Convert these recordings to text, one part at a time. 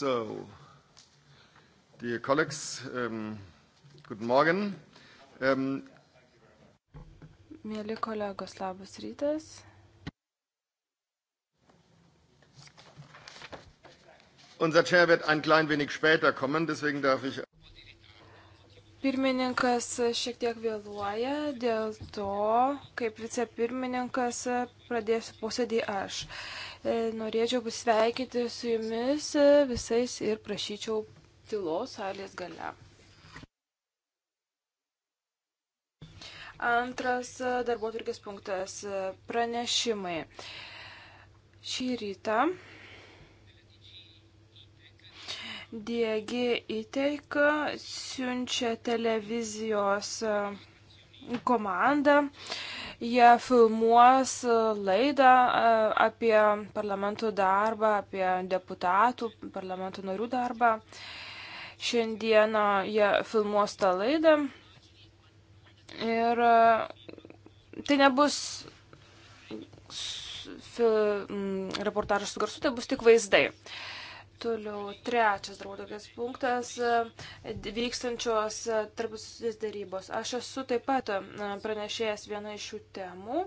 So, dear colleagues, um, good morning. Um, Mėly kolegos, labas rytas. Unser Chair wird ein klein wenig später kommen, deswegen darf ich. Pirmininkas šiek tiek vėluoja, dėl to, kaip vicepirmininkas, pradėsiu posėdį aš. E, norėčiau pasveikinti su jumis e, visais ir prašyčiau tylos salės gale. Antras e, darbo turkės punktas - pranešimai. Šį rytą Diegi įteika siunčia televizijos komandą. Uh, Jie filmuos uh, laidą uh, apie parlamentų darbą, apie deputatų, parlamentų narių darbą. Šiandieną jie filmuos tą laidą. Ir uh, tai nebus mm, reportažas su garsu, tai bus tik vaizdai. Uh, Toliau trečias draudokės punktas e, - vykstančios e, tarpusis darybos. Aš esu taip pat e, pranešėjęs vieną iš šių temų.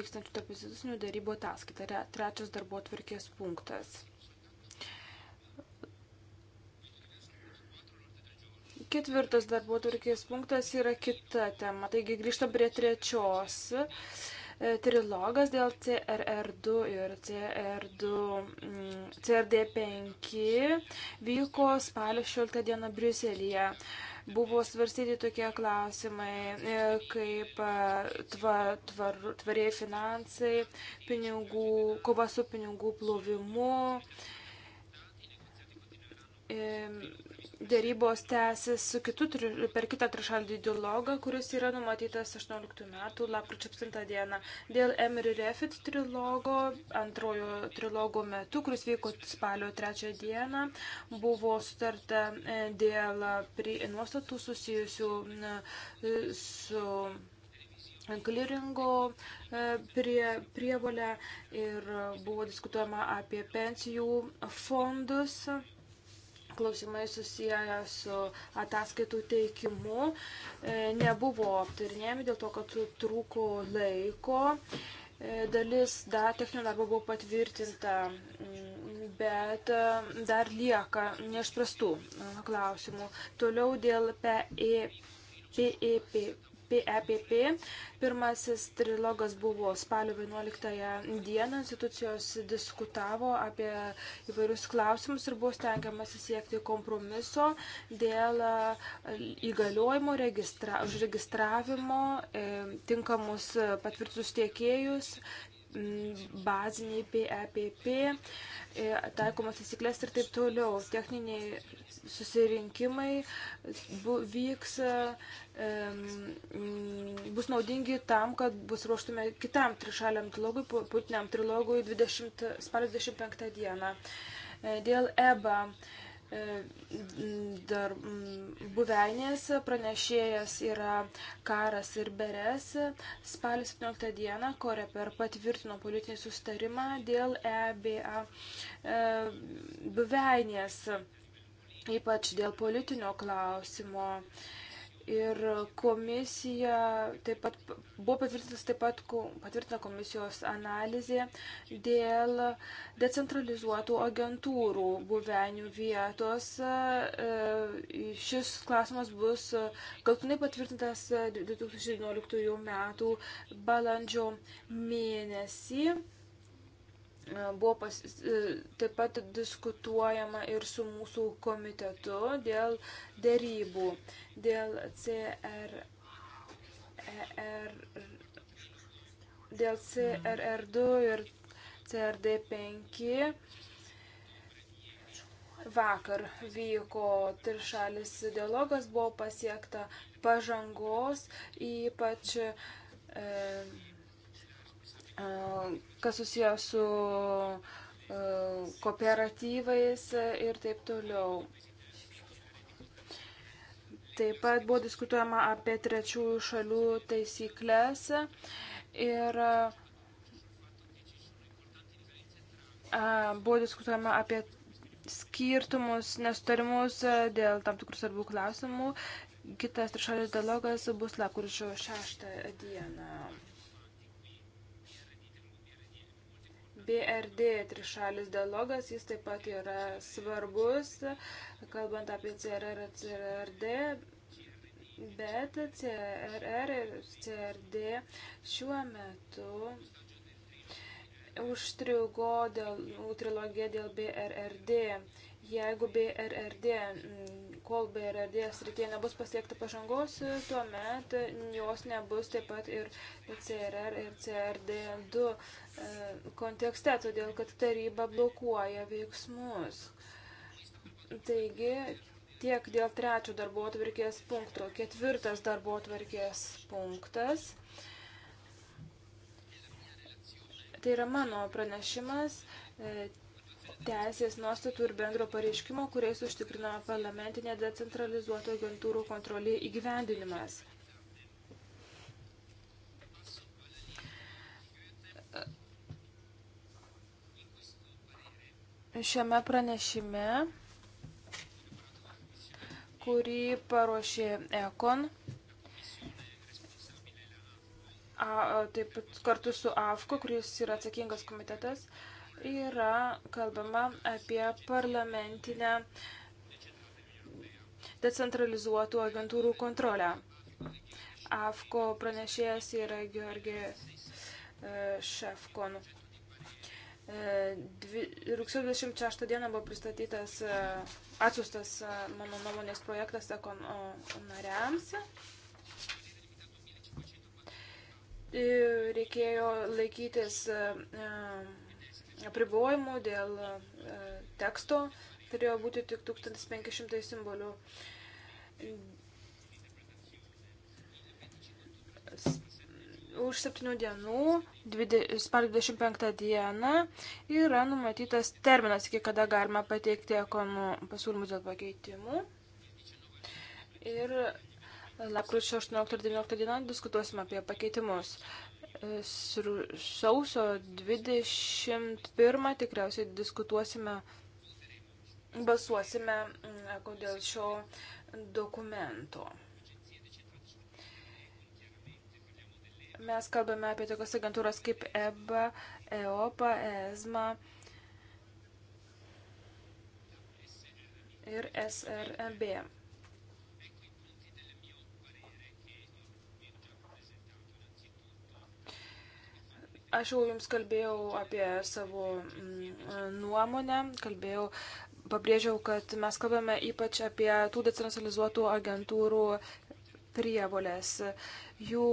Vykstančių tarpusis darybų ataskaita - trečias darbo atvirkės punktas. Ketvirtas darbo turkės punktas yra kita tema. Taigi grįžtam prie trečios. E, trilogas dėl CRR2 ir CR2, mm, CRD5 vyko spalio 16 dieną Briuselėje. Buvo svarstyti tokie klausimai e, kaip e, tva, tvar, tvariai finansai, pinigų, kova su pinigų plovimu. E, Dėrybos tęsis su kitu, per kitą trišaldį dialogą, kuris yra numatytas 18 metų, lapkričio 7 dieną. Dėl Emery Refit trilogo, antrojo trilogo metu, kuris vyko spalio 3 dieną, buvo sutarta e, dėl nuostatų susijusių e, su kliringo e, prie, prievolę ir buvo diskutuojama apie pensijų fondus klausimai susiję su ataskaitų teikimu e, nebuvo aptarinėjami dėl to, kad trūko laiko. E, dalis da, techninio darbo buvo patvirtinta, bet e, dar lieka neišprastų klausimų. Toliau dėl PEPP EPP. E Pirmasis trilogas buvo spalio 11 dieną. Institucijos diskutavo apie įvairius klausimus ir buvo stengiamasi siekti kompromiso dėl e, įgaliojimo registra, užregistravimo, e, tinkamus patvirtus tiekėjus, Mm, baziniai PEPP, e e, taikomos įsiklės ir taip toliau. Techniniai susirinkimai bu, vyks, e, mm, bus naudingi tam, kad bus ruoštume kitam trišaliam trilogui, putiniam trilogui 20, spalio 25 dieną. Dėl EBA dar mm, buveinės pranešėjas yra Karas ir Beres. Spalio 17 dieną Koreper patvirtino politinį sustarimą dėl EBA e, buveinės, ypač dėl politinio klausimo. E, Ir komisija taip pat buvo patvirtintas taip pat patvirtina komisijos analizė dėl decentralizuotų agentūrų buveinių vietos. E, šis klausimas bus galtinai patvirtintas 2019 metų balandžio mėnesį. Buvo pas, e, taip pat diskutuojama ir su mūsų komitetu dėl dėrybų, dėl CR, ER, dėl CRR2 ir CRD5. Vakar vyko trišalis dialogas, buvo pasiekta pažangos, ypač e, kas susijęs su e, kooperatyvais ir taip toliau. Taip pat buvo diskutuojama apie trečiųjų šalių taisyklės ir e, buvo diskutuojama apie skirtumus, nesutarimus dėl tam tikrų svarbių klausimų. Kitas trišalis dialogas bus lapkričio 6 dieną. BRD trišalis dialogas, jis taip pat yra svarbus, kalbant apie CRR ir CRD, bet CRR ir CRD šiuo metu užstrigo dėl, trilogija dėl BRRD. Jeigu BRRD mm, kol BRD srityje nebus pasiekta pažangos, tuomet jos nebus taip pat ir CRR ir CRD2 e, kontekste, todėl kad taryba blokuoja veiksmus. Taigi, tiek dėl trečio darbo atvarkės punkto. Ketvirtas darbo atvarkės punktas. Tai yra mano pranešimas e, teisės nuostatų ir bendro pareiškimo, kuriais užtikrinama parlamentinė decentralizuoto agentūrų kontrolė įgyvendinimas. Šiame pranešime, kurį paruošė Ekon, a, taip pat kartu su AFKO, kuris yra atsakingas komitetas, a, yra kalbama apie parlamentinę decentralizuotų agentūrų kontrolę. AFKO pranešėjas yra Georgi e, Šefkon. E, Rūksio 26 dieną buvo pristatytas, e, atsiustas mano nuomonės projektas ekon nariams. Reikėjo laikytis apribojimų dėl e, teksto turėjo būti tik 1500 simbolių. Už 7 dienų, spalio 25 dieną, yra numatytas terminas, iki kada galima pateikti ekonų pasiūlymus dėl pakeitimų. Ir lapkričio 18-19 dieną diskutuosime apie pakeitimus sausio 21 tikriausiai diskutuosime, basuosime mm, dėl šio dokumento. Mes kalbame apie tokias agentūras kaip EBA, EOPA, ESMA ir SRMB. Aš jau Jums kalbėjau apie savo mm, nuomonę, kalbėjau, pabrėžiau, kad mes kalbame ypač apie tų decentralizuotų agentūrų prievolės. Jų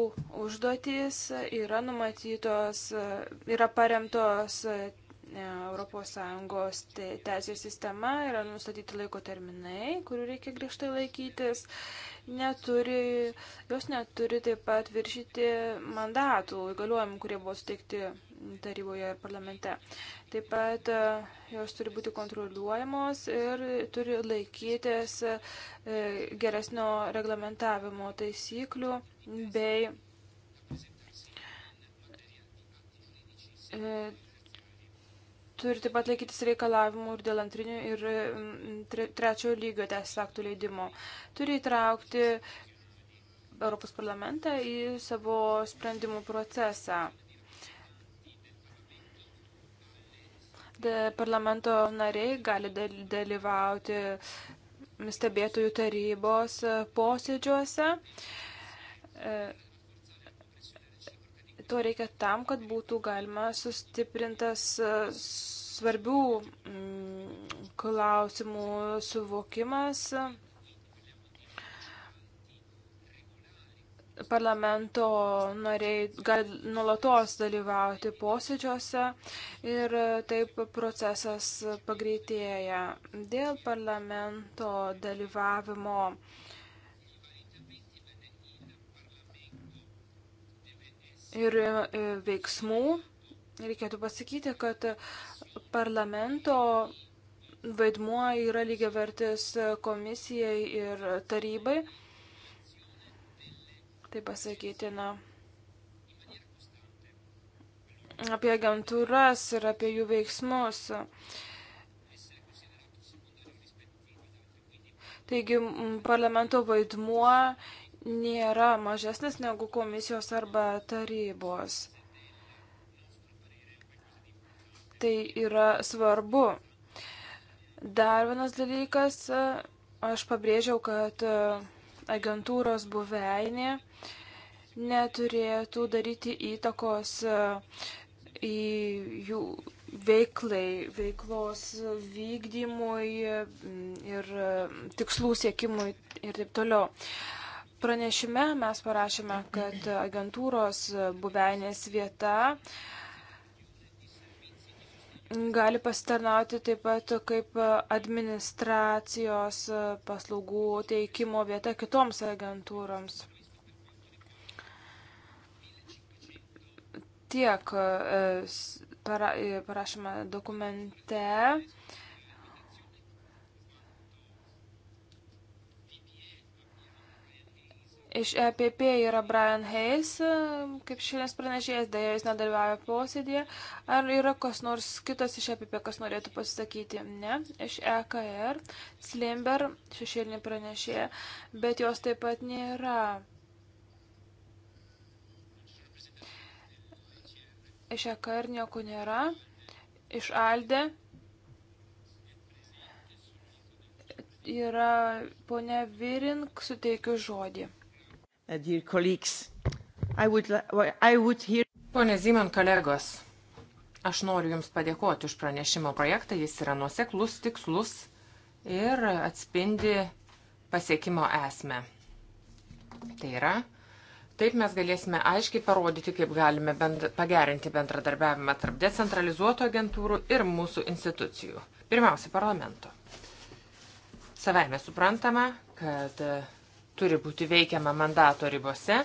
užduotys yra numatytos, yra paremtos ES teisės sistema, yra nustatyti laiko terminai, kurių reikia griežtai laikytis neturi, jos neturi taip pat viršyti mandatų įgaliojimų, kurie buvo suteikti taryboje ir parlamente. Taip pat e, jos turi būti kontroliuojamos ir turi laikytis e, geresnio reglamentavimo taisyklių bei e, turi taip pat laikytis reikalavimų ir dėl antrinių ir mm, mm, trečiojo lygio teisės aktų leidimo. Turi įtraukti Europos parlamentą į savo sprendimų procesą. De parlamento nariai gali dalyvauti stebėtojų tarybos e, posėdžiuose e, to reikia tam, kad būtų galima sustiprintas e, svarbių mm, klausimų suvokimas parlamento nariai gali nulatos dalyvauti posėdžiuose ir taip procesas pagreitėja. Dėl parlamento dalyvavimo uh, ir e, veiksmų. Reikėtų pasakyti, kad parlamento vaidmuo yra lygiavertis komisijai ir tarybai. Tai pasakytina apie agentūras ir apie jų veiksmus. Taigi parlamento vaidmuo nėra mažesnis negu komisijos arba tarybos. Tai yra svarbu. Dar vienas dalykas, aš pabrėžiau, kad e, agentūros buveinė neturėtų daryti įtakos e, į jų veiklai, veiklos vykdymui ir e, tikslų siekimui ir taip toliau. Pranešime mes parašėme, kad agentūros buveinės vieta gali pasitarnauti taip pat kaip administracijos paslaugų teikimo vieta kitoms agentūroms. Tiek e, e, parašyme dokumente Iš EPP yra Brian Hayes, kaip šiandien pranešėjas, dėja jis nedalyvavo posėdėje. Ar yra kas nors kitas iš EPP, kas norėtų pasisakyti? Ne. Iš EKR, Slimber, šešėlinį pranešėją, bet jos taip pat nėra. Iš EKR nieko nėra. Iš ALDE yra ponia Virink, suteikiu žodį. Uh, dear colleagues, I would, I would hear... Pone Zyman, kolegos, aš noriu Jums padėkoti už pranešimo projektą. Jis yra nuoseklus, tikslus ir atspindi pasiekimo esmę. Tai yra, taip mes galėsime aiškiai parodyti, kaip galime bend, pagerinti bendradarbiavimą tarp decentralizuotų agentūrų ir mūsų institucijų. Pirmiausia, parlamento. Savai mes suprantame, kad uh, turi būti veikiama mandato ribose.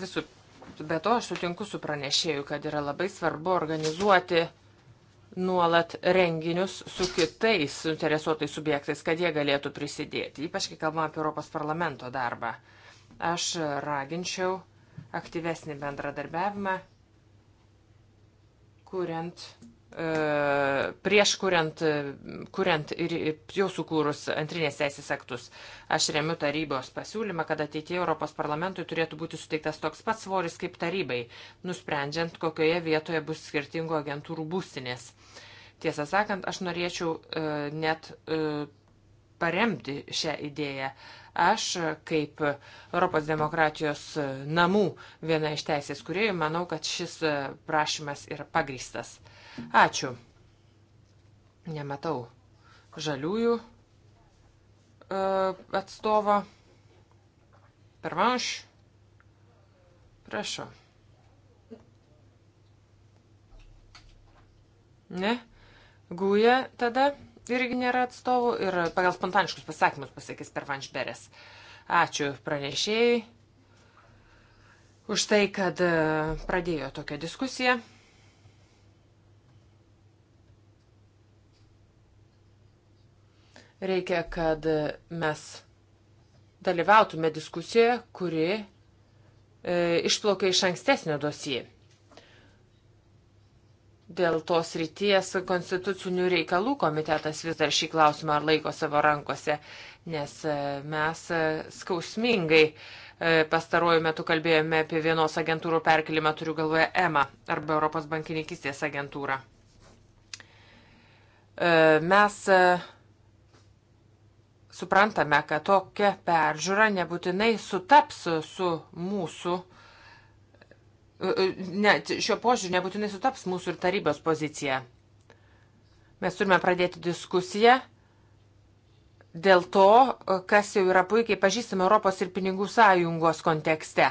Visų, be to aš sutinku su pranešėju, kad yra labai svarbu organizuoti nuolat renginius su kitais suinteresuotais subjektais, kad jie galėtų prisidėti, ypač kai kalbame apie Europos parlamento darbą. Aš raginčiau aktyvesnį bendradarbiavimą, kuriant E, prieš kuriant, kuriant ir jau sukūrus antrinės teisės aktus. Aš remiu tarybos pasiūlymą, kad ateitie Europos parlamentui turėtų būti suteiktas toks pats svoris kaip tarybai, nusprendžiant, kokioje vietoje bus skirtingų agentūrų būstinės. Tiesą sakant, aš norėčiau e, net e, paremti šią idėją. Aš, kaip Europos demokratijos namų viena iš teisės kuriejų, manau, kad šis prašymas yra pagristas. Ačiū. Nematau žaliųjų e, atstovo. Pervanš. Prašau. Ne? Guja tada? irgi nėra atstovų ir pagal spontaniškus pasakymus pasakys per Vanšberės. Ačiū pranešėjai už tai, kad e, pradėjo tokią diskusiją. Reikia, kad mes dalyvautume diskusijoje, kuri e, išplaukia iš ankstesnio dosijai. Dėl tos ryties konstitucinių reikalų komitetas vis dar šį klausimą laiko savo rankose, nes e, mes e, skausmingai e, pastaruoju metu kalbėjome apie vienos agentūrų perkelimą, turiu galvoje EMA arba Europos bankininkistės agentūrą. Mes suprantame, kad tokia peržiūra nebūtinai sutaps su mūsų E, e, ne, šio požiūrį nebūtinai sutaps mūsų ir tarybos pozicija. Mes turime pradėti diskusiją dėl to, e, kas jau yra puikiai pažįstama Europos ir pinigų sąjungos kontekste.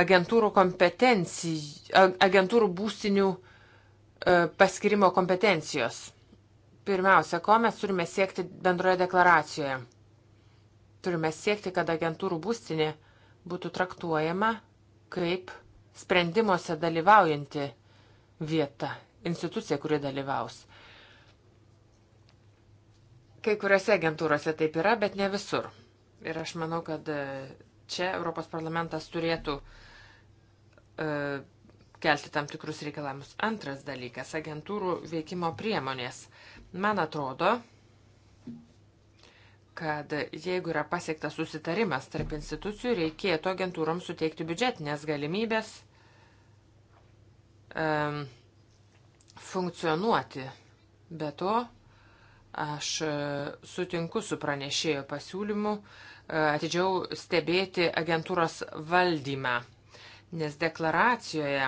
Agentūrų kompetencijų, agentūrų būstinių paskirimo kompetencijos. Pirmiausia, ko mes turime siekti bendroje deklaracijoje? Turime siekti, kad agentūrų būstinė būtų traktuojama kaip sprendimuose dalyvaujanti vieta, institucija, kuri dalyvaus. Kai kuriuose agentūrose taip yra, bet ne visur. Ir aš manau, kad e, čia Europos parlamentas turėtų uh, kelti tam tikrus reikalavimus. Antras dalykas - agentūrų veikimo priemonės. Man atrodo, kad jeigu yra pasiektas susitarimas tarp institucijų, reikėtų agentūroms suteikti biudžetinės galimybės um, funkcionuoti. Be to, aš e, sutinku su pranešėjo pasiūlymu e, atidžiau stebėti agentūros valdymą, nes deklaracijoje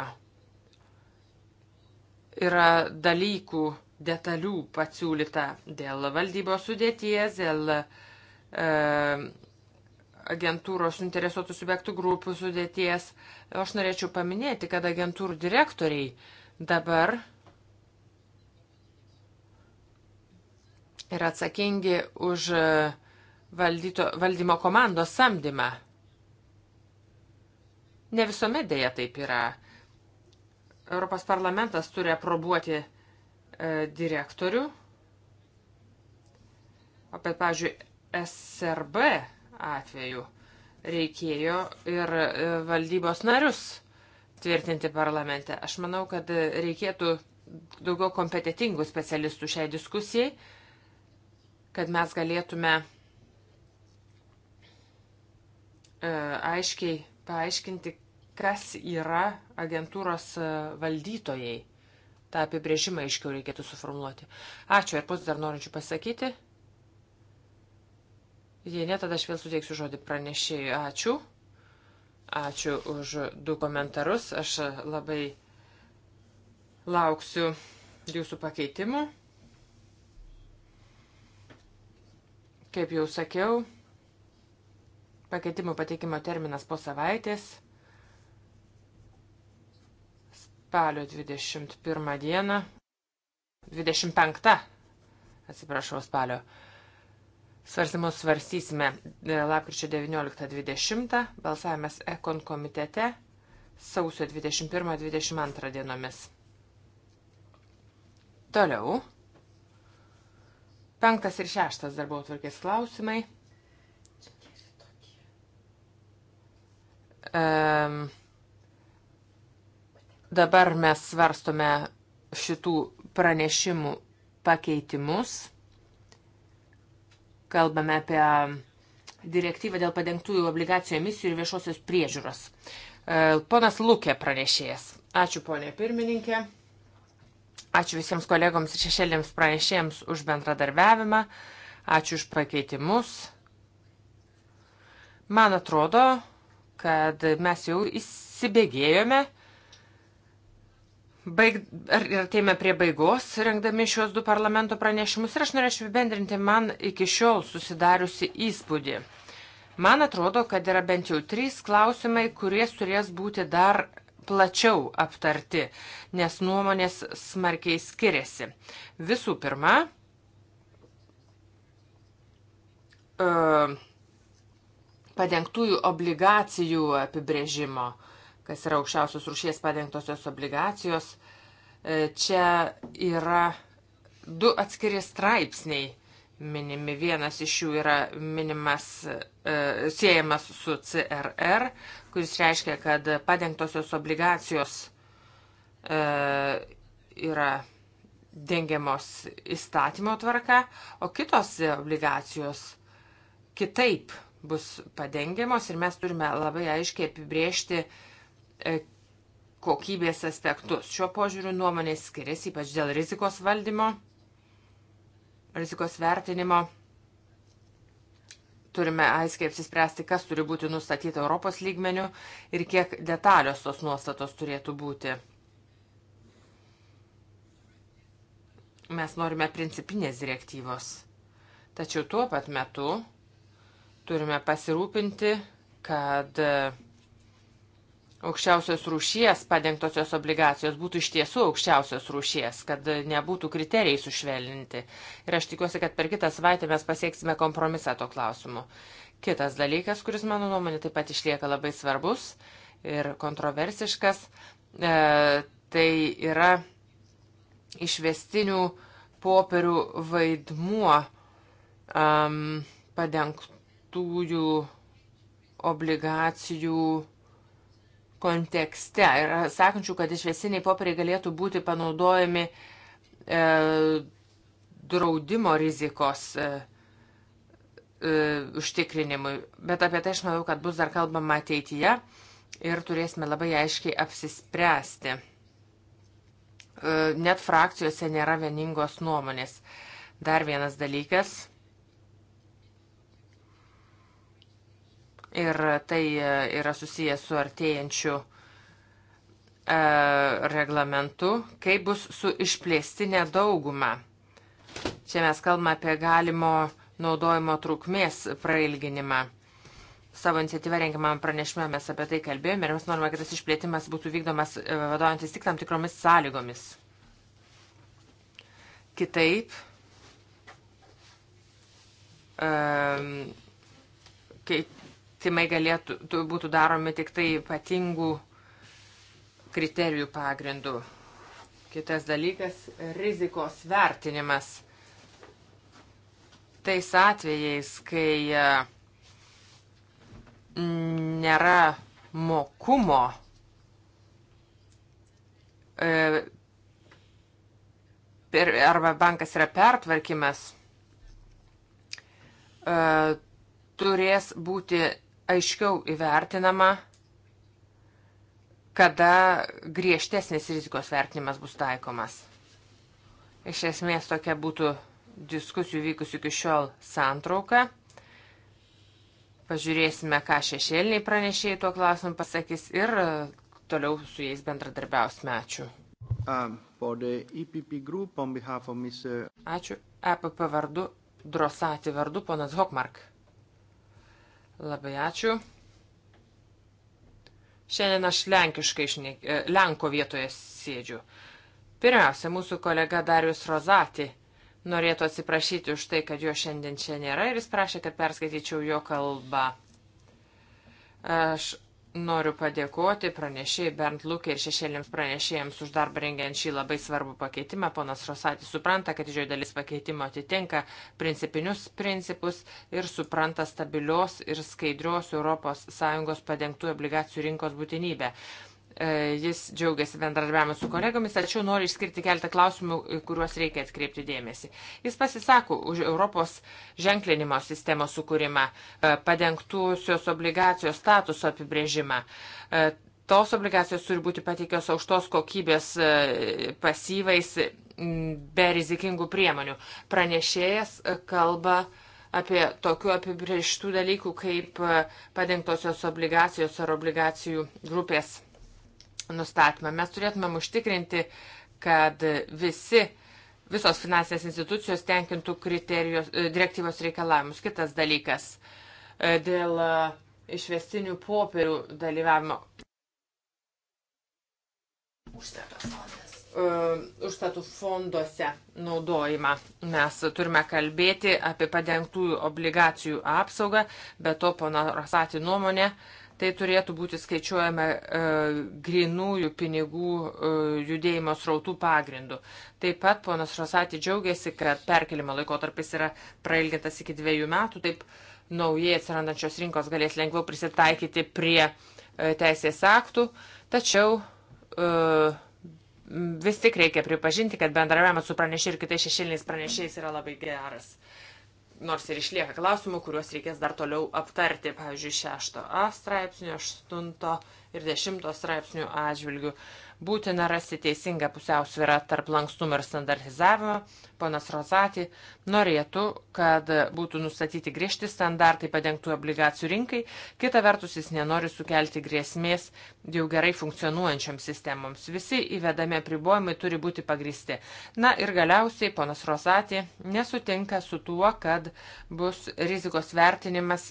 yra dalykų detalių pasiūlyta dėl valdybos sudėties, dėl e, agentūros suinteresuotų subjektų grupių sudėties. Aš norėčiau paminėti, kad agentūrų direktoriai dabar yra atsakingi už e, valdyto, valdymo komandos samdymą. Ne visuomet dėja taip yra. Europos parlamentas turi aprobuoti e, direktorių. O bet, pavyzdžiui, SRB atveju reikėjo ir e, valdybos narius tvirtinti parlamente. Aš manau, kad reikėtų daugiau kompetitingų specialistų šiai diskusijai, kad mes galėtume e, aiškiai paaiškinti, kas yra agentūros e, valdytojai. Ta apibrėžimą aiškiau reikėtų suformuoluoti. Ačiū ir pats dar norinčių pasakyti. Jei ne, tada aš vėl suteiksiu žodį pranešėjai. Ačiū. Ačiū už du komentarus. Aš labai lauksiu jūsų pakeitimų. Kaip jau sakiau, pakeitimų pateikimo terminas po savaitės. Spalio 21 diena. 25. Atsiprašau, spalio. Svarstymus svarstysime e, lapkričio 19-20, balsavimas Ekon komitete sausio 21-22 dienomis. Toliau. Penktas ir šeštas darbo atvarkės klausimai. Um, dabar mes svarstome šitų pranešimų pakeitimus. Kalbame apie direktyvą dėl padengtųjų obligacijų emisijų ir viešosios priežiūros. E, ponas Lukė pranešėjas. Ačiū, ponė pirmininkė. Ačiū visiems kolegoms ir šešėlėms pranešėjams už bendradarbiavimą. Ačiū už prakeitimus. Man atrodo, kad mes jau įsibėgėjome. Baig, ar ateime prie baigos, rengdami šios du parlamento pranešimus ir aš norėčiau bendrinti man iki šiol susidariusi įspūdį. Man atrodo, kad yra bent jau trys klausimai, kurie turės būti dar plačiau aptarti, nes nuomonės smarkiai skiriasi. Visų pirma, e, padengtųjų obligacijų apibrėžimo. Uh, kas yra aukščiausios rušies padengtosios obligacijos. E, čia yra du atskiri straipsniai minimi. Vienas iš jų yra minimas, e, siejamas su CRR, kuris reiškia, kad padengtosios obligacijos e, yra dengiamos įstatymo tvarka, o kitos obligacijos kitaip bus padengiamos ir mes turime labai aiškiai apibriežti E, kokybės aspektus. Šiuo požiūriu nuomonės skiriasi, ypač dėl rizikos valdymo, rizikos vertinimo. Turime aiškiai apsispręsti, kas turi būti nustatyta Europos lygmenių ir kiek detalios tos nuostatos turėtų būti. Mes norime principinės direktyvos. Tačiau tuo pat metu turime pasirūpinti, kad uh, aukščiausios rūšies padengtosios obligacijos būtų iš tiesų aukščiausios rūšies, kad nebūtų kriterijai sušvelninti. Ir aš tikiuosi, kad per kitą savaitę mes pasieksime kompromisą to klausimu. Kitas dalykas, kuris mano nuomonė taip pat išlieka labai svarbus ir kontroversiškas, e, tai yra išvestinių popierių vaidmuo um, padengtųjų obligacijų kontekste. Ir sakančių, kad išvesiniai popieriai galėtų būti panaudojami e, draudimo rizikos e, e, užtikrinimui. Bet apie tai aš manau, kad bus dar kalbama ateityje ir turėsime labai aiškiai apsispręsti. E, net frakcijose nėra vieningos nuomonės. Dar vienas dalykas ir tai e, yra susijęs su artėjančiu e, reglamentu, kaip bus su išplėstinė dauguma. Čia mes kalbame apie galimo naudojimo trukmės prailginimą. Savo iniciatyvą rengiamam pranešime mes apie tai kalbėjome ir mes norime, kad tas išplėtimas būtų vykdomas e, vadovantis tik tam tikromis sąlygomis. Kitaip, um, kaip vertimai galėtų, būtų daromi tik tai ypatingų kriterijų pagrindų. Kitas dalykas - rizikos vertinimas. Tais atvejais, kai e, nėra mokumo, e, per, arba bankas yra pertvarkymas, e, turės būti aiškiau įvertinama, kada griežtesnis rizikos vertinimas bus taikomas. Iš esmės tokia būtų diskusijų vykusių iki šiol santrauka. Pažiūrėsime, ką šešėliniai pranešėjai tuo klausimu pasakys ir e, toliau su jais bendradarbiausime. Ačiū. Um, e group, Mr... Ačiū. EPP vardu, Drosati vardu, ponas Hokmark. Labai ačiū. Šiandien aš lenkiškai, šne, e, lenko vietoje sėdžiu. Pirmiausia, mūsų kolega Darius Rozati norėtų atsiprašyti už tai, kad jo šiandien čia nėra ir jis prašė, kad perskaityčiau jo kalbą. Aš Noriu padėkoti pranešėjai Bernd Lukė ir šešėlėms pranešėjams už darbą rengiant šį labai svarbų pakeitimą. Ponas Rosatis supranta, kad didžioji dalis pakeitimo atitinka principinius principus ir supranta stabilios ir skaidrios ES padengtų obligacijų rinkos būtinybę. E, jis džiaugiasi bendradarbiavimu su kolegomis, tačiau noriu išskirti keletą klausimų, kuriuos reikia atkreipti dėmesį. Jis pasisako už Europos ženklinimo sistemos sukūrimą, e, padengtusios obligacijos statuso apibrėžimą. E, tos obligacijos turi būti pateikios aukštos kokybės pasyvais be rizikingų priemonių. Pranešėjas kalba apie tokių apibrieštų dalykų kaip padengtosios obligacijos ar obligacijų grupės nustatymą. Mes turėtumėm užtikrinti, kad visi, visos finansinės institucijos tenkintų e, direktyvos reikalavimus. Kitas dalykas e, dėl e, išvestinių popierių dalyvavimo. Užstatų fonduose naudojimą. Mes turime kalbėti apie padengtųjų obligacijų apsaugą, bet to pono Rosati nuomonė uh, Tai turėtų būti skaičiuojama e, grinųjų pinigų e, judėjimo srautų pagrindu. Taip pat ponas Rosati džiaugiasi, kad perkelimo laikotarpis yra prailgintas iki dviejų metų, taip naujai atsirandančios rinkos galės lengviau prisitaikyti prie e, teisės aktų, tačiau e, vis tik reikia pripažinti, kad bendravimas su pranešiai ir kitais šešėliniais pranešiais yra labai geras. E, nors ir išlieka klausimų, kuriuos reikės dar toliau aptarti, pavyzdžiui, 6a straipsnio, 8 ir 10 straipsnių atžvilgių. Būtina rasti teisingą pusiausvyrą tarp lankstumo ir standartizavimo. Ponas Rozati norėtų, kad būtų nustatyti griežti standartai padengtų obligacijų rinkai. Kita vertus, jis nenori sukelti grėsmės jau gerai funkcionuojančioms sistemoms. Visi įvedami apribojimai turi būti pagristi. Na ir galiausiai ponas Rozati nesutinka su tuo, kad bus rizikos vertinimas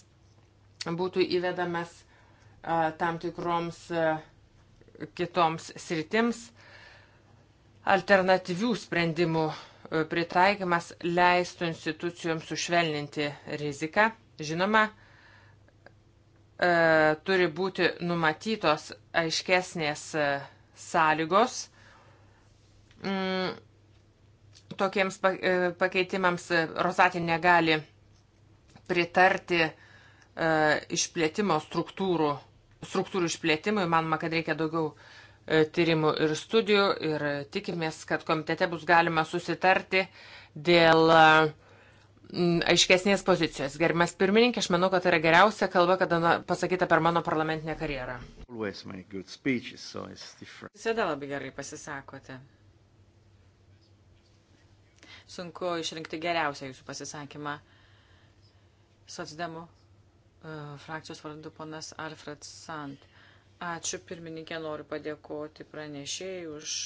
būtų įvedamas tam tikroms uh, kitoms sritims. Alternatyvių sprendimų e, pritaikymas leistų institucijoms sušvelninti riziką. Žinoma, e, turi būti numatytos aiškesnės e, sąlygos mm, tokiems pakeitimams. Rosatė negali pritarti išplėtimo struktūrų struktūrų išplėtimui, manoma, kad reikia daugiau e, tyrimų ir studijų ir e, tikimės, kad komitete bus galima susitarti dėl e, aiškesnės pozicijos. Gerimas pirmininkė, aš manau, kad tai yra geriausia kalba, kada pasakyta per mano parlamentinę karjerą. Visada labai gerai pasisakote. Sunku išrinkti geriausią jūsų pasisakymą. Sotsdemų E, frakcijos vardu ponas Alfred Sant. Ačiū pirmininkė, noriu padėkoti pranešėjai už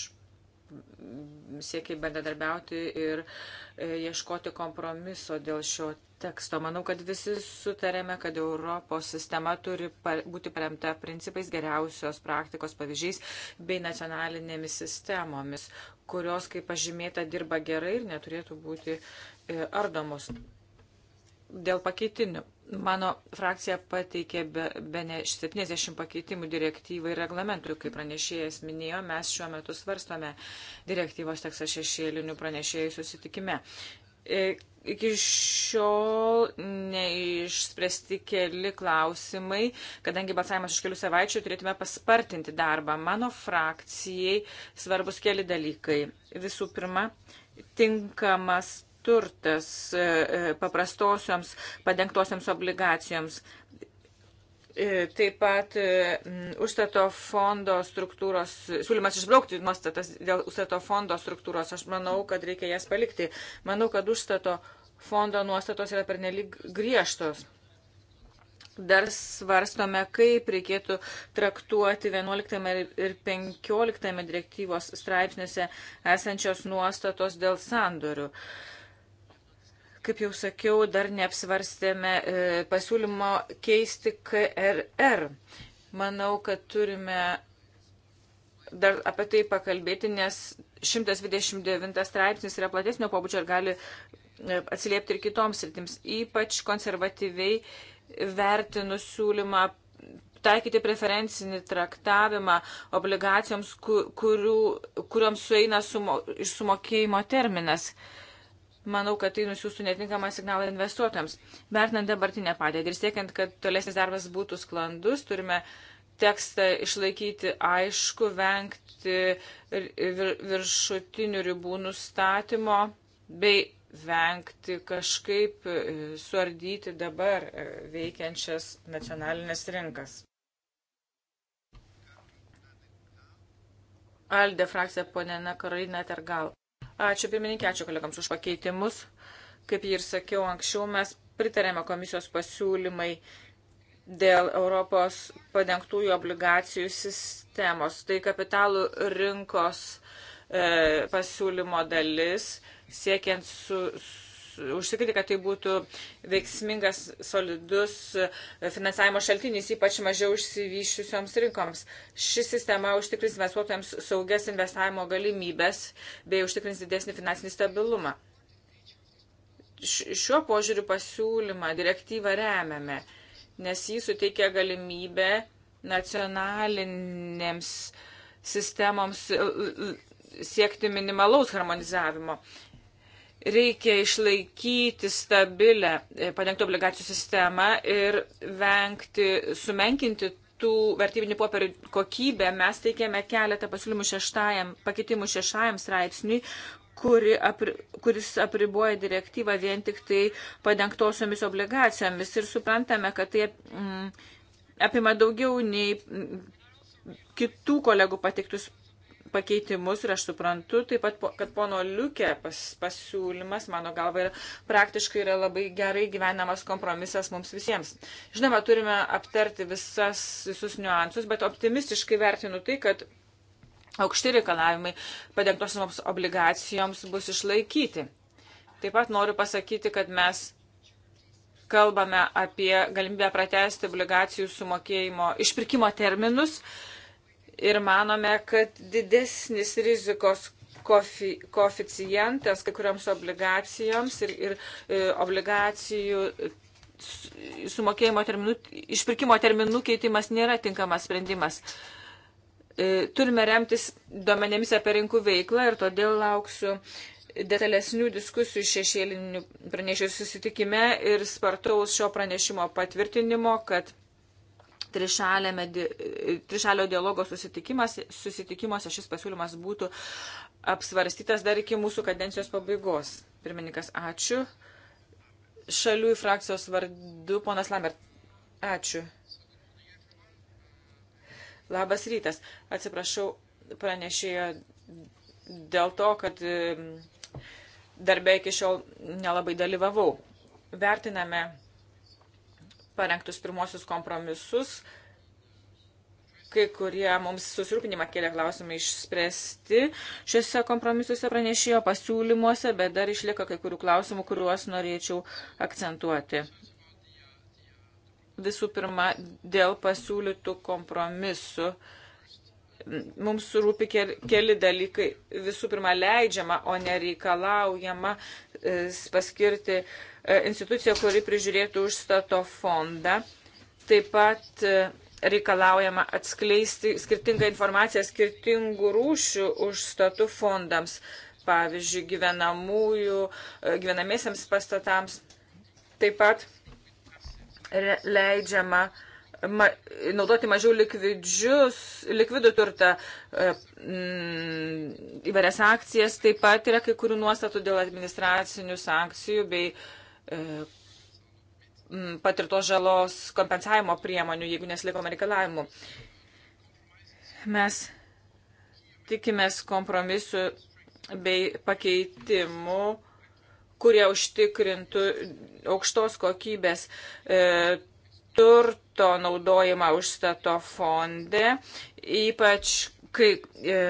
siekiai bendradarbiauti ir e, ieškoti kompromiso dėl šio teksto. Manau, kad visi sutarėme, kad Europos sistema turi būti paremta principais geriausios praktikos pavyzdžiais bei nacionalinėmis sistemomis, kurios, kaip pažymėta, dirba gerai ir neturėtų būti e, ardomos. Dėl pakeitimų, Mano frakcija pateikė be, be ne 70 pakeitimų direktyvai ir reglamentui, kaip pranešėjas minėjo, mes šiuo metu svarstome direktyvos tekstą šešėlinių pranešėjų susitikime. E, iki šiol neišspręsti keli klausimai, kadangi balsavimas už kelių savaičių turėtume paspartinti darbą. Mano frakcijai svarbus keli dalykai. Visų pirma, tinkamas turtas e, e, paprastosioms padengtosioms obligacijoms. E, taip pat užstato fondo struktūros, siūlymas išbraukti nuostatas dėl užstato fondo struktūros, aš manau, kad reikia jas palikti. Manau, kad užstato fondo nuostatos yra pernelyg griežtos. Dar svarstome, kaip reikėtų traktuoti 11 ir 15 direktyvos straipsniuose esančios nuostatos dėl sandorių. Uh, Kaip jau sakiau, dar neapsvarstėme e, pasiūlymo keisti KRR. Manau, kad turime dar apie tai pakalbėti, nes 129 straipsnis yra platesnio pobūdžio ir gali e, atsiliepti ir kitoms sritims. Ypač konservatyviai vertinu siūlymą taikyti preferencinį traktavimą obligacijoms, kurių, kuriuoms sueina sumo, išsumokėjimo terminas. Uh, Manau, kad tai nusiųstų netinkamą signalą investuotojams. Vertinant dabartinę padėtį ir siekiant, kad tolesnis darbas būtų sklandus, turime tekstą išlaikyti aišku, vengti viršutinių ribų nustatymo bei vengti kažkaip e, suardyti dabar e, veikiančias nacionalinės rinkas. Alde frakcija ponė Karolina Tergal. Ačiū pirmininkė, ačiū kolegams už pakeitimus. Kaip ir sakiau anksčiau, mes pritarėme komisijos pasiūlymai dėl Europos padengtųjų obligacijų sistemos. Tai kapitalų rinkos e, pasiūlymo dalis, siekiant su, su užtikrinti, kad tai būtų veiksmingas, solidus e, finansavimo šaltinis, ypač mažiau išsivyščiusioms rinkoms. Ši sistema užtikrins investuotojams saugias investavimo galimybės bei užtikrins didesnį finansinį stabilumą. Šiuo požiūriu pasiūlymą direktyvą remiame, nes jį suteikia galimybę nacionalinėms sistemoms e, e, siekti minimalaus harmonizavimo. Reikia išlaikyti stabilę e, padengtų obligacijų sistemą ir vengti, sumenkinti tų vertybinių popierių kokybę. Mes teikėme keletą pasiūlymų šeštajam, pakeitimų šeštajam straipsniui, kuri apri, kuris apriboja direktyvą vien tik tai padengtosiomis obligacijomis ir suprantame, kad tai mm, apima daugiau nei kitų kolegų patiktus pakeitimus ir aš suprantu taip pat, kad pono Liukė pas, pasiūlymas, mano galva, yra, praktiškai yra labai gerai gyvenamas kompromisas mums visiems. Žinoma, turime aptarti visas, visus niuansus, bet optimistiškai vertinu tai, kad aukšti reikalavimai padengtosioms obligacijoms bus išlaikyti. Taip pat noriu pasakyti, kad mes kalbame apie galimybę pratesti obligacijų sumokėjimo išpirkimo terminus. Uh, ir manome, kad didesnis rizikos kofi, koficijantas kai kuriams obligacijoms ir, ir e, obligacijų sumokėjimo terminų, išpirkimo terminų keitimas nėra tinkamas sprendimas. E, turime remtis duomenėmis apie rinkų veiklą ir todėl lauksiu detalesnių diskusijų šešėlinių pranešėjų susitikime ir spartaus šio pranešimo patvirtinimo, kad trišalio dialogo susitikimuose šis pasiūlymas būtų apsvarstytas dar iki mūsų kadencijos pabaigos. Pirmininkas, ačiū. Šalių į frakcijos vardu, ponas Lambert, ačiū. Labas rytas. Atsiprašau, pranešėjo dėl to, kad darbė iki šiol nelabai dalyvavau. Vertiname parengtus pirmosius kompromisus. Kai kurie mums susirūpinimą kėlė klausimai išspręsti šiuose kompromisuose pranešėjo pasiūlymuose, bet dar išlieka kai kurių klausimų, kuriuos norėčiau akcentuoti. Visų pirma, dėl pasiūlytų kompromisų mums rūpi keli dalykai. Visų pirma, leidžiama, o nereikalaujama e, paskirti uh, E, institucija, kuri prižiūrėtų užstato fondą. Taip pat e, reikalaujama atskleisti skirtingą informaciją skirtingų rūšių užstatų fondams, pavyzdžiui, gyvenamųjų, e, gyvenamiesiams pastatams. Taip pat leidžiama ma, naudoti mažiau likvidžius, likvidų turtą įvairias akcijas. Taip pat yra kai kurių nuostatų dėl administracinių sankcijų bei uh, E, patirtos žalos kompensavimo priemonių, jeigu nesilaikom reikalavimų. Mes tikimės kompromisų bei pakeitimų, kurie užtikrintų aukštos kokybės e, turto naudojimą užstato fonde, ypač kai e,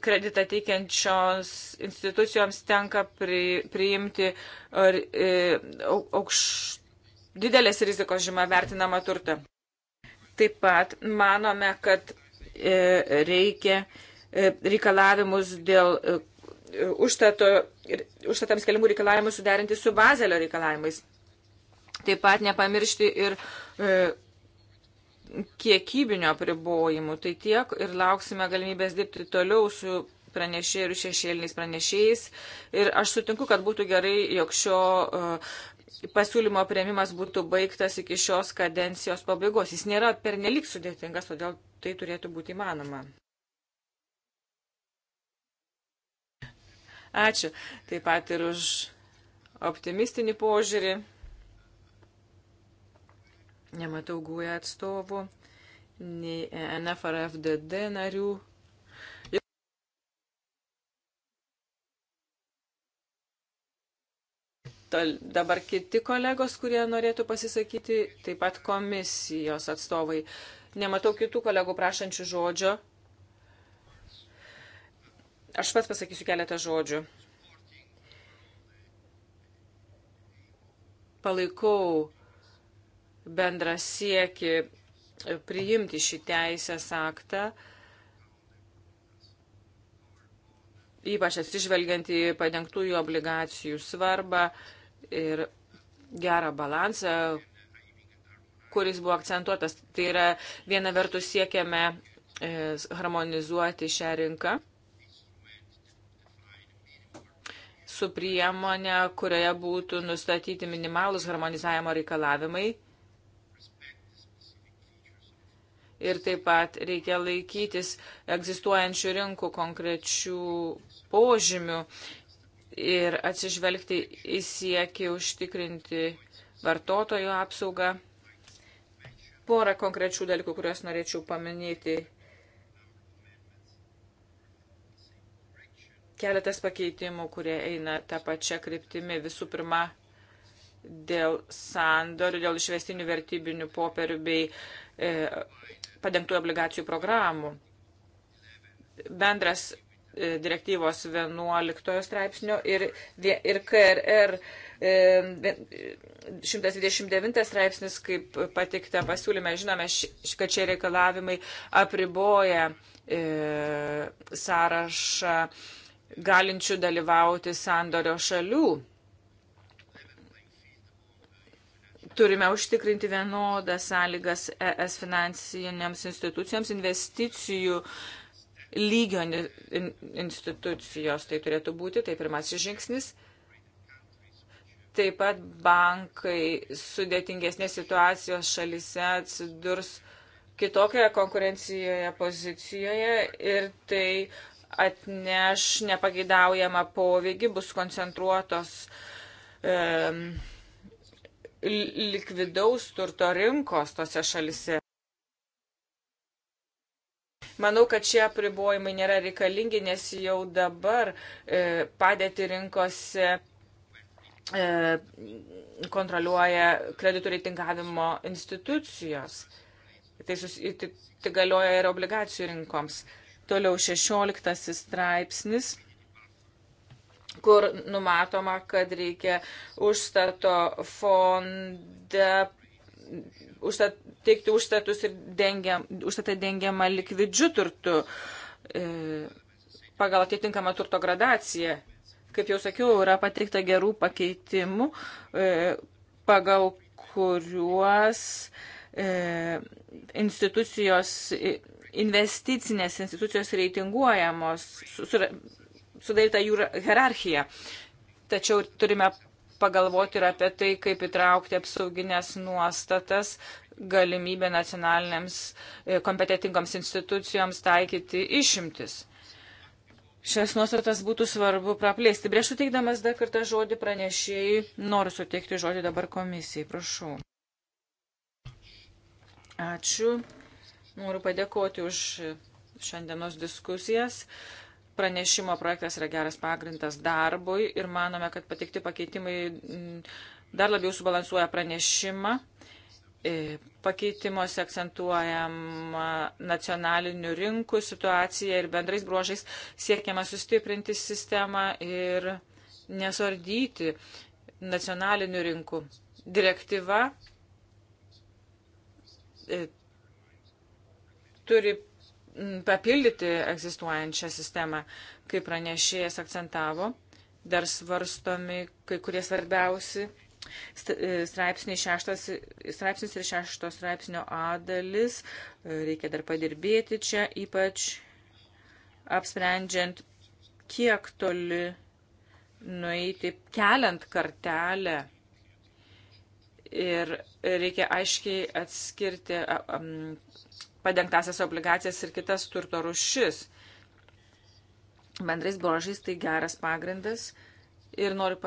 kreditą teikiančios institucijoms tenka pri, priimti ar, e, aukš, didelės rizikos žyma vertinamą turtą. Taip pat manome, kad e, reikia e, reikalavimus dėl e, užtato, ir, užtatams keliamų reikalavimus suderinti su bazelio reikalavimais. Taip pat nepamiršti ir e, kiekybinio pribojimų. Tai tiek ir lauksime galimybės dirbti toliau su pranešėjai ir šešėliniais pranešėjais. Ir aš sutinku, kad būtų gerai, jog šio uh, pasiūlymo prieimimas būtų baigtas iki šios kadencijos pabaigos. Jis nėra pernelik sudėtingas, todėl tai turėtų būti įmanoma. Ačiū taip pat ir už optimistinį požiūrį. Nematau GUE atstovų, nei ENF ar FDD narių. Dabar kiti kolegos, kurie norėtų pasisakyti, taip pat komisijos atstovai. Nematau kitų kolegų prašančių žodžio. Aš pats pasakysiu keletą žodžių. Palaikau bendrą sieki priimti šį teisės aktą, ypač atsižvelgiant į padengtųjų obligacijų svarbą ir gerą balansą, kuris buvo akcentuotas. Tai yra viena vertus siekiame e, harmonizuoti šią rinką su priemonė, kurioje būtų nustatyti minimalus harmonizavimo reikalavimai ir taip pat reikia laikytis egzistuojančių rinkų konkrečių požymių ir atsižvelgti į siekį užtikrinti vartotojų apsaugą. Porą konkrečių dalykų, kuriuos norėčiau paminėti. Keletas pakeitimų, kurie eina tą pačią kryptimį. Visų pirma, dėl sandorių, dėl išvestinių vertybinių popierių bei e, padengtų obligacijų programų. Bendras e, direktyvos 11 straipsnio ir, ir KRR 129 e, e, straipsnis, kaip patikta pasiūlyme, žinome, kad čia reikalavimai apriboja sąrašą galinčių dalyvauti sandorio šalių Turime užtikrinti vienodas sąlygas ES finansinėms institucijoms, investicijų lygio institucijos tai turėtų būti, tai pirmasis žingsnis. Taip pat bankai sudėtingesnės situacijos šalise atsidurs kitokioje konkurencijoje pozicijoje ir tai atneš nepageidaujamą poveikį, bus koncentruotos. Um, e, likvidaus turto rinkos tose šalise. Manau, kad šie apribojimai nėra reikalingi, nes jau dabar e, padėti rinkose e, kontroliuoja kreditų reitingavimo institucijos. Tai, sus, tai, tai galioja ir obligacijų rinkoms. Toliau 16 straipsnis kur numatoma, kad reikia užstato fondą užstat, teikti užstatus ir dengiam, užstatą dengiamą likvidžių turtų e, pagal atitinkamą turto gradaciją. Kaip jau sakiau, yra pateikta gerų pakeitimų, e, pagal kuriuos e, institucijos, investicinės institucijos reitinguojamos, su, su, sudaryta jų hierarchija. Tačiau turime pagalvoti ir apie tai, kaip įtraukti apsauginės nuostatas, galimybę nacionalinėms e, kompetitingoms institucijoms taikyti išimtis. Šias nuostatas būtų svarbu praplėsti. Prieš suteikdamas dar kartą žodį pranešėjai, noriu suteikti žodį dabar komisijai. Prašau. Ačiū. Noriu padėkoti už šiandienos diskusijas. Uh, Pranešimo projektas yra geras pagrindas darbui ir manome, kad patikti pakeitimai mm, dar labiau subalansuoja pranešimą. E, pakeitimuose akcentuojam nacionalinių rinkų situaciją ir bendrais bruožais siekiama sustiprinti sistemą ir nesardyti nacionalinių rinkų. Direktyva e, turi papildyti egzistuojančią sistemą, kaip pranešėjas akcentavo. Dar svarstomi kai kurie svarbiausi e, straipsniai šeštas, straipsnis ir šešto straipsnio A dalis. E, reikia dar padirbėti čia, ypač apsprendžiant, kiek toli nueiti, keliant kartelę. Ir reikia aiškiai atskirti padengtasias obligacijas ir kitas turto rušis. Bendrais brožais tai geras pagrindas ir noriu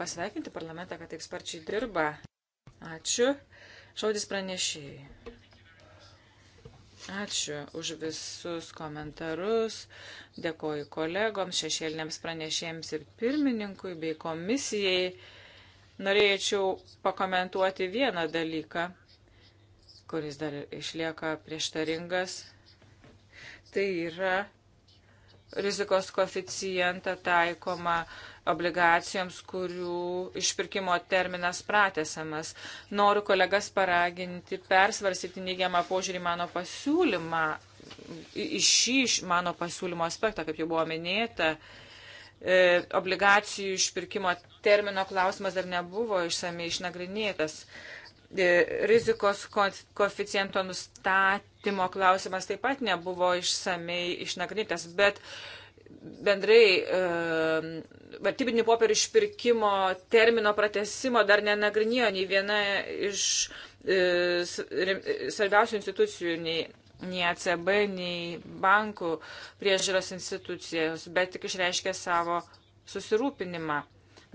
pasveikinti parlamentą, kad taip sparčiai dirba. Ačiū. Žodis pranešėjai. Ačiū už visus komentarus. Dėkoju kolegoms, šešėliniams pranešėjams ir pirmininkui bei komisijai. Norėčiau pakomentuoti vieną dalyką kuris dar išlieka prieštaringas, tai yra rizikos koficijantą taikoma obligacijoms, kurių išpirkimo terminas pratesamas. Noriu kolegas paraginti persvarsyti neigiamą požiūrį mano pasiūlymą, iš šį mano pasiūlymo aspektą, kaip jau buvo minėta, e, obligacijų išpirkimo termino klausimas dar nebuvo išsamei išnagrinėtas. E, E, rizikos koeficiento nustatymo klausimas taip pat nebuvo išsamei išnagrinėtas, bet bendrai e, vertybinių popierių išpirkimo termino pratesimo dar nenagrinėjo nei viena iš e, svarbiausių institucijų, nei, nei ACB, nei bankų priežiūros institucijos, bet tik išreiškė savo susirūpinimą.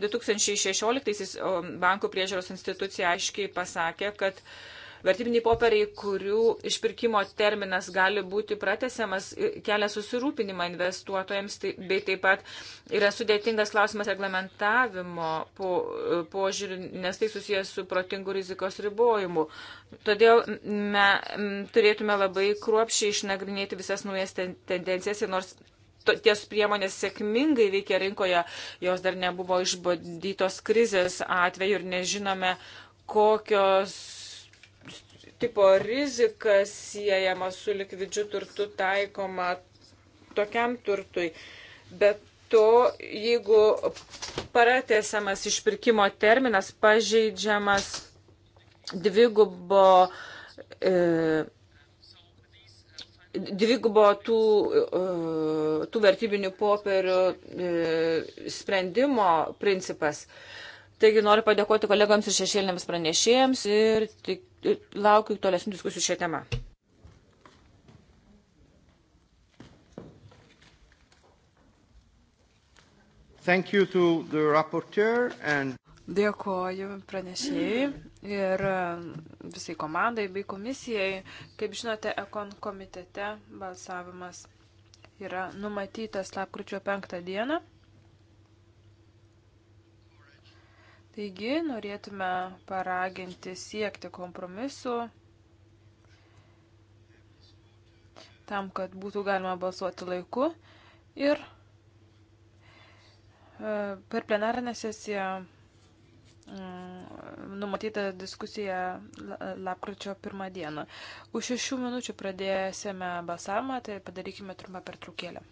2016 bankų priežiūros institucija aiškiai pasakė, kad vertybiniai popieriai, kurių išpirkimo terminas gali būti pratesiamas, kelia susirūpinimą investuotojams, tai, bei taip pat yra sudėtingas klausimas reglamentavimo po, požiūrių, nes tai susijęs su protingų rizikos ribojimu. Todėl me, turėtume labai kruopšiai išnagrinėti visas naujas ten, tendencijas ir nors ties priemonės sėkmingai veikia rinkoje, jos dar nebuvo išbandytos krizės atveju ir nežinome, kokios tipo rizika siejama su likvidžiu turtu taikoma tokiam turtui. Bet to, jeigu pratesiamas išpirkimo terminas, pažeidžiamas dvigubo e, dvigubo tų, e, tų vertybinių popierių e, sprendimo principas. Taigi noriu padėkoti kolegams ir šešėlėms pranešėjams ir tik, laukiu tolesnių diskusijų šią temą. Thank you to the rapporteur and Dėkoju pranešėjai ir e, visai komandai bei komisijai. Kaip žinote, Ekon komitete balsavimas yra numatytas lapkričio penktą dieną. Taigi norėtume paraginti siekti kompromisu tam, kad būtų galima balsuoti laiku ir e, per plenarinę sesiją Mm, numatyta diskusija lapkričio pirmą dieną. Už šešių minučių pradėsime balsavimą, tai padarykime trumpą pertraukėlę.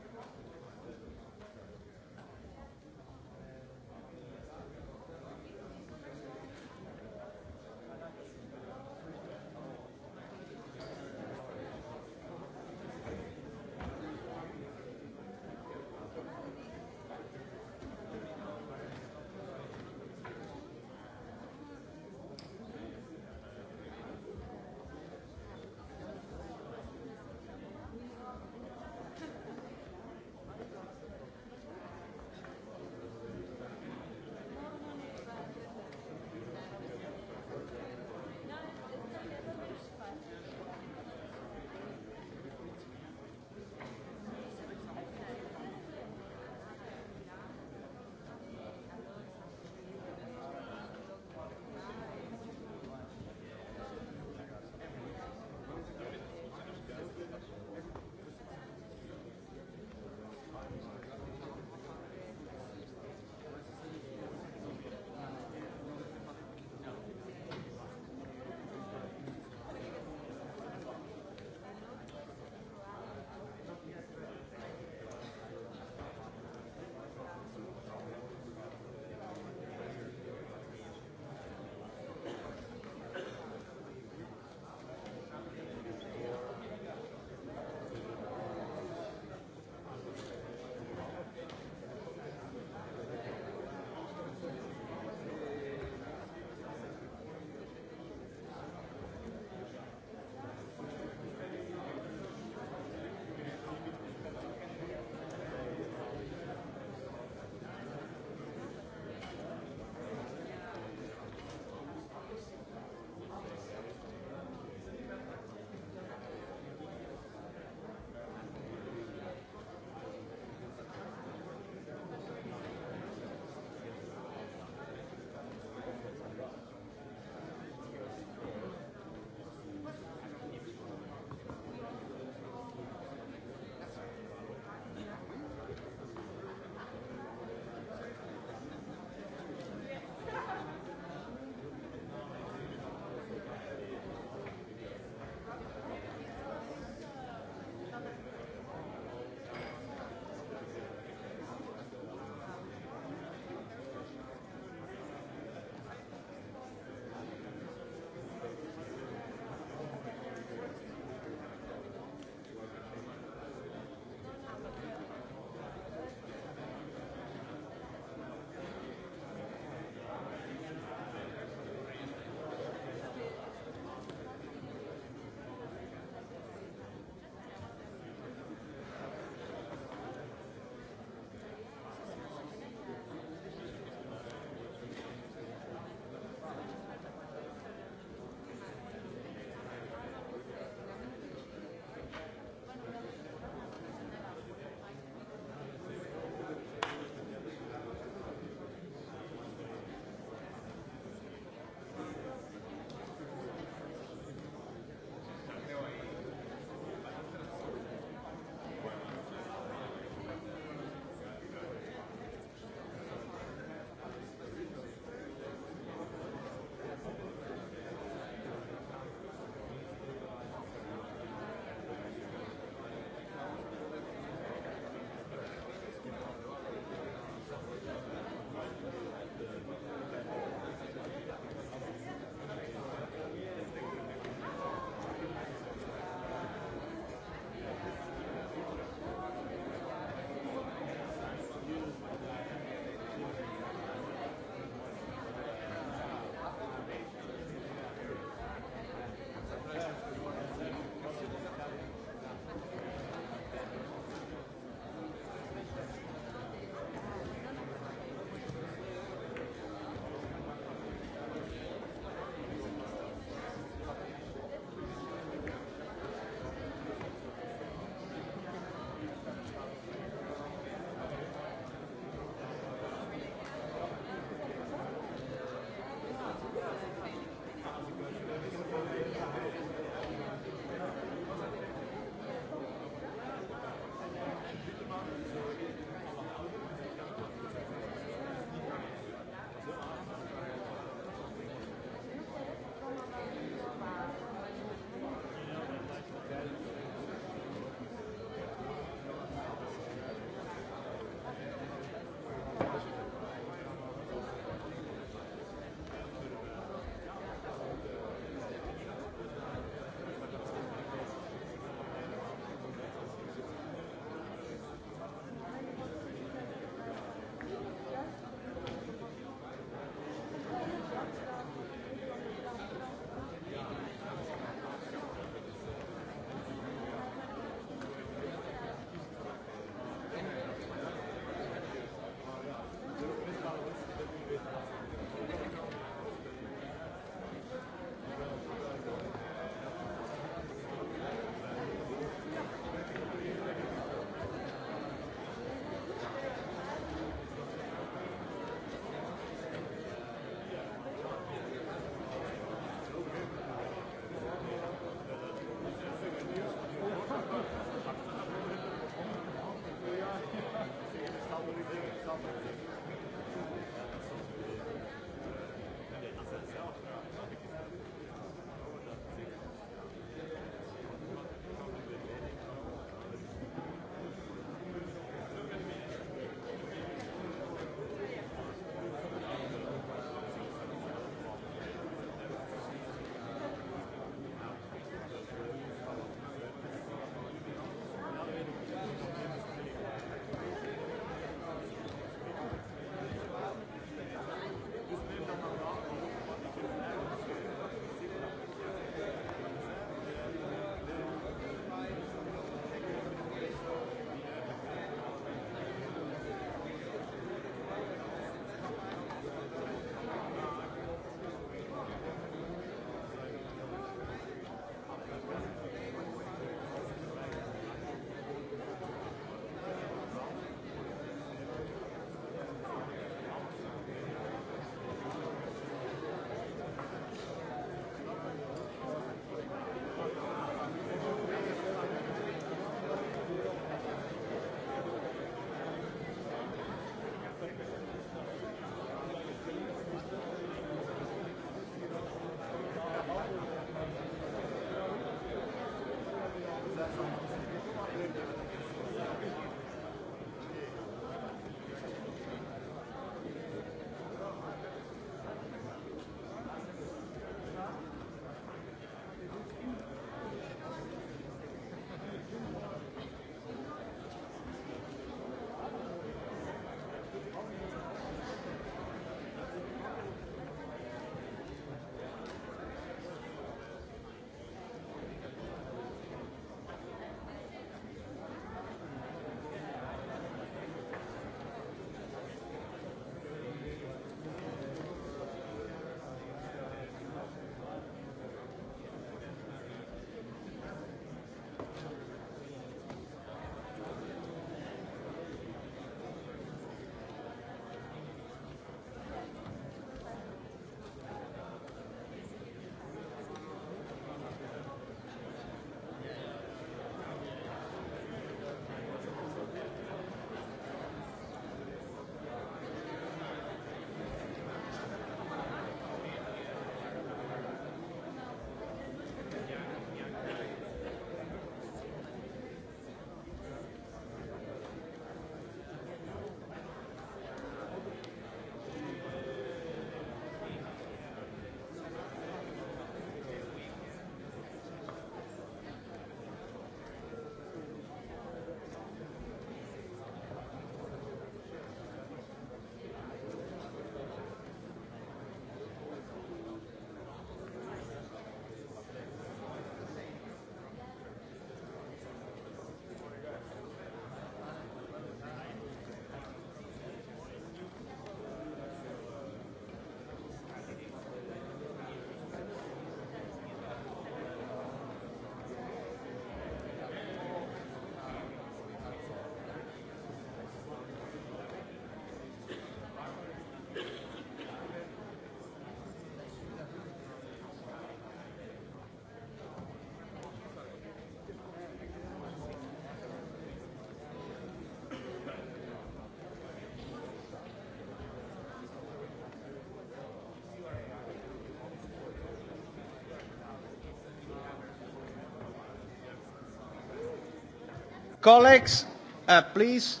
Colleagues, uh, please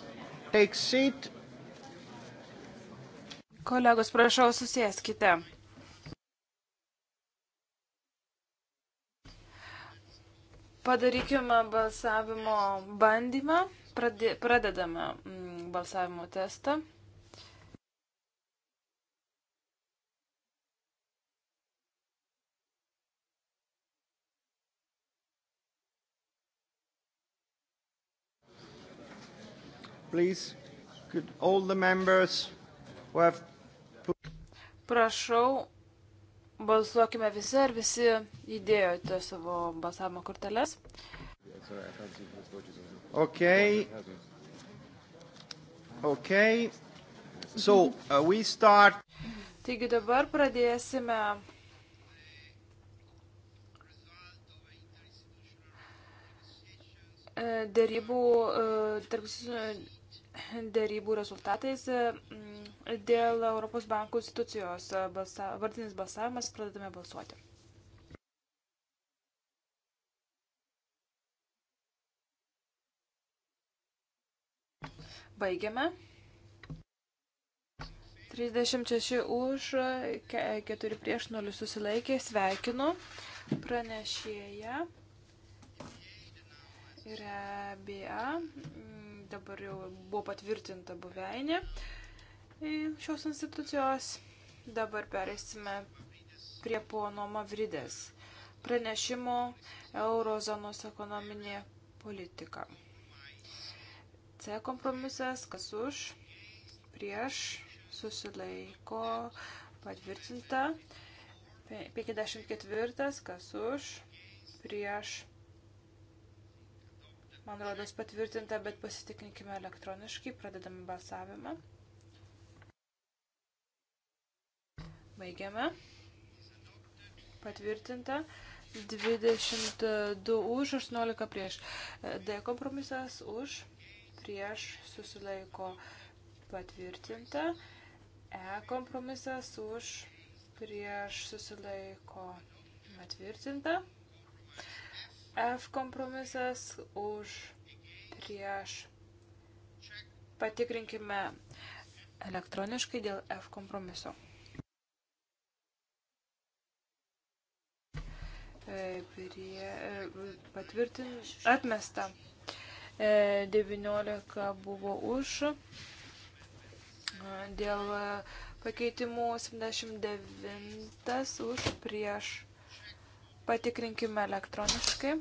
take seat. Kolegos, prašau, susėskite. Padarykime balsavimo bandymą. Pradedame mm, balsavimo testą. please? Could all the members who have put... Prašau, balsuokime visi, ar visi įdėjote savo balsavimo korteles. Okay. Okay. So, uh, we start. Taigi dabar pradėsime dėrybų uh, tarp dėrybų rezultatais mm, dėl Europos bankų institucijos balsa, vardinis balsavimas pradedame balsuoti. Baigiame. 36 už, 4 prieš 0 susilaikė, sveikinu pranešėją ir BA dabar jau buvo patvirtinta buveinė šios institucijos. Dabar perėsime prie pono Mavridės pranešimo Eurozonos ekonominė politika. C kompromisas, kas už, prieš, susilaiko, patvirtinta. 54, kas už, prieš, Man rodos patvirtinta, bet pasitikrinkime elektroniškai. Pradedame balsavimą. Baigiame. Patvirtinta. 22 už, 18 prieš. D kompromisas už, prieš susilaiko patvirtinta. E kompromisas už, prieš susilaiko patvirtinta. F kompromisas už prieš. Patikrinkime elektroniškai dėl F kompromiso. E, prie, e, patvirtin, atmesta. 19 e, buvo už. Dėl pakeitimų 79 už prieš Patikrinkime elektroniškai.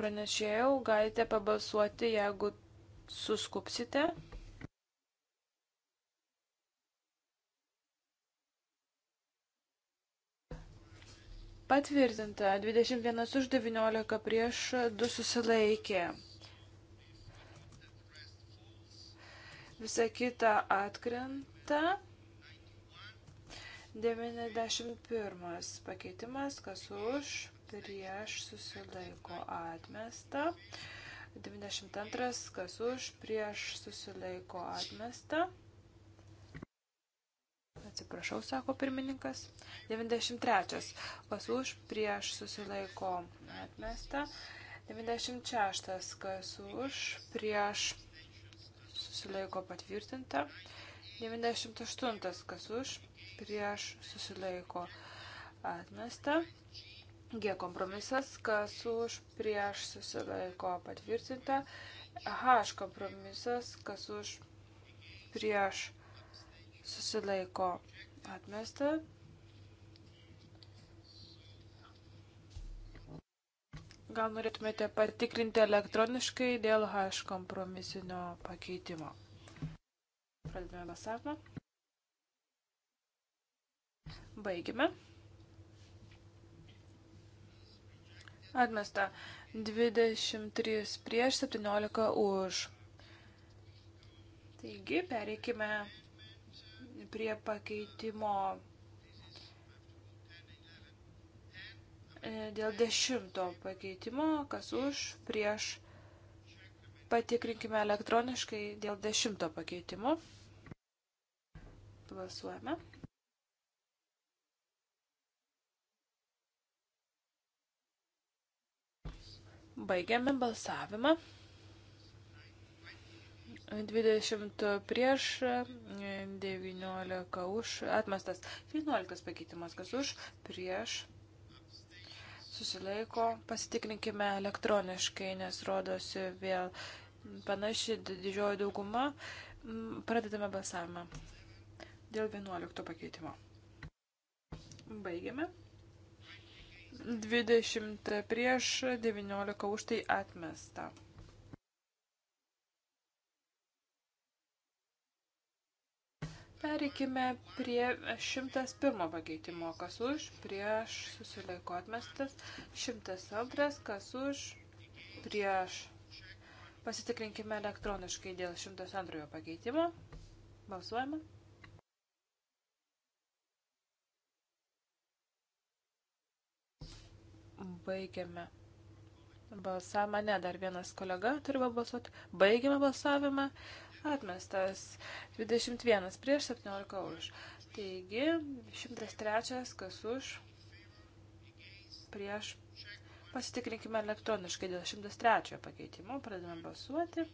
Pranešėjau, galite pabalsuoti, jeigu suskupsite. Patvirtinta 21 už 19 prieš 2 susilaikė. visa kita atkrenta. 91 pakeitimas, kas už, prieš, susilaiko atmesta. 92 kas už, prieš, susilaiko atmesta. Atsiprašau, sako pirmininkas. 93 kas už, prieš, susilaiko atmesta. 96 kas už, prieš, susilaiko patvirtinta. 98 kas už, prieš susilaiko atmesta. G kompromisas, kas už, prieš susilaiko patvirtinta. H kompromisas, kas už, prieš susilaiko atmesta. Gal norėtumėte patikrinti elektroniškai dėl H kompromisinio pakeitimo? Pradedame balsavimą. Baigime. Atmesta 23 prieš 17 už. Taigi, pereikime prie pakeitimo E, dėl dešimto pakeitimo, kas už, prieš, patikrinkime elektroniškai dėl dešimto pakeitimo. Balsuojame. Baigiame balsavimą. 20 prieš, 19 už, atmestas 11 pakeitimas, kas už, prieš, susilaiko, pasitikrinkime elektroniškai, nes rodosi vėl panaši didžioji dauguma. Mm, pradedame balsavimą dėl 11 pakeitimo. Baigiame. 20 prieš 19 už tai atmesta. Pereikime prie 101 pakeitimo, kas už, prieš, susilaiko atmestas, 102, kas už, prieš. Pasitikrinkime elektroniškai dėl 102 pakeitimo. Balsuojame. Baigiame balsavimą. Ne, dar vienas kolega turi balsuoti. Baigiame balsavimą. Atmestas 21 prieš 17 už. Taigi 103 kas už prieš. Pasitikrinkime elektroniškai dėl 103 pakeitimo. Pradedame balsuoti.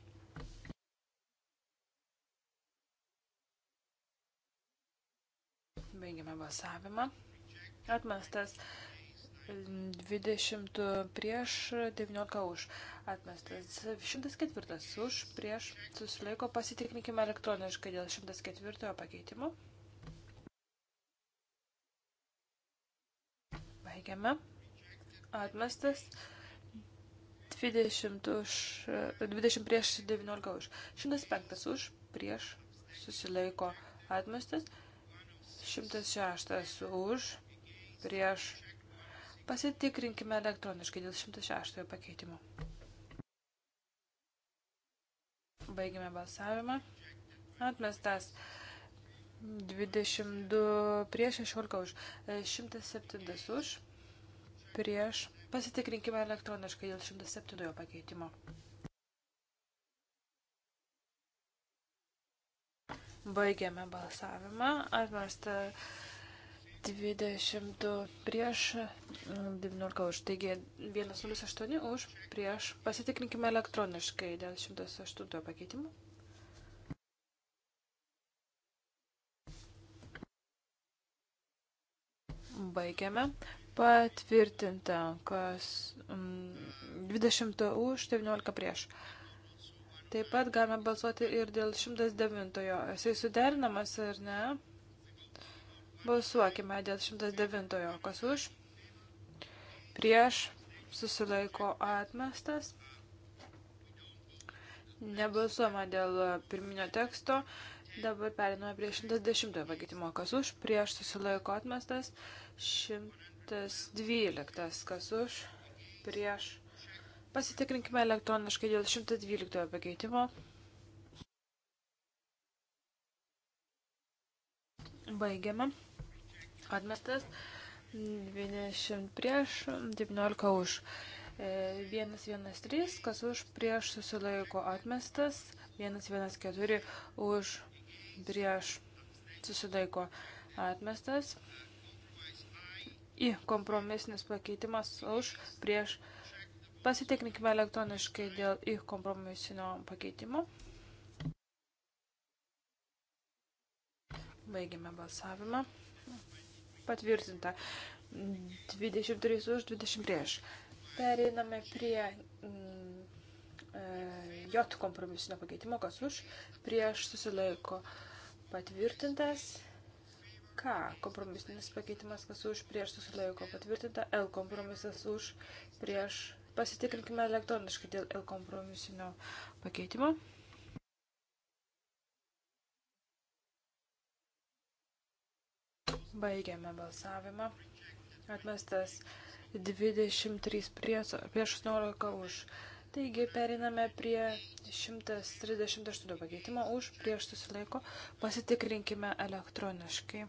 Baigiame balsavimą. Atmestas 20 prieš 19 už atmestas. 104 už prieš susilaiko pasitikrinkime elektroniškai dėl 104 pakeitimo. Baigiame. Atmestas. 20, už, 20 prieš 19 už. 105 už prieš susilaiko atmestas. 106 už prieš Pasitikrinkime elektroniškai dėl 106 pakeitimo. Baigime balsavimą. Atmestas 22 prieš 16 už 107 e, už prieš. Pasitikrinkime elektroniškai dėl 107 pakeitimo. Baigiame balsavimą. Atmestas 22 prieš 19 e, už. Taigi 108 už prieš. Pasitikrinkime elektroniškai dėl 108 pakeitimų. Baigiame. Patvirtinta, kas 20 už, 19 prieš. Taip pat galime balsuoti ir dėl 109. Jisai suderinamas ar ne? Balsuokime dėl 109. Kas už? Prieš susilaiko atmestas. Nebalsuoma dėl pirminio teksto. Dabar periname prie 110 pakeitimo. Kas už? Prieš susilaiko atmestas. 112. Kas už? Prieš. Pasitikrinkime elektroniškai dėl 112 pakeitimo. Baigiame. Atmestas 20 prieš, 19 už. 113, e, kas už prieš susilaiko atmestas, 114 už prieš susilaiko atmestas. Į kompromisinis pakeitimas už prieš. Pasitikrinkime elektroniškai dėl į kompromisinio pakeitimo. Baigime balsavimą patvirtinta. 23 už, 20 prieš. Pereiname prie mm, e, J kompromisinio pakeitimo, kas už, prieš susilaiko patvirtintas. K kompromisinis pakeitimas, kas už, prieš susilaiko patvirtinta. L kompromisas už, prieš. Pasitikrinkime elektroniškai dėl L kompromisinio pakeitimo. Baigiame balsavimą. Atmestas 23 prieš, prieš 18 už. Taigi periname prie 138 pakeitimo už prieš susilaiko. Pasitikrinkime elektroniškai.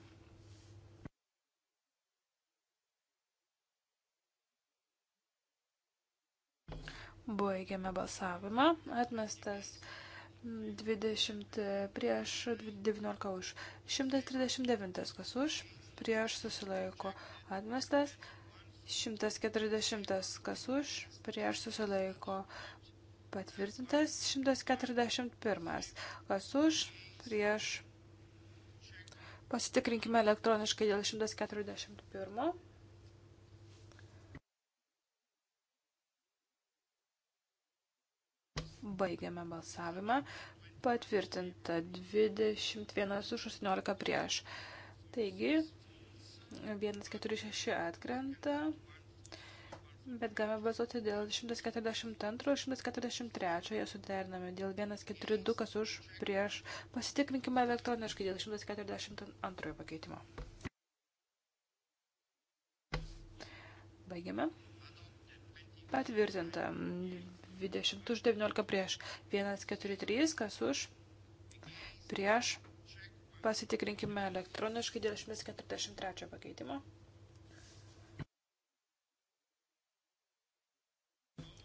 Baigiame balsavimą. Atmestas 23. 20 prieš 19 už. 139 kas už, prieš susilaiko atmestas. 140 kas už, prieš susilaiko patvirtintas. 141 kas už, prieš. Pasitikrinkime elektroniškai dėl 141. Baigiame balsavimą. Patvirtinta 21 už 18 prieš. Taigi, 146 atkrenta. Bet galime balsuoti dėl 142 ir 143, jie suderinami dėl 142, kas už prieš. Pasitikrinkime elektroniškai dėl 142 pakeitimo. Baigiame. Patvirtinta. 20 už 19 prieš. 1, 4, 3, kas už, prieš. Pasitikrinkime elektroniškai dėl 143 pakeitimo.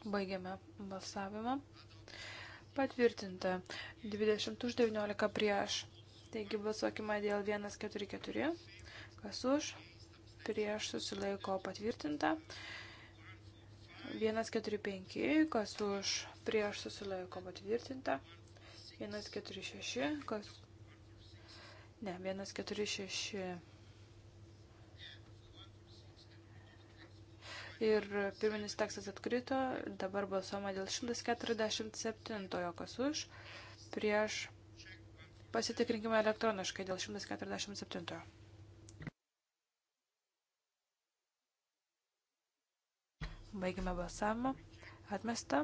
Baigiame balsavimą. Patvirtinta. 20 už 19 prieš. Taigi balsuokime dėl 144. Kas už? Prieš susilaiko patvirtinta. 1. 145, kas už prieš susilaiko patvirtinta. 146, kas... Ne, 146. Ir pirminis tekstas atkrito, dabar balsuoma dėl 147, kas už prieš pasitikrinkime elektroniškai dėl 147. Baigime balsavimą. Atmesta.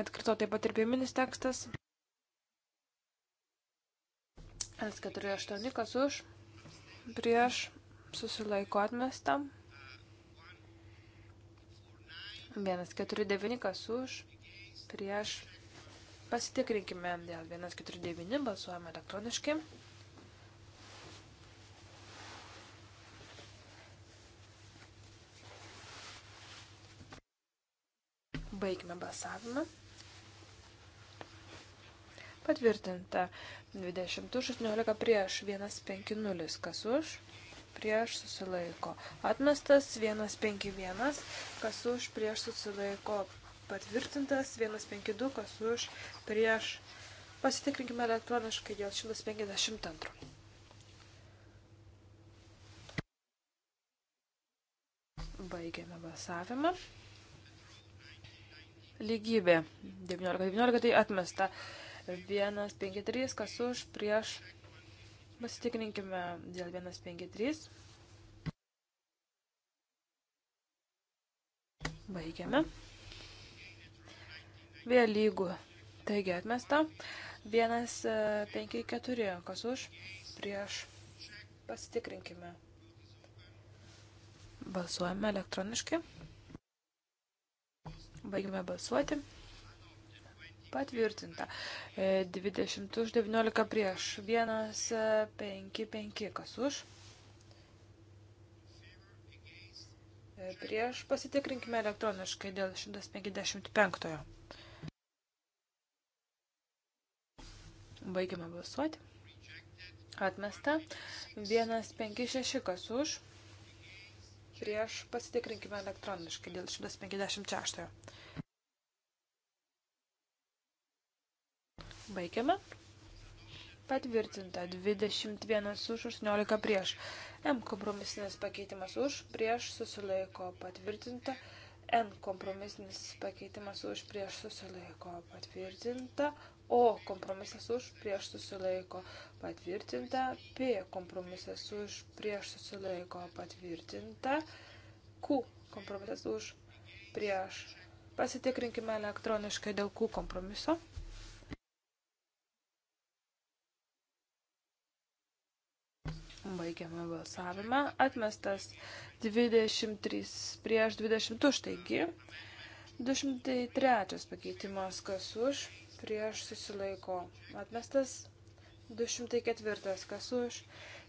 Atkrito taip pat ir pirminis tekstas. S48 kas už, prieš susilaiko atmestam. 149 kas už, prieš pasitikrinkime dėl 149 balsuojame elektroniškai. Baigime balsavimą. Patvirtinta 20 už 18 prieš 150, kas už, prieš susilaiko. Atmestas 151, kas už, prieš susilaiko. Patvirtintas 152, kas už, prieš. Pasitikrinkime elektroniškai dėl 152. Baigiame balsavimą lygybė. 19-19 tai atmesta. 1-5-3, kas už, prieš. Pasitikrinkime dėl 1-5-3. Baigiame. Vėl lygų. Taigi atmesta. 1-5-4, e, kas už, prieš. Pasitikrinkime. Balsuojame elektroniškai. Baigime balsuoti. Patvirtinta. 20 e, už 19 prieš. 1, 5, 5. Kas už? E, prieš pasitikrinkime elektroniškai dėl 155. Baigime balsuoti. Atmesta. 1, 5, 6. Kas už? prieš pasitikrinkime elektroniškai dėl 156. Baigiame. Patvirtinta 21 už 18 prieš. M kompromisinis pakeitimas už prieš susilaiko patvirtinta. N kompromisinis pakeitimas už prieš susilaiko patvirtinta. O kompromisas už prieš susilaiko patvirtinta. P kompromisas už prieš susilaiko patvirtinta. Q kompromisas už prieš. Pasitikrinkime elektroniškai dėl Q kompromiso. Baigiame balsavimą. Atmestas 23 prieš 22, taigi 203 pakeitimas kas už prieš susilaiko atmestas. 204. Kas už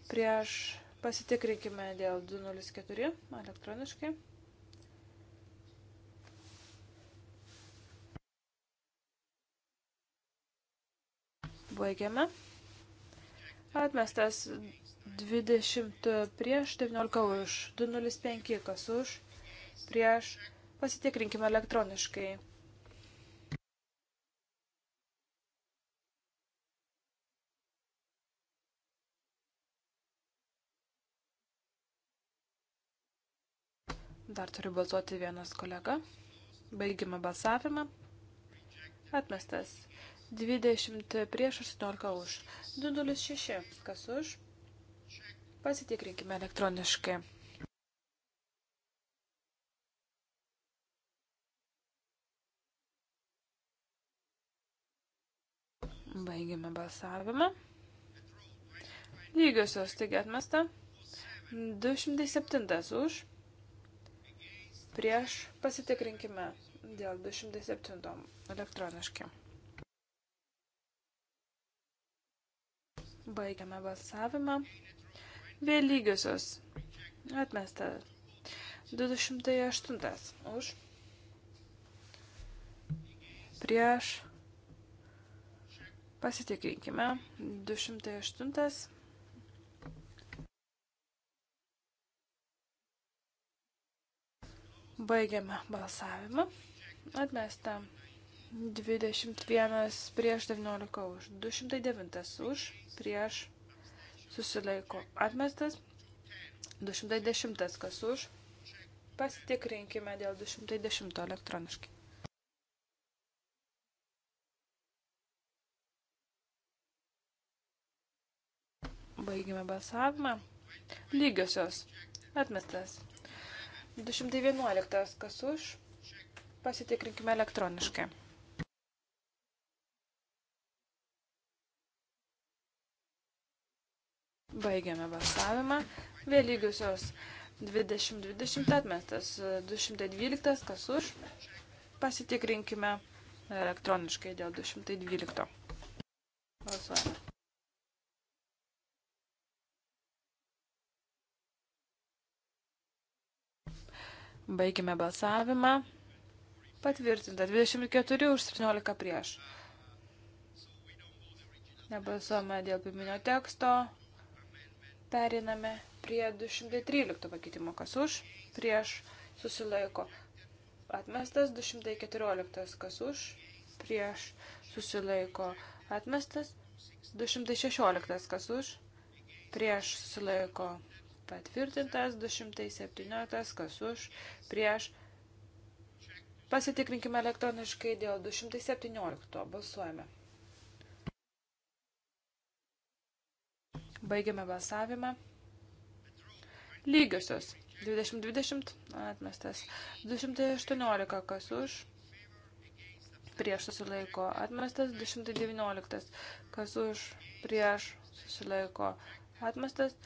prieš pasitikrinkime dėl 204 elektroniškai. Baigiame. Atmestas 20 prieš 19 už 205 kas už prieš pasitikrinkime elektroniškai. Dar turiu balsuoti vienas kolega. Baigime balsavimą. Atmestas. 20 prieš 18 už. 206. Kas už? Pasitikrinkime elektroniškai. Baigėme balsavimą. Lygiosios, taigi atmesta. 207 už prieš pasitikrinkime dėl 207 elektroniškai. Baigiame balsavimą. Vėlygiosios. Atmesta. 208 už. Prieš. Pasitikrinkime. 208. Baigiame balsavimą. Atmesta 21 prieš 19 už, 209 už, prieš susilaiko atmestas, 210 kas už. Pasitikrinkime dėl 210 elektroniškai. Baigime balsavimą. Lygiosios. Atmestas. 211. Kas už? Pasitikrinkime elektroniškai. Baigiame balsavimą. Vėlygiusios 2020 atmestas 212. Kas už? Pasitikrinkime elektroniškai dėl 212. Balsuojame. Baigime balsavimą. Patvirtinta. 24 už 17 prieš. Nebalsuojame dėl pirminio teksto. Periname prie 213 pakeitimo. Kas už? Prieš susilaiko. Atmestas 214. Kas už? Prieš susilaiko. Atmestas 216. Kas už? Prieš susilaiko patvirtintas, 217, kas už, prieš. Pasitikrinkime elektroniškai dėl 217, balsuojame. Baigiame balsavimą. Lygiosios. 2020 atmestas. 218 kas už. Prieš susilaiko atmestas. 219 kas už. Prieš susilaiko atmestas.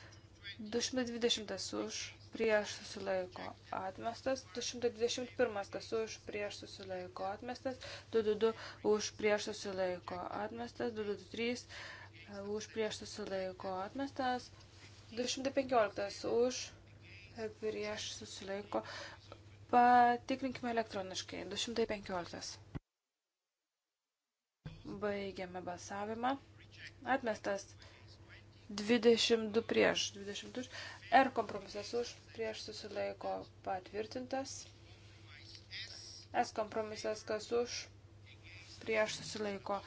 220 už, prieš susilaiko atmestas, 221 kas už, prieš susilaiko atmestas, 222 už, prieš susilaiko atmestas, 223 už, prieš susilaiko atmestas, 215 už, prieš susilaiko. Patikrinkime elektroniškai. 215. Baigiame balsavimą. Atmestas 22 prieš, 22 už. R kompromisas už, prieš susilaiko patvirtintas. S kompromisas kas už, prieš susilaiko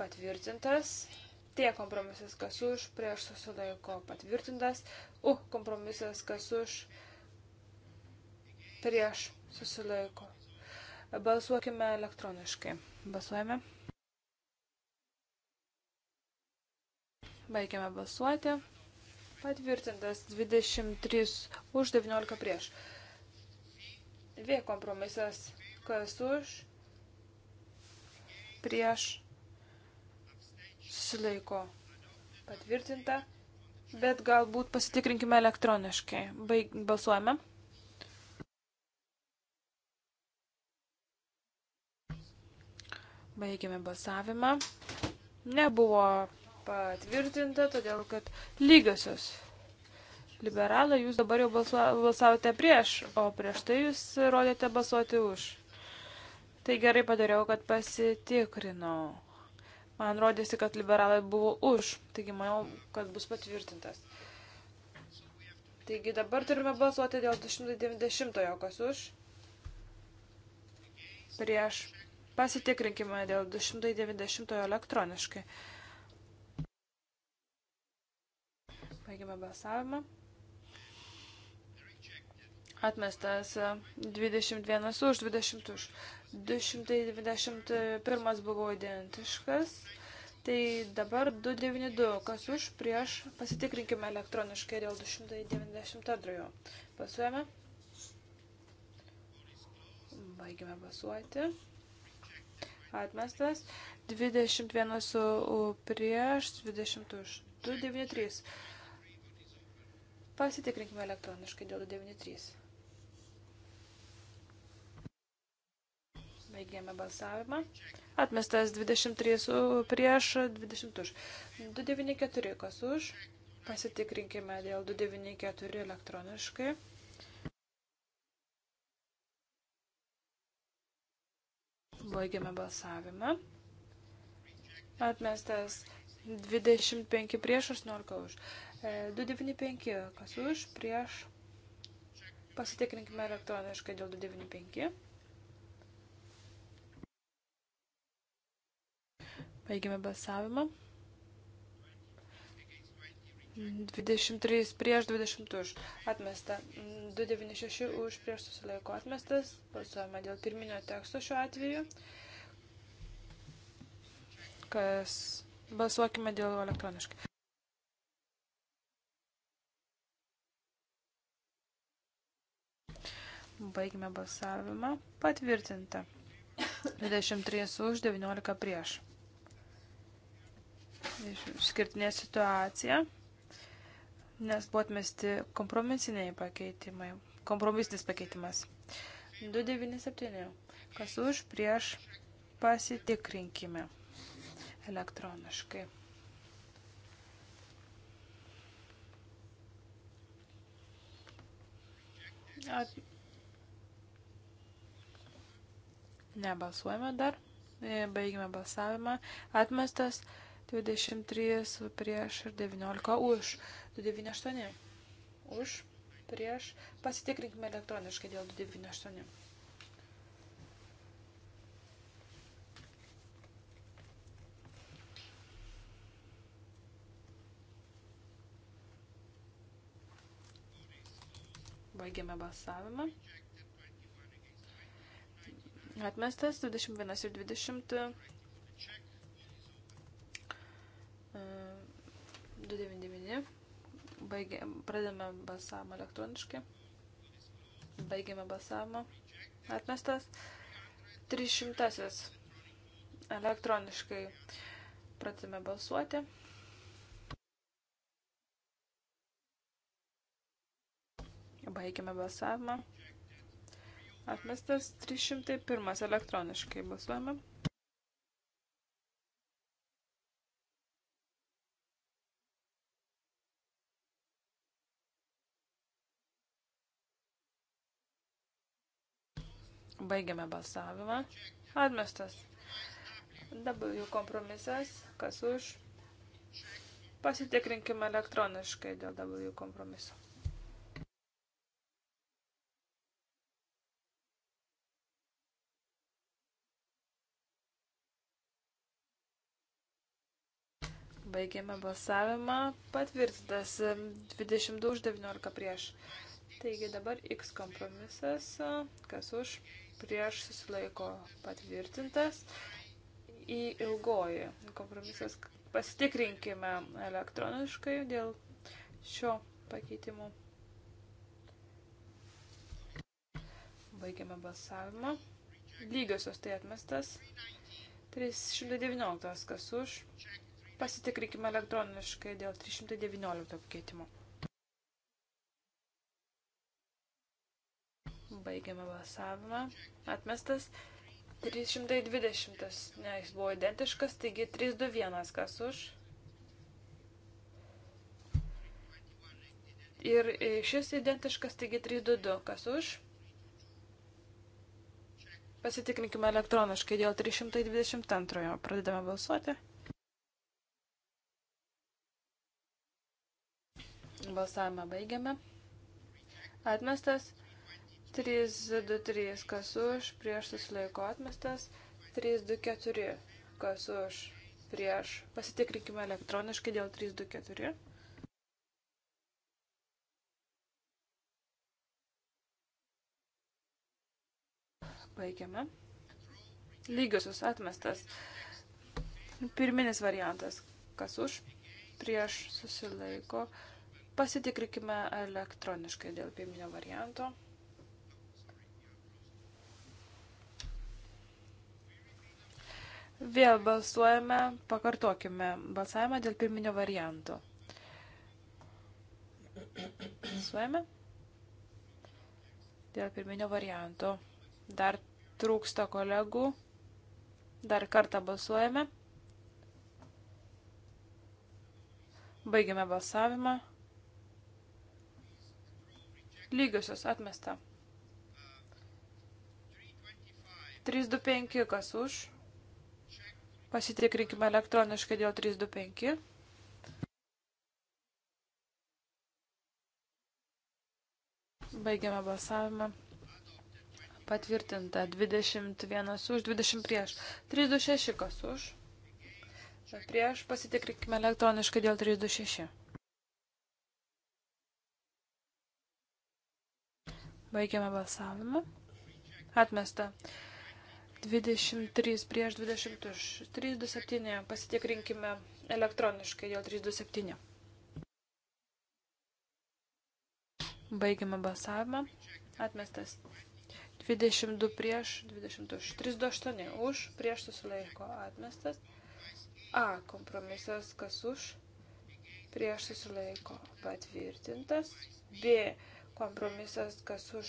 patvirtintas. T kompromisas kas už, prieš susilaiko patvirtintas. U kompromisas kas už, prieš susilaiko. Balsuokime elektroniškai. Balsuojame. Baigiame balsuoti. Patvirtintas 23 už 19 prieš. V kompromisas. Kas už? Prieš. Susilaiko. Patvirtinta. Bet galbūt pasitikrinkime elektroniškai. Baig, balsuojame. Baigėme balsavimą. Nebuvo patvirtinta, todėl kad lygiosios. Liberalai, jūs dabar jau balsavote prieš, o prieš tai jūs rodėte balsuoti už. Tai gerai padariau, kad pasitikrinau. Man rodėsi, kad liberalai buvo už, taigi manau, kad bus patvirtintas. Taigi dabar turime balsuoti dėl 290-ojo, kas už. Prieš. Pasitikrinkime dėl 290-ojo elektroniškai. Baigime balsavimą. Atmestas 21 už 20 už. 291 buvo identiškas. Tai dabar 292, kas už, prieš, pasitikrinkime elektroniškai dėl 292. Pasuojame. Baigime basuoti. Atmestas. 21 su prieš, 20 už. 293. Pasitikrinkime elektroniškai dėl 93. Baigėme balsavimą. Atmestas 23 prieš 20 už. 294 kas už. Pasitikrinkime dėl 294 elektroniškai. Baigėme balsavimą. Atmestas 25 prieš 18 už. 295, kas už, prieš. Pasitikrinkime elektroniškai dėl 295. Baigime balsavimą. 23 prieš 20 už atmesta. 296 už prieš susilaiko atmestas. Balsuojama dėl pirminio teksto šiuo atveju. Kas balsuokime dėl elektroniškai. Baigime balsavimą. Patvirtinta. 23 už, 19 prieš. Išskirtinė situacija, nes buvo atmesti kompromisiniai pakeitimai. Kompromisinis pakeitimas. 297. Kas už, prieš, pasitikrinkime elektroniškai. At, Nebalsuojame dar. E, baigime balsavimą. Atmestas 23 prieš ir 19 už. 298 už prieš. Pasitikrinkime elektroniškai dėl 298. Baigiame balsavimą. Atmestas 21 ir 20. 299. E, Baigė, pradėme balsavimą elektroniškai. Baigėme balsavimą. Atmestas 300. Elektroniškai pradėme balsuoti. Baigėme balsavimą. Atmestas 301 elektroniškai balsuojame. Baigiame balsavimą. Atmestas. Dabar jų kompromisas. Kas už? Pasitikrinkime elektroniškai dėl W kompromiso. Baigėme balsavimą. Patvirtintas 22 už 19 prieš. Taigi dabar X kompromisas, kas už prieš susilaiko patvirtintas. Į ilgoji kompromisas pasitikrinkime elektroniškai dėl šio pakeitimo. Baigiame balsavimą. Lygiosios tai atmestas. 319 kas už Pasitikrinkime elektroniškai dėl 319 pakeitimo. Baigiame balsavimą. Atmestas 320, ne, jis buvo identiškas, taigi 321 kas už. Ir e, šis identiškas, taigi 322 kas už. Pasitikrinkime elektroniškai dėl 322. Pradedame balsuoti. Balsavimą baigiame. Atmestas. 323, kas už, prieš susilaiko atmestas. 324, kas už, prieš. Pasitikrinkime elektroniškai dėl 324. Baigiame. Lygiosius atmestas. Pirminis variantas, kas už, prieš susilaiko atmestas Pasitikrinkime elektroniškai dėl pirminio varianto. Vėl balsuojame, pakartokime balsavimą dėl pirminio varianto. Balsuojame dėl pirminio varianto. Dar trūksta kolegų. Dar kartą balsuojame. Baigiame balsavimą lygiosios atmesta. 325 kas už. Pasitikrinkime elektroniškai dėl 325. Baigiame balsavimą. Patvirtinta 21 už, 20 prieš. 326 kas už. Prieš pasitikrinkime elektroniškai dėl 326. Baigiame balsavimą. Atmesta. 23 prieš 20. 327. Pasitikrinkime elektroniškai dėl 327. Baigiame balsavimą. Atmestas. 22 prieš 20 už. 328 už, prieš susilaiko atmestas. A kompromisas kas už, prieš susilaiko patvirtintas. B kompromisas, kas už.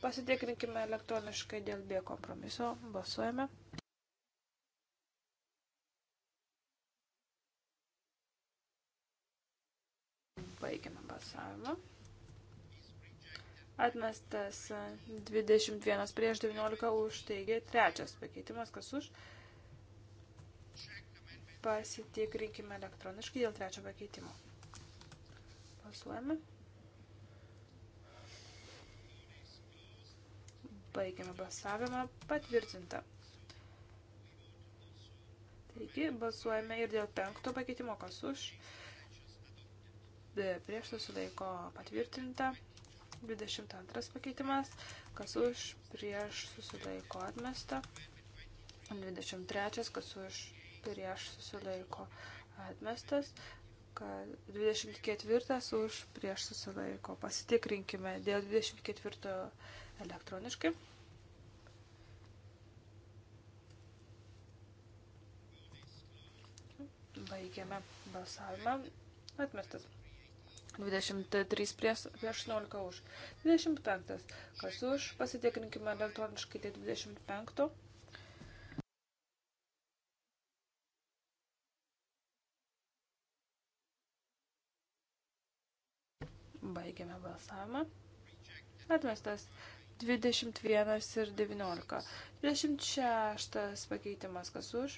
Pasitikrinkime elektroniškai dėl B kompromiso. Balsuojame. Baigiame balsavimą. Atmestas 21 prieš 19 už, taigi trečias pakeitimas, kas už. Pasitikrinkime elektroniškai dėl trečio pakeitimo. Balsuojame. Balsuojame. Baigiame balsavimą. Patvirtinta. Taigi balsuojame ir dėl penkto pakeitimo, kas už. Prieš susilaiko patvirtinta. 22 pakeitimas, kas už, prieš susilaiko atmesta. 23, kas už, prieš susilaiko atmestas. 24 už prieš susilaiko. Pasitikrinkime dėl 24 elektroniškai. Baigiame balsavimą. Atmestas. 23 prieš, prieš 18 už. 25. Kas už? Pasitikrinkime elektroniškai tai 25. Baigiame balsavimą. Atmestas 21 ir 19. 26 pakeitimas kas už,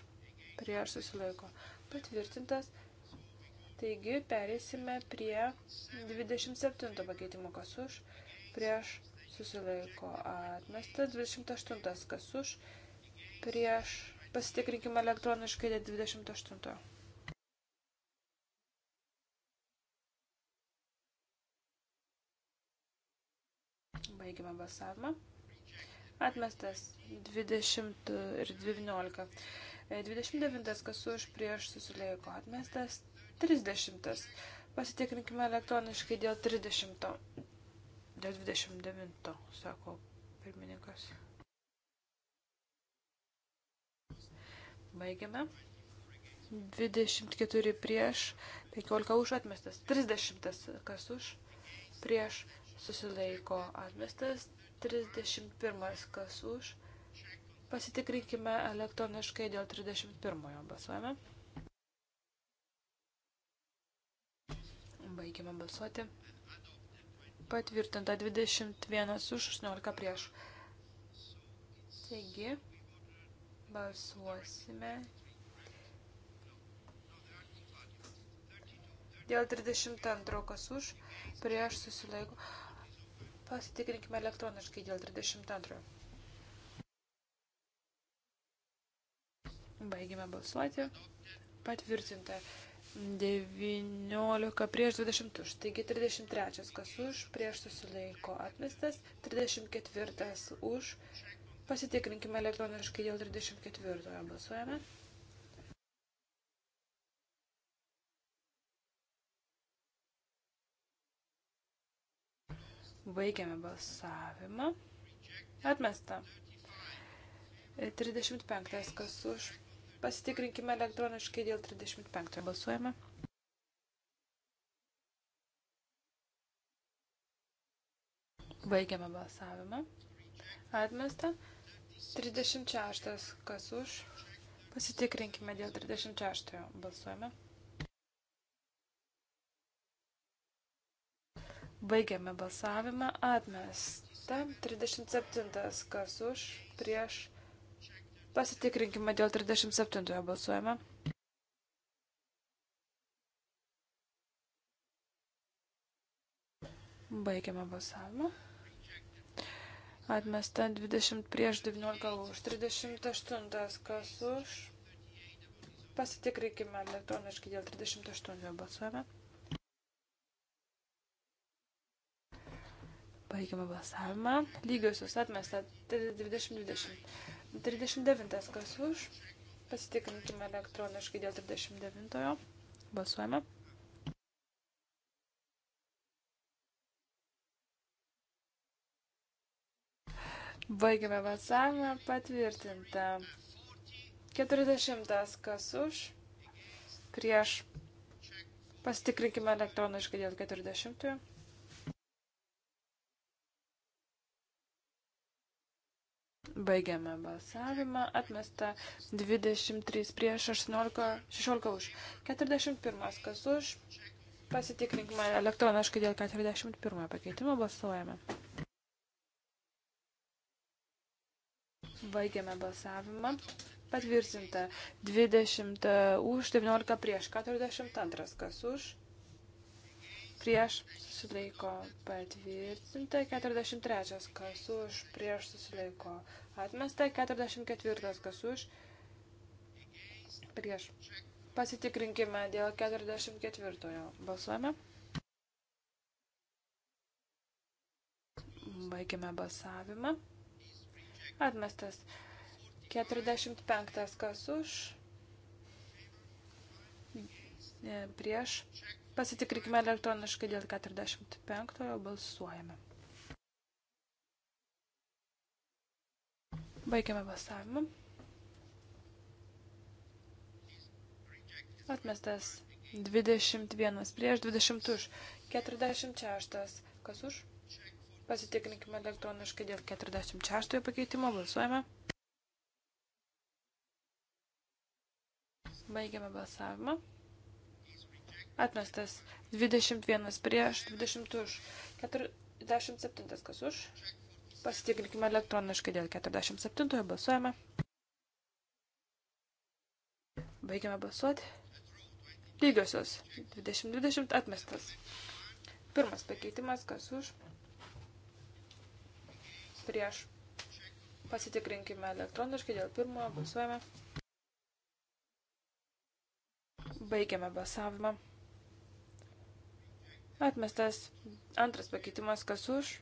prieš susilaiko patvirtintas. Taigi perėsime prie 27 pakeitimo kas už, prieš susilaiko atmestas. 28 kas už, prieš pasitikrinkime elektroniškai 28. Baigiame balsavimą. Atmestas 20 ir 19. 29. E, kas už prieš susilaiko atmestas. 30. Pasitikrinkime elektroniškai dėl 30. Dėl 29, sako pirmininkas. Baigiame. 24 prieš, 15 už atmestas, 30 kas už, prieš susilaiko atmestas, 31 kas už. Pasitikrinkime elektroniškai dėl 31 balsuojame. Baigime balsuoti. Patvirtinta 21 už 18 prieš. Taigi, balsuosime Dėl 32 kas už, prieš susilaiko. Pasitikrinkime elektroniškai dėl 32. Baigime balsuoti. Patvirtinta 19 prieš 20 už. Taigi 33 kas už, prieš susilaiko atmestas, 34 už. Pasitikrinkime elektroniškai dėl 34 balsuojame. Baigiame balsavimą. Atmesta. 35. Kas už? Pasitikrinkime elektroniškai dėl 35. Balsuojame. Baigiame balsavimą. Atmesta. 36. Kas už? Pasitikrinkime dėl 36. Balsuojame. Baigiame balsavimą. Atmesta. 37. Kas už? Prieš. Pasitikrinkime dėl 37. Balsuojame. Baigiame balsavimą. Atmesta 20 prieš 19 už 38. Kas už? Pasitikrinkime elektroniškai dėl 38. Balsuojame. Baigiame balsavimą. Lygiosios atmesta 30-20. 39. Kas už? Pasitikrinkime elektroniškai dėl 39. Balsuojame. Baigiame balsavimą. Patvirtinta. 40. Kas už? Prieš. Pasitikrinkime elektroniškai dėl 40. Baigiame balsavimą. Atmesta 23 prieš 18, 16 už. 41 kas už. Pasitikrinkime elektroniškai dėl 41 pakeitimo. Balsuojame. Baigiame balsavimą. Patvirtinta 20 e, už, 19 prieš, 42 kas už prieš susilaiko patvirtinta, 43 kas už prieš susilaiko Atmesta 44, kas už, prieš. Pasitikrinkime dėl 44. Balsuojame. Baigime balsavimą. Atmestas 45, kas už, prieš. Pasitikrinkime elektroniškai dėl 45. Balsuojame. Baigiame balsavimą. Atmestas 21 prieš 20 už 46. Kas už? Pasitikrinkime elektroniškai dėl 46 pakeitimo. Balsuojame. Baigiame balsavimą. Atmestas 21 prieš 20 už 47. Kas už? Pasitikrinkime elektroniškai dėl 47 balsuojame. Baigiame balsuoti. Lygiosios. 20-20 atmestas. Pirmas pakeitimas, kas už. Prieš. Pasitikrinkime elektroniškai dėl pirmojo balsuojame. Baigiame balsavimą. Atmestas antras pakeitimas, kas už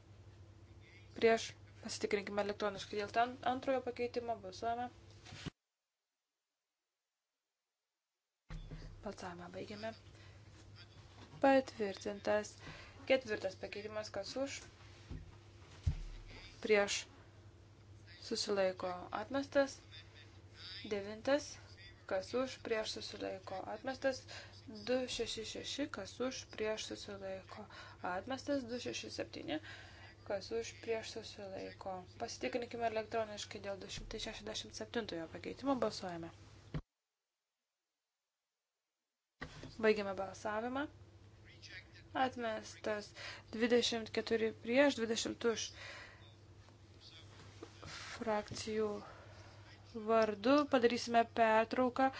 prieš, pasitikrinkime elektroniškai dėl ten antrojo pakeitimo, balsuojame. Balsavimą baigiame. Patvirtintas ketvirtas pakeitimas, kas už, prieš, susilaiko atmestas, devintas, kas už, prieš, susilaiko atmestas, 266, kas už, prieš, susilaiko atmestas, 267 kas už prieš susilaiko. Pasitikrinkime elektroniškai dėl 267 pakeitimo balsuojame. Baigiame balsavimą. Atmestas 24 prieš 20 už frakcijų vardu. Padarysime pertrauką,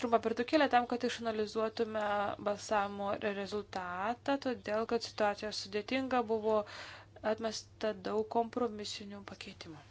trumpą pertraukėlę tam, kad išanalizuotume balsavimo rezultatą, todėl kad situacija sudėtinga buvo uh, atmesta daug kompromisinių pakeitimų.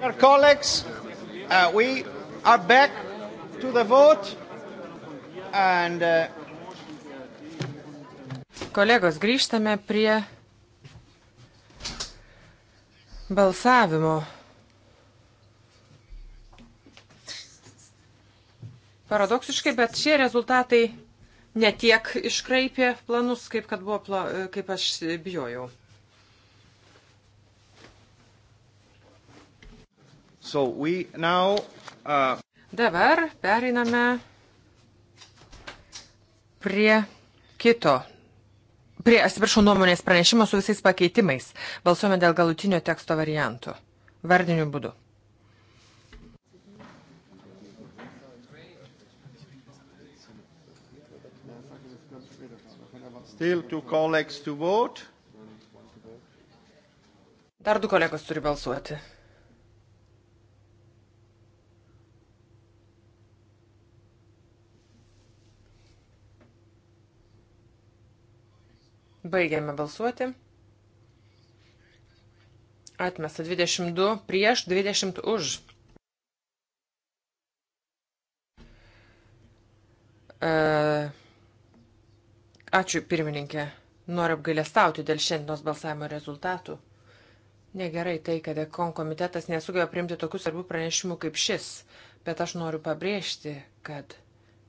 Dear colleagues, uh, we are back to the vote and. Uh, Kolegos, grįžtame prie balsavimo. Paradoksiškai, bet šie rezultatai netiek iškraipė planus, kaip, buvo, pla, kaip aš bijojau. So now, uh... Dabar periname prie kito. Prie, atsiprašau, nuomonės pranešimo su visais pakeitimais. Balsuojame dėl galutinio teksto variantų. Vardiniu būdu. Still two colleagues to vote. Dar du kolegos turi balsuoti. Baigiame balsuoti. Atmesta 22 prieš 20 už. E, ačiū pirmininkė. Noriu apgailestauti dėl šiandienos balsavimo rezultatų. Negerai tai, kad Ekon komitetas nesugeba priimti tokių svarbių pranešimų kaip šis, bet aš noriu pabrėžti, kad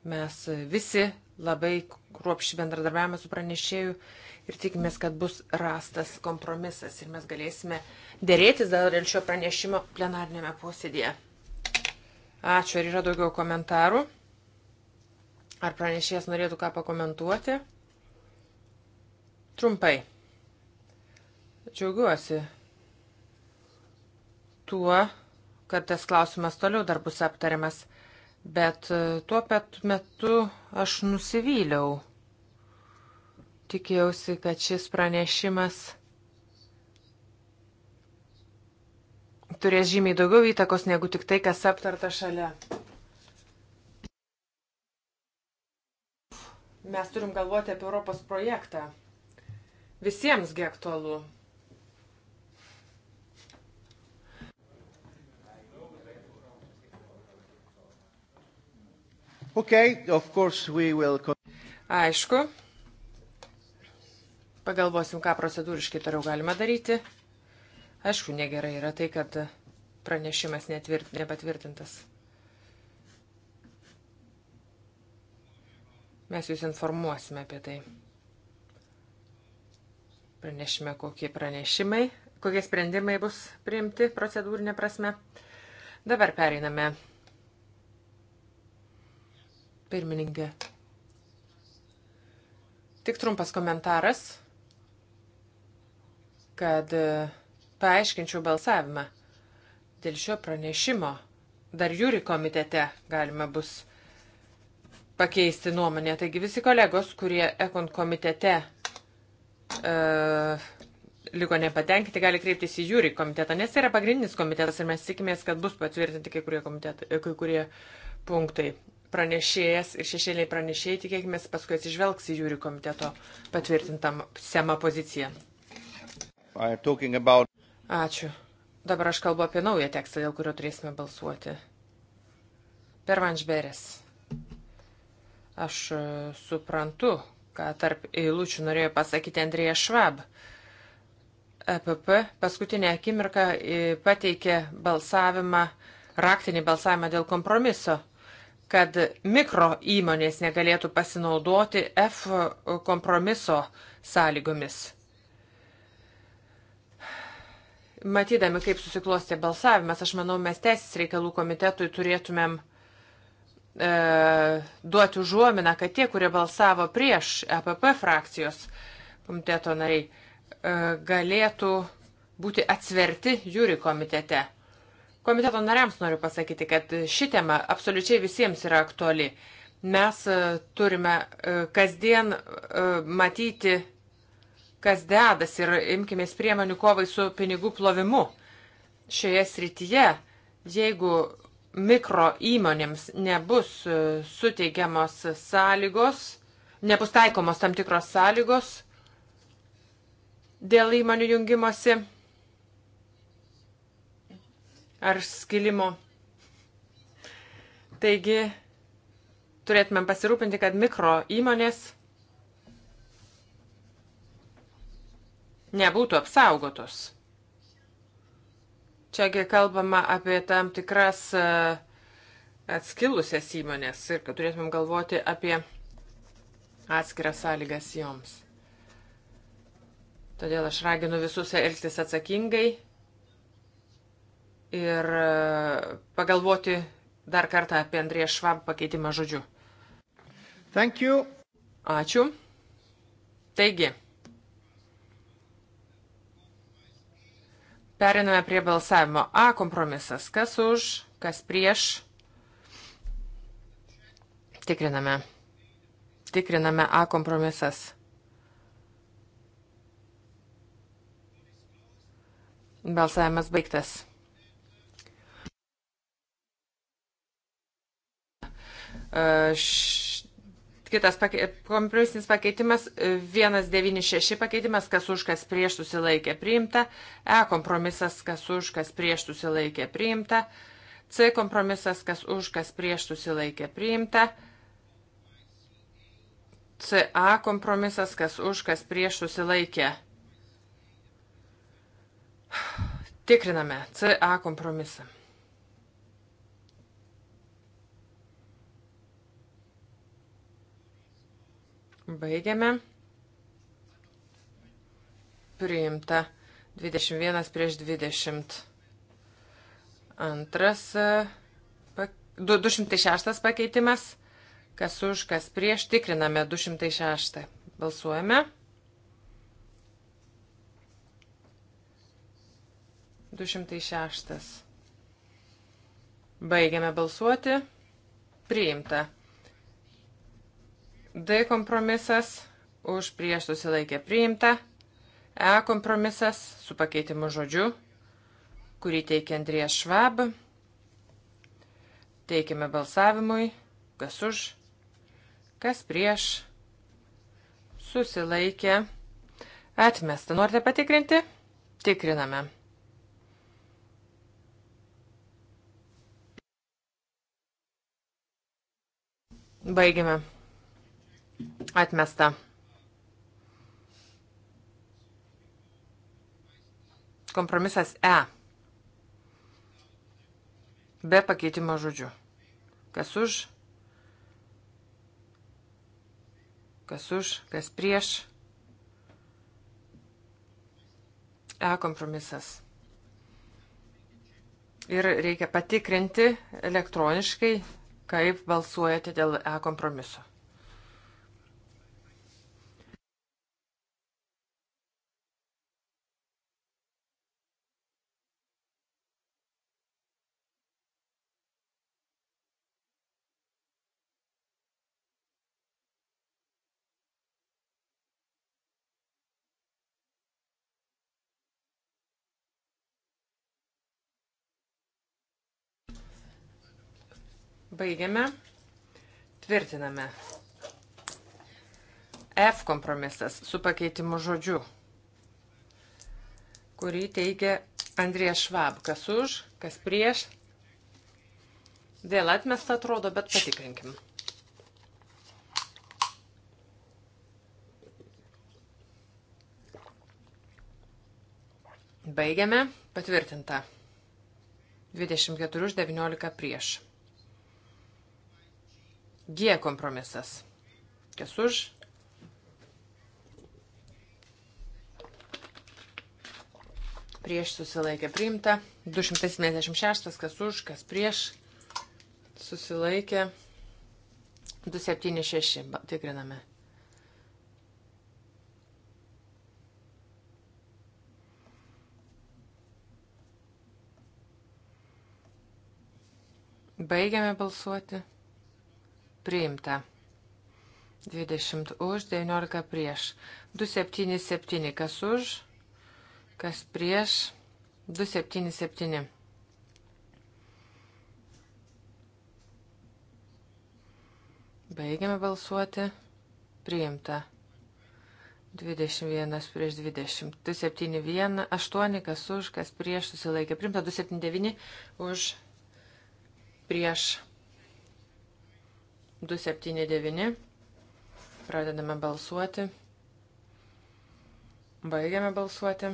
mes visi labai kruopšį bendradarbiavame su pranešėju ir tikimės, kad bus rastas kompromisas ir mes galėsime dėrėtis dėl šio pranešimo plenarnėme posėdėje. Ačiū, ar yra daugiau komentarų? Ar pranešėjas norėtų ką pakomentuoti? Trumpai. Džiaugiuosi tuo, kad tas klausimas toliau dar bus aptariamas, bet tuo pat metu aš nusivyliau Tikėjausi, kad šis pranešimas turės žymiai daugiau įtakos negu tik tai, kas aptarta šalia. Mes turim galvoti apie Europos projektą. Visiems gi aktualu. Okay, of course we will... Aišku, Pagalvosim, ką procedūriškai toliau galima daryti. Aišku, negerai yra tai, kad pranešimas netvirt, nepatvirtintas. Mes jūs informuosime apie tai. Pranešime, kokie pranešimai, kokie sprendimai bus priimti procedūrinė prasme. Dabar pereiname. Pirmininkė. Tik trumpas komentaras kad e, paaiškinčiau balsavimą dėl šio pranešimo. Dar jūri komitete galima bus pakeisti nuomonę. Taigi visi kolegos, kurie ekon komitete uh, liko nepatenkinti, gali kreiptis į jūri komitetą, nes tai yra pagrindinis komitetas ir mes tikimės, kad bus patvirtinti kai kurie, kai kurie punktai. Pranešėjas ir šešėliai pranešėjai, tikėkime, paskui atsižvelgs į jūri komiteto patvirtintą semą poziciją. About... Ačiū. Dabar aš kalbu apie naują tekstą, dėl kurio turėsime balsuoti. Pervanžberis. Aš e, suprantu, ką tarp eilučių norėjo pasakyti Andrėja Švab. EPP paskutinę akimirką e, pateikė balsavimą, raktinį balsavimą dėl kompromiso kad mikro įmonės negalėtų pasinaudoti F kompromiso sąlygomis. Matydami, kaip susiklostė balsavimas, aš manau, mes teisės reikalų komitetui turėtumėm e, duoti užuominą, kad tie, kurie balsavo prieš EPP frakcijos komiteto nariai, e, galėtų būti atsverti jūri komitete. Komiteto nariams noriu pasakyti, kad ši tema absoliučiai visiems yra aktuali. Mes e, turime e, kasdien e, matyti kas dedas ir imkimės priemonių kovai su pinigų plovimu. Šioje srityje, jeigu mikro įmonėms nebus e, suteikiamos sąlygos, nebus taikomos tam tikros sąlygos dėl įmonių jungimosi ar skilimo. Taigi, turėtumėm pasirūpinti, kad mikro įmonės nebūtų apsaugotos. Čiagi kalbama apie tam tikras e, atskilusias įmonės ir kad turėtumėm galvoti apie atskiras sąlygas joms. Todėl aš raginu visus elgtis atsakingai ir e, pagalvoti dar kartą apie Andrėją Švab pakeitimą žodžiu. Thank you. Ačiū. Taigi. Periname prie balsavimo. A kompromisas. Kas už, kas prieš. Tikriname. Tikriname A kompromisas. Balsavimas baigtas. Uh, š... Kitas pake, kompromisinis pakeitimas, 196 pakeitimas, kas už, kas prieš susilaikė priimta. E kompromisas, kas už, kas prieš susilaikė priimta. C kompromisas, kas už, kas prieš susilaikė priimta. CA kompromisas, kas už, kas prieš susilaikė. Tikriname CA kompromisą. Baigiame. Priimta 21 prieš 20. Antras 206 e, pakeitimas. Kas už, kas prieš. Tikriname 206. Balsuojame. 206. Baigiame balsuoti. Priimta. D kompromisas už prieš susilaikę priimta. E kompromisas su pakeitimu žodžiu, kurį teikia Andrijas Švab. Teikime balsavimui, kas už, kas prieš susilaikė. Atmesta. Norite patikrinti? Tikriname. Baigime. Atmesta. Kompromisas E. Be pakeitimo žodžių. Kas už? Kas už? Kas prieš? E kompromisas. Ir reikia patikrinti elektroniškai, kaip balsuojate dėl E kompromiso. Baigiame. Tvirtiname. F kompromisas su pakeitimu žodžiu, kurį teigia Andrės Švab. Kas už, kas prieš. Vėl atmesta atrodo, bet patikrinkim. Baigiame. Patvirtinta. 24 už 19 prieš. G kompromisas. Kas už? Prieš susilaikė priimta. 276, kas už, kas prieš susilaikė. 276, tikriname. Baigiame balsuoti. Priimta. 20 už, 19 prieš. 277 kas už, kas prieš. 277. Baigiame balsuoti. Priimta. 21 prieš 20. 271, 8 kas už, kas prieš susilaikė. Primta 279 už prieš 279. Pradedame balsuoti. Baigiame balsuoti.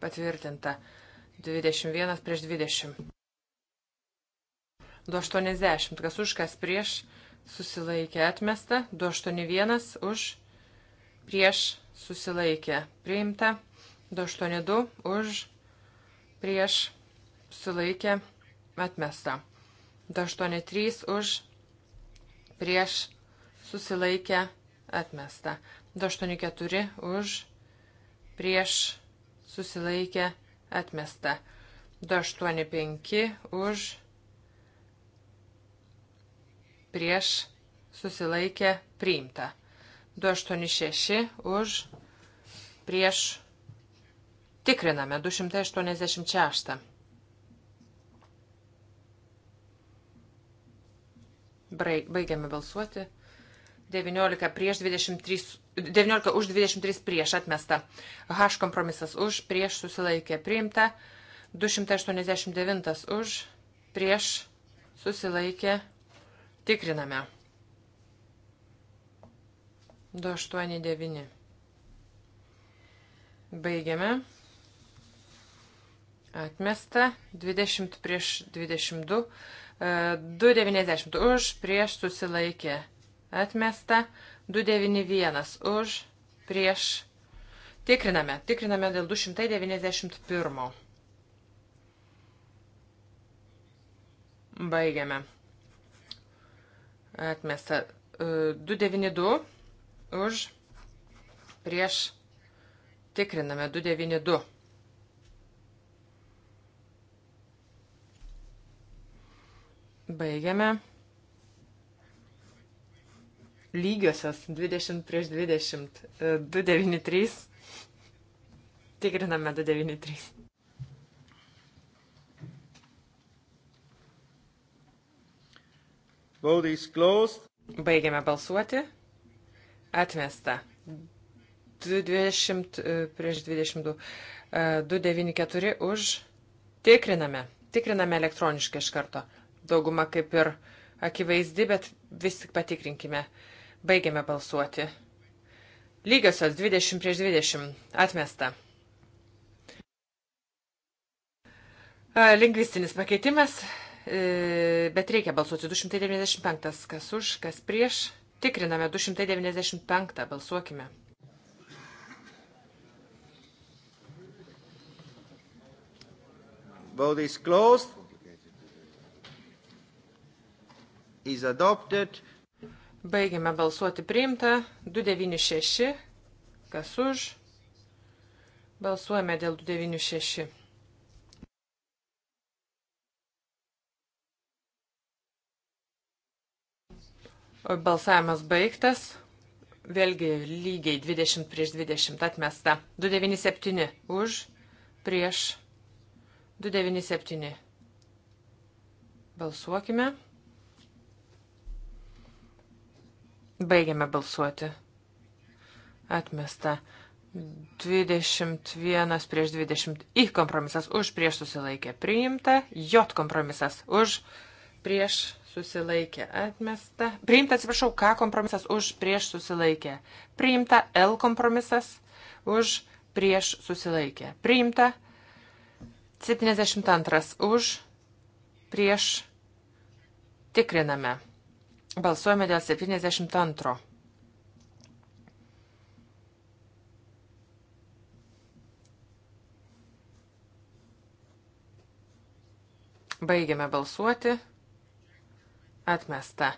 Patvirtinta. 21 prieš 20. 280. Kas už, kas prieš. Susilaikė atmesta. 281 už. Prieš. Susilaikė. Priimta. 282 už. Prieš. Susilaikė. Atmesta. 283 už prieš susilaikę atmesta. 284 už prieš susilaikę atmesta. 285 už prieš susilaikę priimta. 286 už prieš tikriname 286. Baigiame balsuoti. 19, prieš 23, 19 už 23 prieš atmesta. H kompromisas už, prieš susilaikė priimta. 289 už, prieš susilaikė. Tikriname. 289. Baigiame. Atmesta. 20 prieš 22. 290 už, prieš susilaikė atmesta, 291 už, prieš. Tikriname, tikriname dėl 291. Baigiame. Atmesta 292 už, prieš. Tikriname 292. Baigiame. Lygiosios 20 prieš 20. 293. E, Tikriname 293. Vote is closed. Baigiame balsuoti. Atmesta. 20 e, prieš 22. 294 e, už. Tikriname. Tikriname elektroniškai iš karto. Dauguma kaip ir akivaizdi, bet vis tik patikrinkime. Baigiame balsuoti. Lygiosios 20 prieš 20. Atmesta. Lingvistinis pakeitimas, e, bet reikia balsuoti 295. Kas už, kas prieš. Tikriname 295. Balsuokime. Vote is closed. is adopted. Baigiame balsuoti priimta. 296. Kas už? Balsuojame dėl 296. Balsavimas baigtas. Vėlgi lygiai 20 prieš 20 atmesta. 297 už, prieš 297. Balsuokime. Baigiame balsuoti. Atmesta. 21 prieš 20. I kompromisas už prieš susilaikė priimta. J kompromisas už prieš susilaikė atmesta. Priimta, atsiprašau, K kompromisas už prieš susilaikė. Priimta L kompromisas už prieš susilaikė. Priimta 72 už prieš tikriname. Balsuojame dėl 72. Baigiame balsuoti. Atmesta.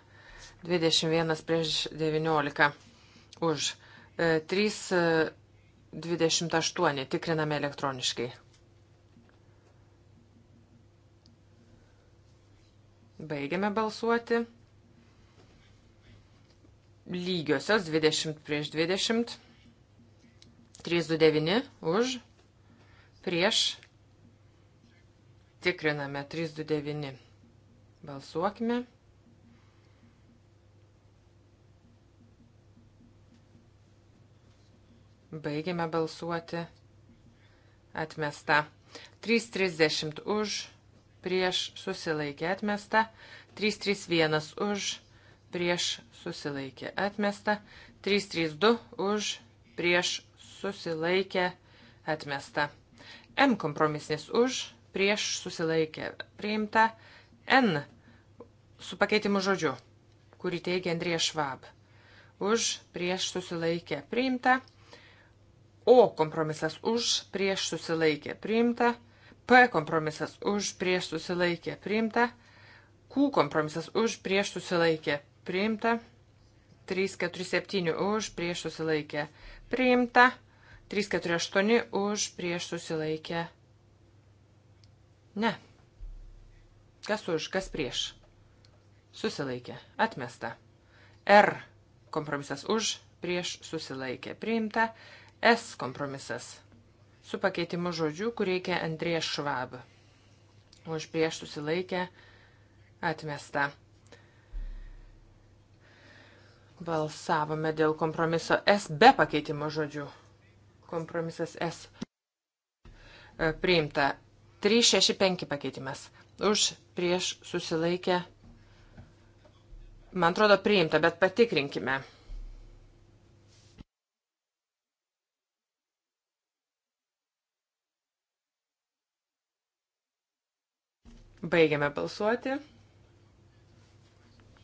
21 prieš 19. Už. 3, e, 28. E, Tikriname elektroniškai. Baigiame balsuoti lygiosios 20 prieš 20, 329 už, prieš, tikriname 329. Balsuokime. Baigiame balsuoti. Atmesta. 330 už, prieš, susilaikė atmesta. 331 už, prieš prieš susilaikė atmesta, 332 už prieš susilaikė atmesta. M kompromisnis už prieš susilaikė priimta N su pakeitimu žodžiu, kurį teigia Andrija Švab. Už prieš susilaikė priimta. O kompromisas už prieš susilaikė priimta. P kompromisas už prieš susilaikė priimta. Q kompromisas už prieš susilaikė priimta. 347 už, prieš susilaikė priimta. 348 už, prieš susilaikė. Ne. Kas už, kas prieš? Susilaikė. Atmesta. R. Kompromisas už, prieš susilaikė. Priimta. S. Kompromisas. Su pakeitimu žodžių, kur reikia Andrės Švab. Už prieš susilaikę atmesta. Balsavome dėl kompromiso S be pakeitimo žodžių. Kompromisas S. E, priimta. 365 pakeitimas. Už prieš susilaikę. Man atrodo priimta, bet patikrinkime. Baigiame balsuoti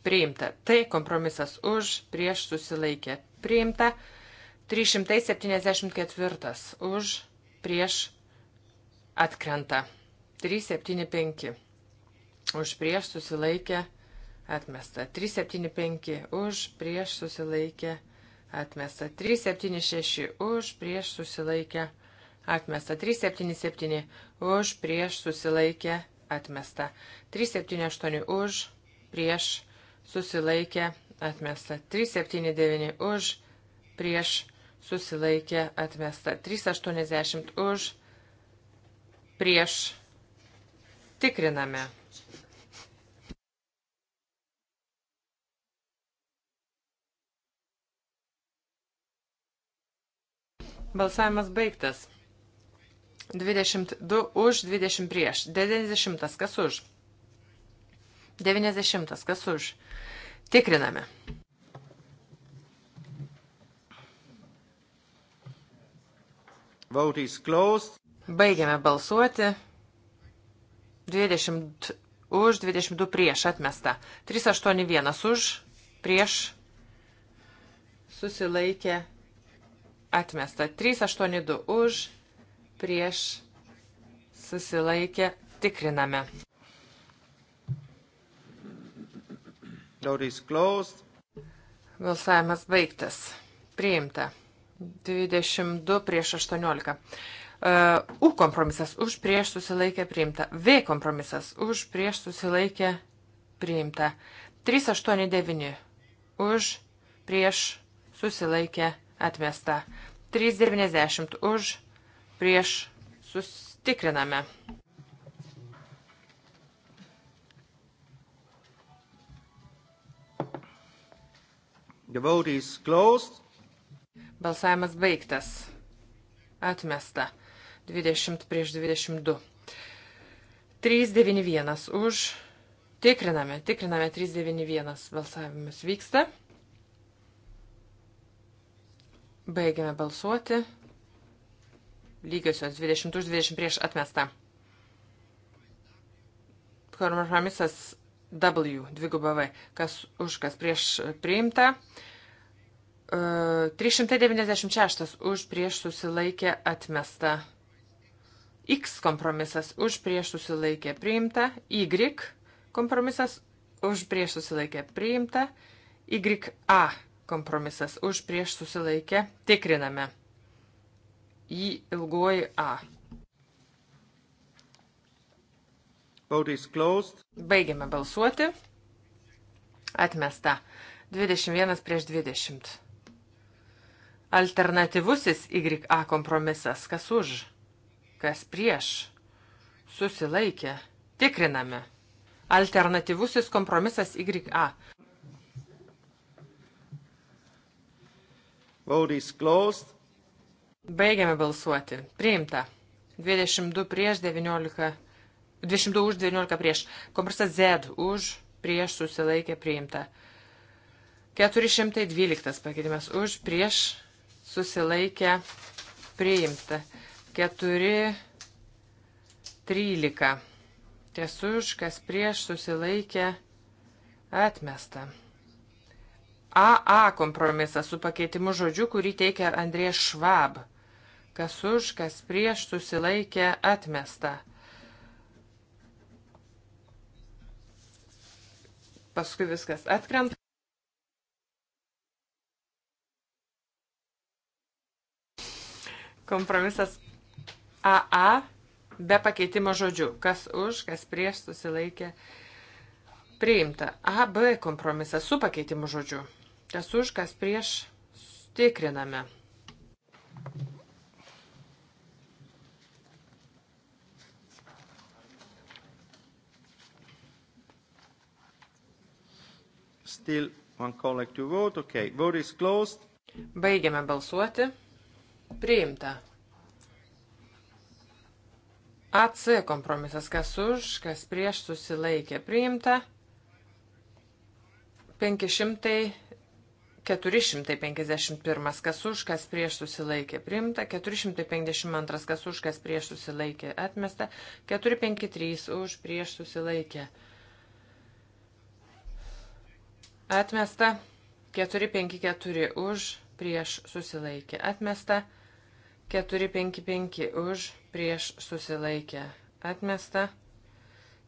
priimta. Tai kompromisas už, prieš susilaikė priimta. 374 už, prieš atkrenta. 375 už, prieš susilaikė atmesta. 375 už, prieš susilaikė atmesta. 376 už, prieš susilaikė atmesta. 377 už, prieš susilaikė atmesta. 378 už, prieš susilaikė atmesta. 379 už, prieš susilaikė atmesta. 380 už, prieš tikriname. Balsavimas baigtas. 22 už, 20 prieš. 90 kas už? 90. Kas už? Tikriname. Vote is closed. Baigiame balsuoti. 20 už, 22 prieš atmesta. 381 už, prieš susilaikė atmesta. 382 už, prieš susilaikė tikriname. Vote is closed. Balsavimas baigtas. Priimta. 22 prieš 18. E, U kompromisas už prieš susilaikę priimta. V kompromisas už prieš susilaikę priimta. 389 už prieš susilaikę atmesta. 390 už prieš sustikriname. The vote is closed. Balsavimas baigtas. Atmesta. 20 prieš 22. 391 už. Tikriname, tikriname 391. Balsavimas vyksta. Baigiame balsuoti. Lygiosios 20 už 20 prieš atmestą. Kormoramisas W, dvigubą V, kas už, kas prieš priimta. 396 e, už prieš susilaikė atmesta. X kompromisas už prieš susilaikė priimta. Y kompromisas už prieš susilaikė priimta. YA kompromisas už prieš susilaikė tikriname. Į ilgoji A. Baigiame balsuoti. Atmesta. 21 prieš 20. Alternatyvusis YA kompromisas. Kas už? Kas prieš? Susilaikė. Tikriname. Alternatyvusis kompromisas YA. Vote is closed. Baigiame balsuoti. Priimta. 22 prieš 19 22 už 19 prieš. Kompresas Z už prieš susilaikė priimta. 412 pakeitimas už prieš susilaikė priimta. 4 13. Ties už, kas prieš susilaikė atmesta. AA kompromisas su pakeitimu žodžiu, kurį teikia Andrės Švab. Kas už, kas prieš susilaikė atmesta. paskui viskas atkrenta. Kompromisas AA be pakeitimo žodžių. Kas už, kas prieš susilaikė. Priimta. AB kompromisas su pakeitimu žodžiu. Kas už, kas prieš tikriname. Still one colleague to vote. Okay. Vote is closed. Baigiame balsuoti. Priimta. AC kompromisas, kas už, kas prieš susilaikė priimta. 500, 451, kas už, kas prieš susilaikė priimta. 452, kas už, kas prieš susilaikė atmesta. 453 už prieš susilaikė priimta. Atmesta. 454 už, prieš susilaikė. Atmesta. 455 už, prieš susilaikė. Atmesta.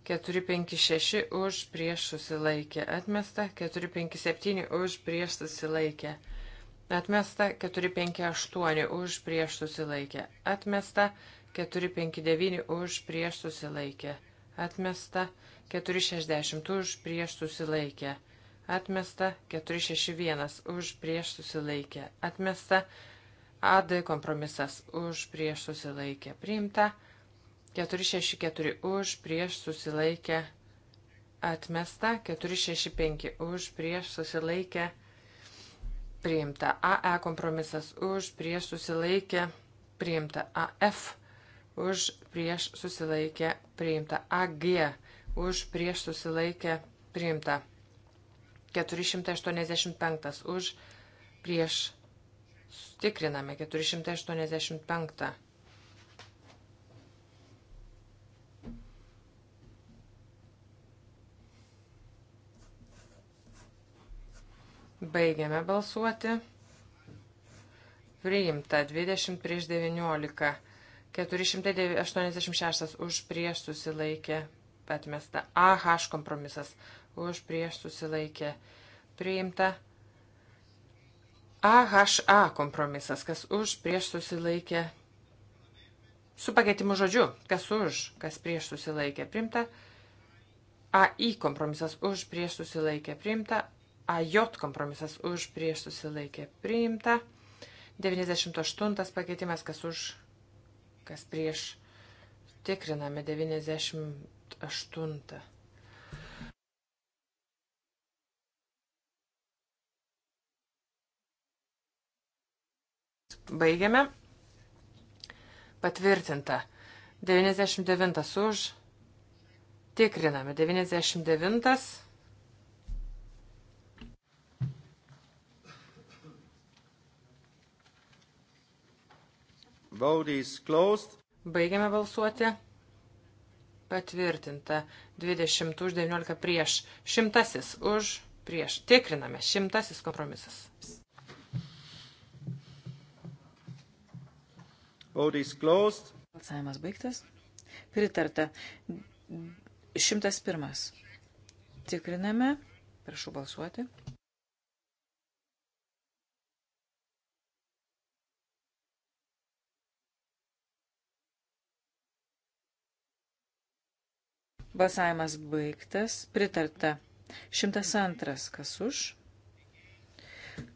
456 už, prieš susilaikė. Atmesta. 457 už, prieš susilaikė. Atmesta. 458 už, prieš susilaikė. Atmesta. 459 už, prieš susilaikė. Atmesta. 460 už, prieš susilaikė atmesta, 461 už prieš susilaikę, atmesta, AD kompromisas už prieš susilaikę, priimta, 464 už prieš susilaikę, atmesta, 465 už prieš susilaikę, priimta, AE kompromisas už prieš susilaikę, priimta, AF už prieš susilaikę, priimta, AG už prieš susilaikę, priimta. 485 už prieš tikriname 485. Baigiame balsuoti. Priimta 20 prieš 19. 486 už prieš susilaikė atmesta. AH kompromisas už prieš susilaikė priimta. AHA kompromisas, kas už prieš susilaikė su pakeitimu žodžiu, kas už, kas prieš susilaikė priimta. AI kompromisas už prieš susilaikė priimta. AJ kompromisas už prieš susilaikė priimta. 98 pakeitimas, kas už, kas prieš. Tikriname 98. Baigiame. Patvirtinta. 99 už. Tikriname. 99. Vote is closed. Baigiame balsuoti. Patvirtinta. 20 už 19 prieš. Šimtasis už prieš. Tikriname. Šimtasis kompromisas. Balsavimas baigtas. Pritarta. 101. Tikriname. Prašau balsuoti. Balsavimas baigtas. Pritarta. 102. Kas už?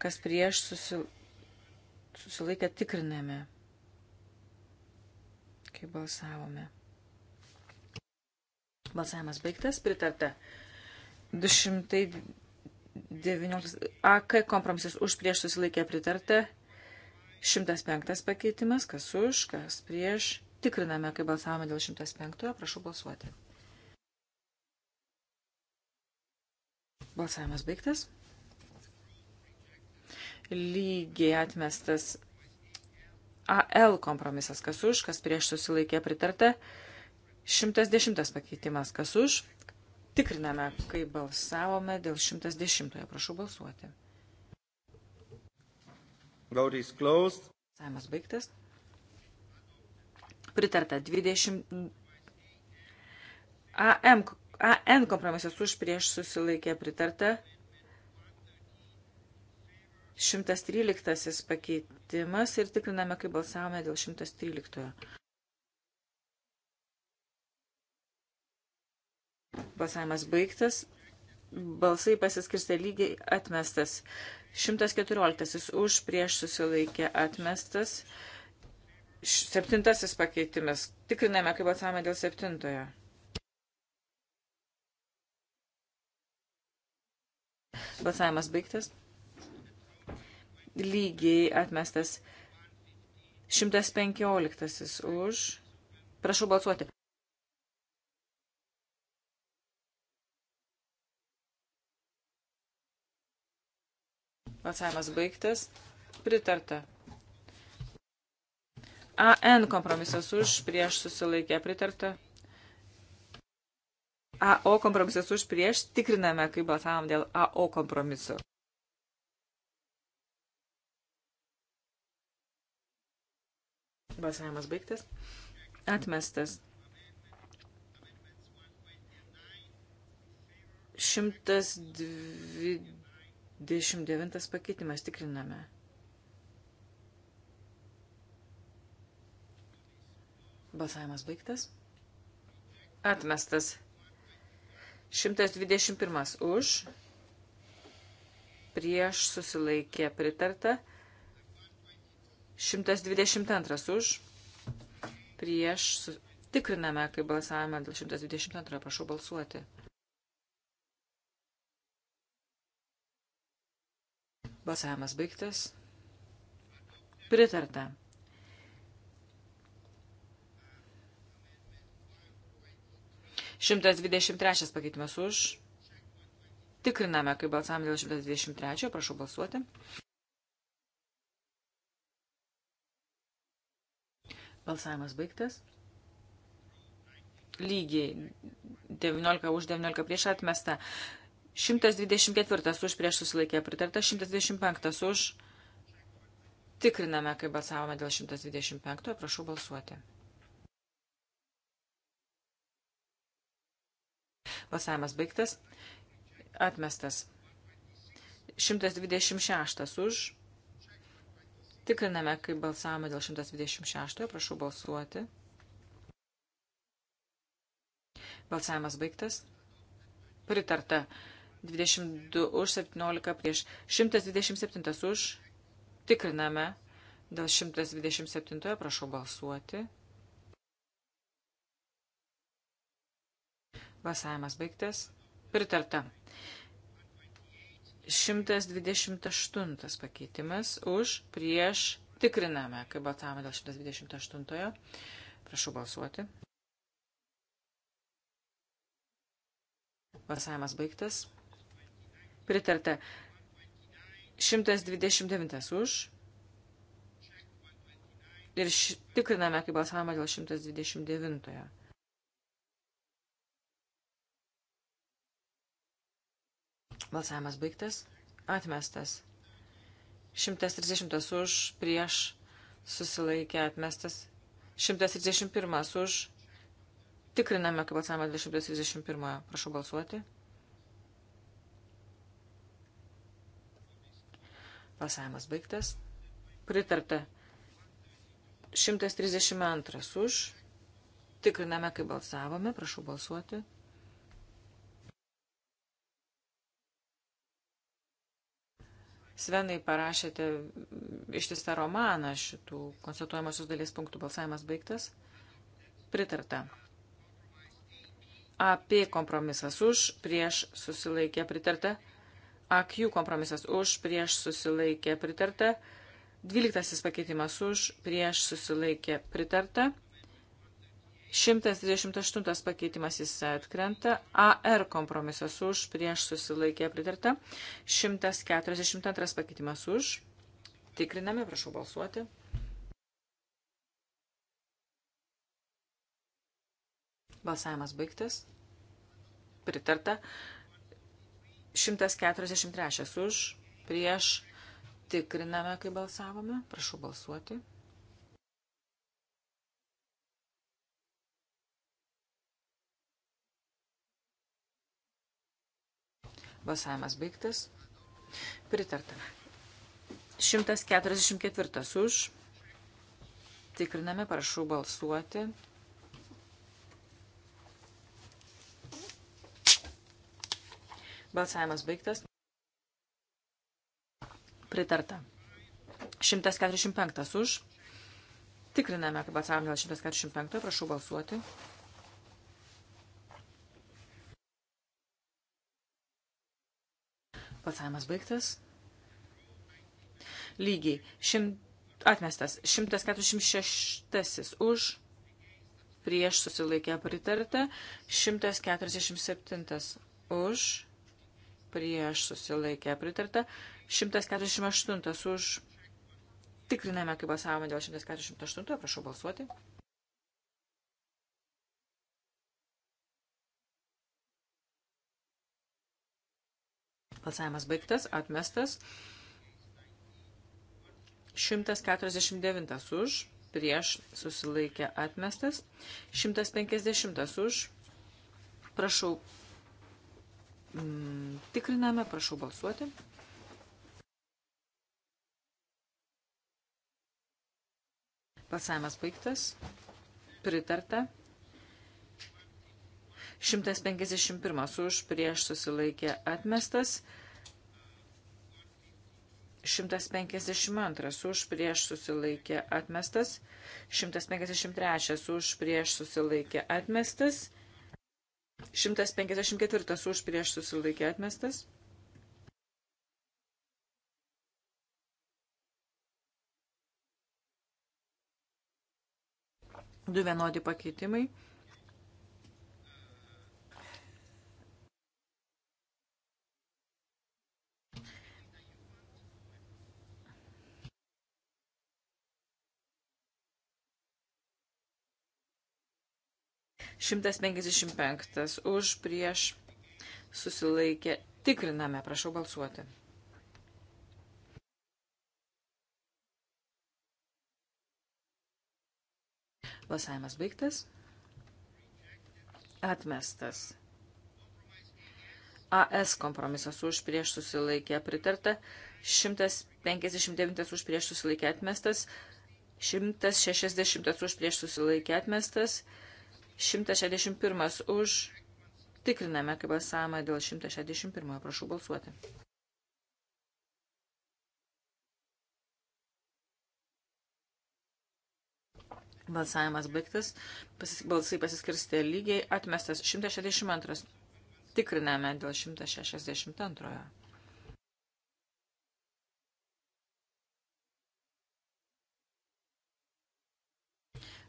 Kas prieš susil... susilaikę tikriname kai balsavome. Balsavimas baigtas, pritarta. 219 AK kompromisas už prieš susilaikė pritarta. 105 pakeitimas, kas už, kas prieš. Tikriname, kai balsavome dėl 105, prašau balsuoti. Balsavimas baigtas. Lygiai atmestas AL kompromisas, kas už, kas prieš susilaikė pritarta. 110 pakeitimas, kas už. Tikriname, kaip balsavome dėl 110. Prašau balsuoti. Vote is closed. Saimas baigtas. Pritarta 20. AM, AN kompromisas už prieš susilaikė pritarta. 113 pakeitimas ir tikriname, kaip balsavome dėl 113. Balsavimas baigtas. Balsai pasiskirstė lygiai atmestas. 114 už prieš susilaikė atmestas. Septintasis pakeitimas. Tikriname, kaip balsavome dėl septintojo. Balsavimas baigtas lygiai atmestas 115 už. Prašau balsuoti. Balsavimas baigtas. Pritarta. AN kompromisas už, prieš susilaikė pritarta. AO kompromisas už, prieš tikriname, kaip balsavom dėl AO kompromiso. Balsavimas baigtas. Atmestas. 129 pakeitimas tikriname. Balsavimas baigtas. Atmestas. 121 už. Prieš susilaikė pritarta. 122 už. Prieš. Tikriname, kaip balsavimą dėl 122. Prašau balsuoti. Balsavimas baigtas. Pritarta. Šimtas dvidešimt trečias pakeitimas už. Tikriname, kaip balsavimą dėl 123. Prašau balsuoti. Balsavimas baigtas. Lygiai 19 už 19 prieš atmestą. 124 už prieš susilaikė pritarta, 125 už. Tikriname, kai balsavome dėl 125, prašau balsuoti. Balsavimas baigtas. Atmestas. 126 už Tikriname, kaip balsavome dėl 126. Prašau balsuoti. Balsavimas baigtas. Pritarta. 22 už 17 prieš 127 už. Tikriname. Dėl 127 prašau balsuoti. Balsavimas baigtas. Pritarta. 128 pakeitimas už prieš tikriname, kaip balsavome dėl 128. Prašau balsuoti. Balsavimas baigtas. Pritarta 129 už. Ir š... tikriname, kaip balsavome dėl 129. Balsavimas baigtas. Atmestas. 130 už, prieš, susilaikė, atmestas. 131 už. Tikriname, kaip balsavimą 231. Prašau balsuoti. Balsavimas baigtas. Pritarta. 132 už. Tikriname, kaip balsavome. Prašau balsuoti. Svenai parašėte ištisą romaną šitų konstatuojamosios dalies punktų. Balsavimas baigtas. Pritarta. AP kompromisas už, prieš susilaikė pritarta. AQ kompromisas už, prieš susilaikė pritarta. Dvyliktasis pakeitimas už, prieš susilaikė pritarta. 128 pakeitimas jis atkrenta. AR kompromisas už, prieš susilaikė pritarta. 142 pakeitimas už. Tikriname, prašau balsuoti. Balsavimas baigtas. Pritarta. 143 už, prieš. Tikriname, kai balsavome. Prašau balsuoti. Balsavimas baigtas. Pritarta. 144 už. Tikriname, prašau balsuoti. Balsavimas baigtas. Pritarta. 145 už. Tikriname, kaip balsavimas dėl 145, prašau balsuoti. Balsavimas baigtas. Lygiai. Šim, atmestas. 146 už. Prieš susilaikę pritarta. 147 už. Prieš susilaikę pritarta. 148 už. Tikriname, kaip balsavome dėl 148. Prašau balsuoti. Balsavimas baigtas, atmestas. 149 už, prieš susilaikė atmestas. 150 už, prašau, m, mm, tikriname, prašau balsuoti. Balsavimas baigtas, pritarta. 151 už prieš susilaikė atmestas. 152 už prieš susilaikė atmestas. 153 už prieš susilaikė atmestas. 154 už prieš susilaikė atmestas. Du vienodi pakeitimai. 155 už prieš susilaikė. Tikriname, prašau balsuoti. Balsavimas baigtas. Atmestas. AS kompromisas už prieš susilaikė pritarta. 159 už prieš susilaikė atmestas. 160 už prieš susilaikė atmestas. 161 už. Tikriname, kaip balsavimą dėl 161. Prašau balsuoti. Balsavimas baigtas, pasis, balsai pasiskirstė lygiai, atmestas 162. Tikriname dėl 162.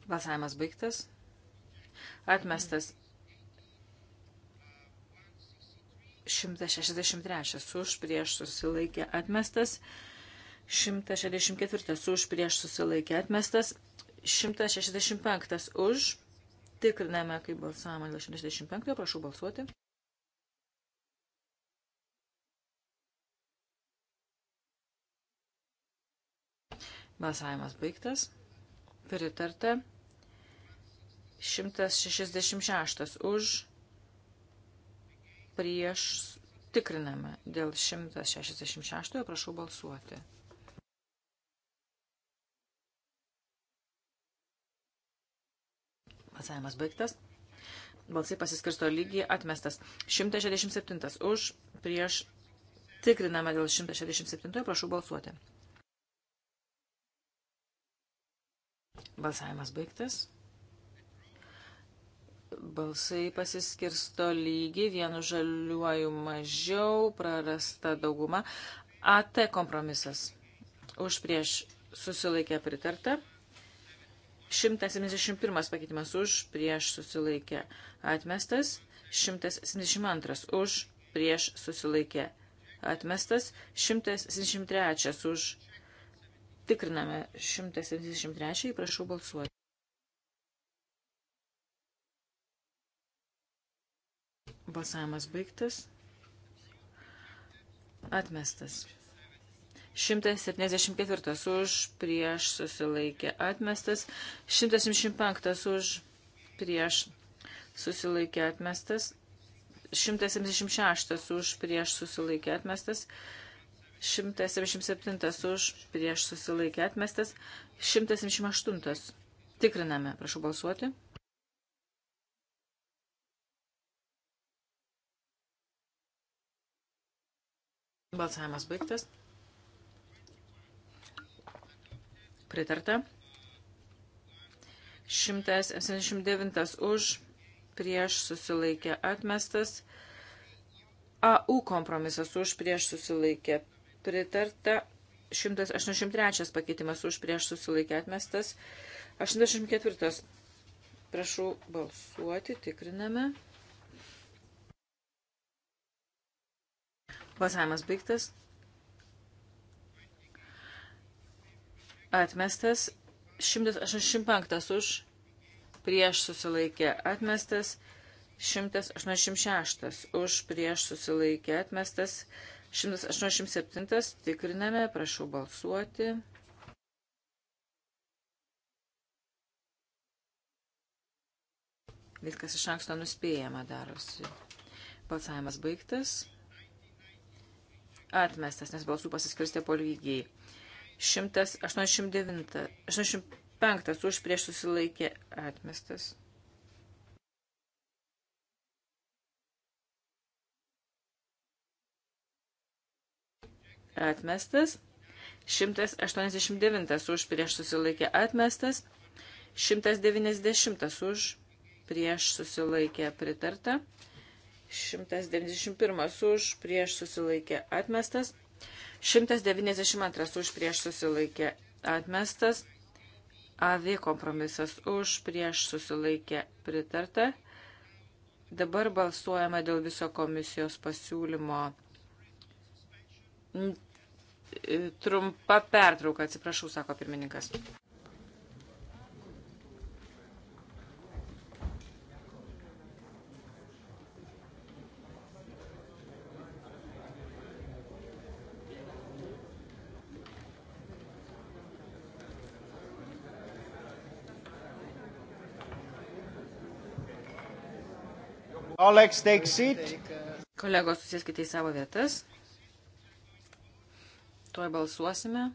Balsavimas baigtas, Atmestas 163 už prieš susilaikė atmestas, 164 už prieš susilaikė atmestas, 165 už. Tikriname, kaip balsavome dėl 165, prašau balsuoti. Balsavimas baigtas. Pritarta. 166 už, prieš, tikriname dėl 166, prašau balsuoti. Balsavimas baigtas. Balsai pasiskirsto lygiai atmestas. 167 už, prieš, tikriname dėl 167, prašau balsuoti. Balsavimas baigtas. Balsai pasiskirsto lygiai, vienu žaliuoju mažiau, prarasta dauguma. AT kompromisas. Už prieš susilaikė pritarta. 171 pakeitimas už prieš susilaikė atmestas. 172 už prieš susilaikė atmestas. 173 už. Tikriname 173, prašau balsuoti. Balsavimas baigtas. Atmestas. 174 už prieš susilaikė atmestas. 175 už prieš susilaikė atmestas. 176 už prieš susilaikė atmestas. 177 už prieš susilaikė atmestas. 178. Tikriname, prašau balsuoti. Balsavimas baigtas. Pritarta. 179 už, prieš susilaikė atmestas. AU kompromisas už, prieš susilaikė pritarta. 183 pakeitimas už, prieš susilaikė atmestas. 84. Prašau balsuoti, tikriname. Balsavimas baigtas. Atmestas 185 už, prieš susilaikė atmestas 186 už, prieš susilaikė atmestas 187. Tikriname, prašau balsuoti. Viskas iš anksto nuspėjama darosi. Balsavimas baigtas atmestas, nes balsų pasiskirstė po lygiai. 189, 85 už prieš susilaikė atmestas. Atmestas. 189 už prieš susilaikė atmestas. 190 už prieš susilaikė pritarta. 191 už prieš susilaikė atmestas. 192 už prieš susilaikė atmestas. AV kompromisas už prieš susilaikė pritarta. Dabar balsuojama dėl viso komisijos pasiūlymo. Trumpa pertrauka, atsiprašau, sako pirmininkas. Oleks, take seat. Kolegos, susiskite į savo vietas. Tuoj balsuosime.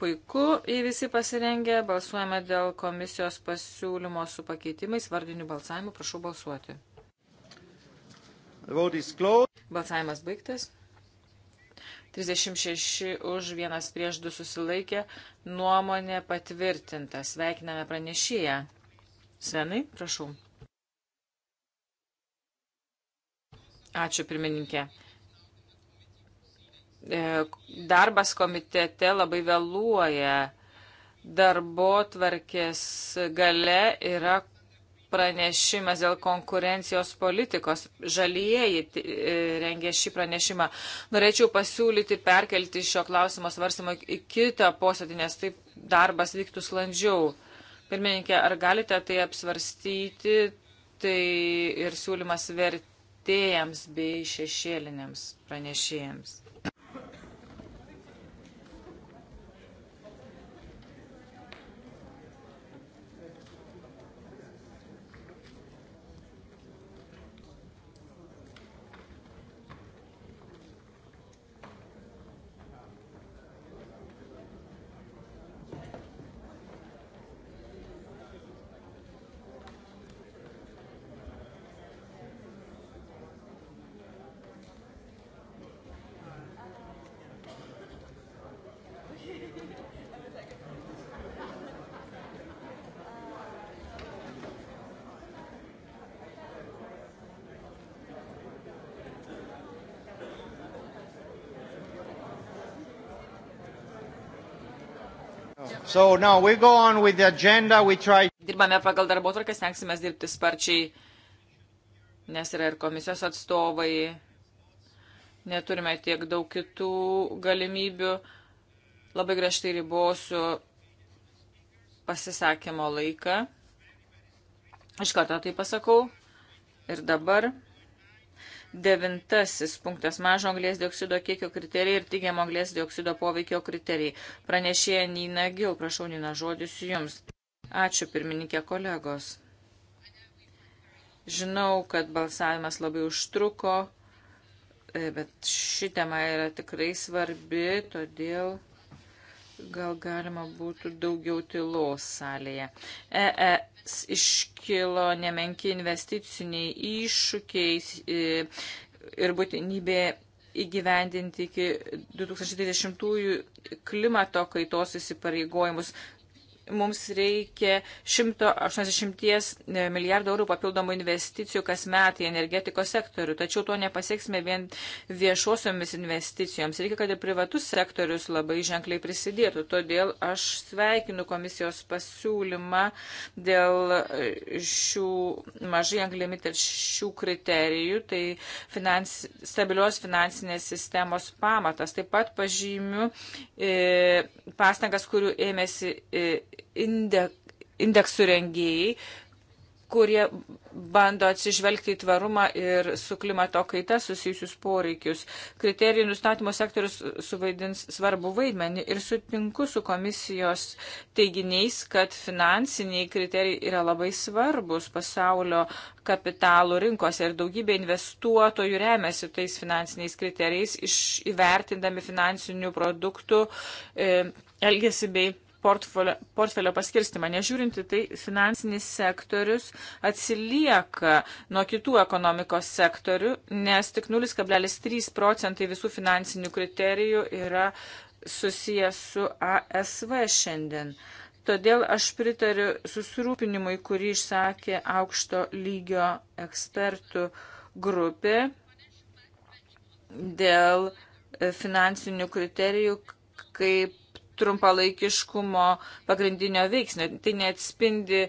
Puiku, jei visi pasirengę, balsuojame dėl komisijos pasiūlymo su pakeitimais, vardiniu balsavimu, prašau balsuoti. Balsavimas baigtas. 36 už, vienas prieš du susilaikė, nuomonė patvirtinta. Sveikiname pranešėją. Svenai, prašau. Ačiū, pirmininkė. E, darbas komitete labai vėluoja darbo tvarkės gale yra pranešimas dėl konkurencijos politikos. Žalieji e, rengė šį pranešimą. Norėčiau pasiūlyti perkelti šio klausimo svarstymą į kitą posėdį, nes taip darbas vyktų slandžiau. Pirmininkė, ar galite tai apsvarstyti, tai ir siūlymas vertėjams bei šešėliniams pranešėjams. So now we go on with the agenda, we try... Dirbame pagal darbo tvarkę, stengsime dirbti sparčiai, nes yra ir komisijos atstovai, neturime tiek daug kitų galimybių. Labai griežtai ribosiu pasisakymo laiką. Iš karto tai pasakau. Ir dabar Devintasis punktas - mažo anglės dioksido kiekio kriterijai ir teigiamo anglės dioksido poveikio kriterijai. Pranešėja Nina Gil, prašau Nina, žodis jums. Ačiū pirmininkė kolegos. Žinau, kad balsavimas labai užtruko, e, bet ši tema yra tikrai svarbi, todėl gal galima būtų daugiau tylos salėje. ES e iškilo nemenki investiciniai iššūkiai e, ir būtinybė įgyvendinti iki 2030-ųjų klimato kaitos įsipareigojimus mums reikia 180 milijardų eurų papildomų investicijų kasmet į energetikos sektorių, tačiau to nepasieksime vien viešuosiomis investicijoms. Reikia, kad ir privatus sektorius labai ženkliai prisidėtų. Todėl aš sveikinu komisijos pasiūlymą dėl šių mažai anglimi taršių kriterijų, tai finans, stabilios finansinės sistemos pamatas. Taip pat pažymiu e, pastangas, kurių ėmėsi e, indek, indeksų rengėjai, kurie bando atsižvelgti į tvarumą ir su klimato kaita susijusius poreikius. Kriterijų nustatymo sektorius suvaidins svarbu vaidmenį ir sutinku su komisijos teiginiais, kad finansiniai kriterijai yra labai svarbus pasaulio kapitalų rinkose ir daugybė investuotojų remiasi tais finansiniais kriterijais, iš, įvertindami finansinių produktų e, elgesį bei portfolio, portfelio paskirstimą. Nežiūrinti tai, finansinis sektorius atsilieka nuo kitų ekonomikos sektorių, nes tik 0,3 procentai visų finansinių kriterijų yra susijęs su ASV šiandien. Todėl aš pritariu susirūpinimui, kurį išsakė aukšto lygio ekspertų grupė dėl finansinių kriterijų kaip trumpalaikiškumo pagrindinio veiksnio. Tai neatspindi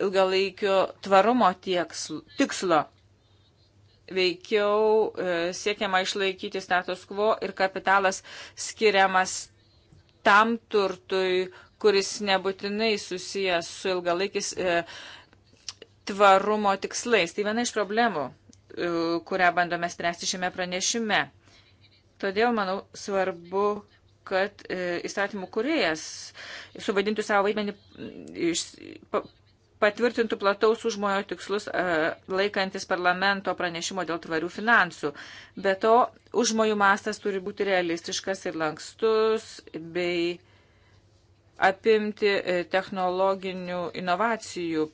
ilgalaikio tvarumo tikslo. Veikiau e, siekiama išlaikyti status quo ir kapitalas skiriamas tam turtui, kuris nebūtinai susijęs su ilgalaikis e, tvarumo tikslais. Tai viena iš problemų, e, kurią bandome spręsti šiame pranešime. Todėl, manau, svarbu kad e, įstatymų kuriejas suvaidintų savo vaidmenį, patvirtintų plataus užmojo tikslus e, laikantis parlamento pranešimo dėl tvarių finansų. Be to, užmojų mastas turi būti realistiškas ir lankstus, bei apimti e, technologinių inovacijų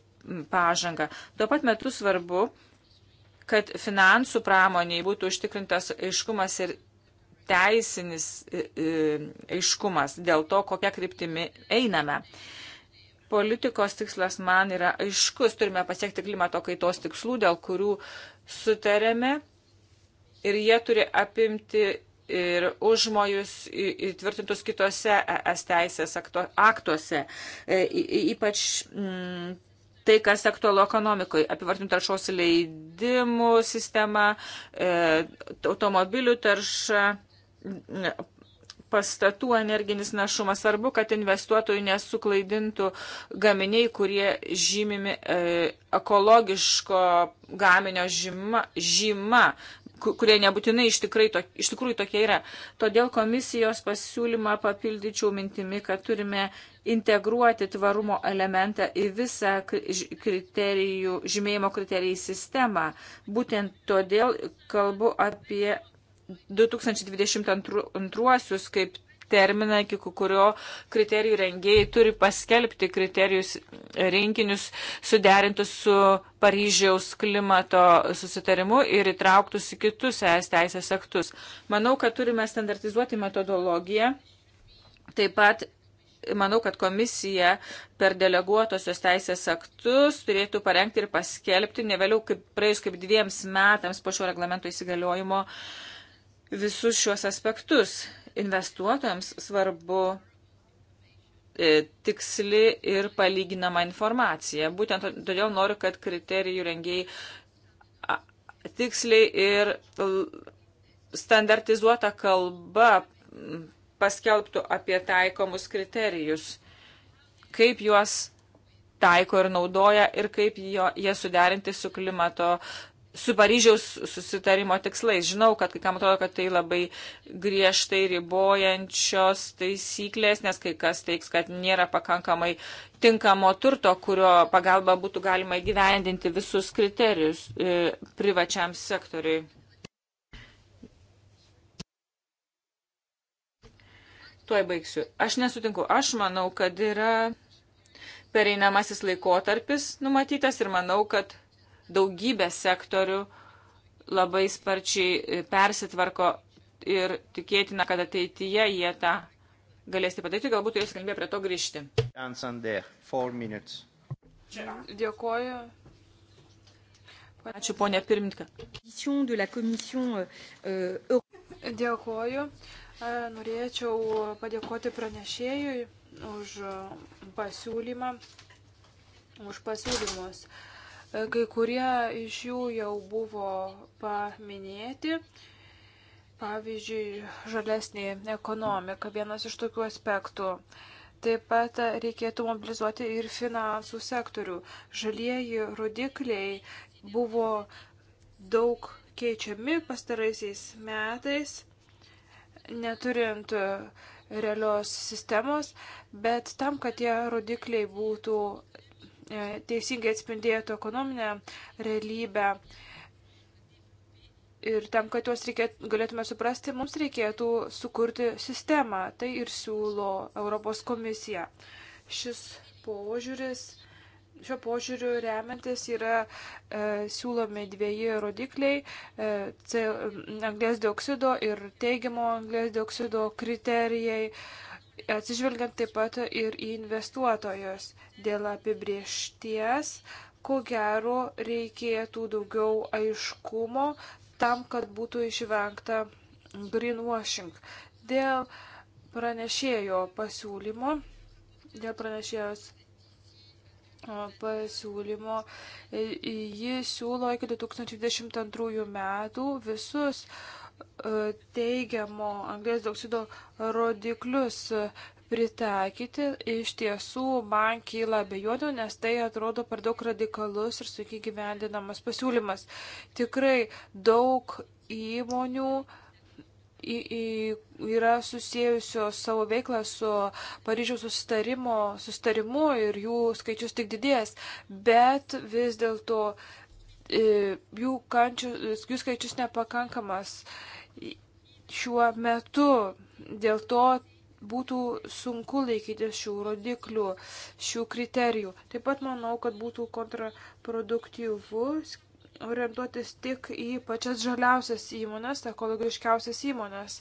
pažangą. Tuo pat metu svarbu, kad finansų pramoniai būtų užtikrintas aiškumas ir teisinis e, e, aiškumas dėl to, kokią kryptimį einame. Politikos tikslas man yra aiškus, turime pasiekti klimato kaitos tikslų, dėl kurių sutarėme ir jie turi apimti ir užmojus įtvirtintus kitose ES teisės aktuose, e, ypač mm, tai, kas aktualu ekonomikoje, apivartinių taršos leidimų sistema, automobilių tarša pastatų energinis našumas. Svarbu, kad investuotojų nesuklaidintų gaminiai, kurie žymimi e, ekologiško gaminio žyma, žyma kurie nebūtinai iš, to, iš tikrųjų tokie yra. Todėl komisijos pasiūlymą papildyčiau mintimi, kad turime integruoti tvarumo elementą į visą kriterijų, žymėjimo kriterijų sistemą. Būtent todėl kalbu apie 2022 kaip terminą, iki kurio kriterijų rengėjai turi paskelbti kriterijus e, rinkinius suderintus su Paryžiaus klimato susitarimu ir įtrauktus į kitus ES teisės aktus. Manau, kad turime standartizuoti metodologiją. Taip pat manau, kad komisija per deleguotosios teisės aktus turėtų parengti ir paskelbti ne vėliau kaip praėjus kaip dviems metams po šio reglamento įsigaliojimo uh, visus šiuos aspektus. Investuotojams svarbu e, tiksli ir palyginama informacija. Būtent todėl noriu, kad kriterijų rengėjai tiksliai ir standartizuota kalba paskelbtų apie taikomus kriterijus, kaip juos taiko ir naudoja ir kaip jo, jie suderinti su klimato su Paryžiaus susitarimo tikslais. Žinau, kad kai kam atrodo, kad tai labai griežtai ribojančios taisyklės, nes kai kas teiks, kad nėra pakankamai tinkamo turto, kurio pagalba būtų galima įgyvendinti visus kriterijus e, privačiam sektoriui. Tuoj baigsiu. Aš nesutinku. Aš manau, kad yra pereinamasis laikotarpis numatytas ir manau, kad daugybė sektorių labai sparčiai e, persitvarko ir tikėtina, kad ateityje jie tą galės tai padaryti, galbūt jūs kalbėjo prie to grįžti. Dėkuoju. Ačiū, ponė pirmininkė. Euh, euh, Dėkuoju. E, norėčiau padėkoti pranešėjui už e, pasiūlymą, už pasiūlymus. Uh, E, kai kurie iš jų jau buvo paminėti. Pavyzdžiui, žalesnė ekonomika vienas iš tokių aspektų. Taip pat reikėtų mobilizuoti ir finansų sektorių. Žalieji rodikliai buvo daug keičiami pastaraisiais metais, neturint realios sistemos, bet tam, kad tie rodikliai būtų E, teisingai atspindėtų ekonominę realybę. Ir tam, kad juos reikėt, galėtume suprasti, mums reikėtų sukurti sistemą. Tai ir siūlo Europos komisija. Šis požiūris, šio požiūriu remiantis yra e, siūlomi dviejai rodikliai e, - anglės dioksido ir teigiamo anglės dioksido kriterijai. E, atsižvelgiant taip pat ir į investuotojus. Dėl apibriešties, ko gero, reikėtų daugiau aiškumo tam, kad būtų išvengta greenwashing. Dėl pranešėjo pasiūlymo, dėl pranešėjos pasiūlymo, e, ji siūlo iki 2022 metų visus uh, E, teigiamo anglės dioksido rodiklius pritaikyti, iš tiesų man kyla abejonių, nes tai atrodo per daug radikalus ir sunkiai gyvendinamas pasiūlymas. Tikrai daug įmonių į, į, yra susijusios savo veiklą su Paryžiaus susitarimu ir jų skaičius tik didės, bet vis dėlto E, jų, kančių, jų skaičius nepakankamas šiuo metu. Dėl to būtų sunku laikytis šių rodiklių, šių kriterijų. Taip pat manau, kad būtų kontraproduktyvu orientuotis tik į pačias žaliausias įmonės, ekologiškiausias įmonės,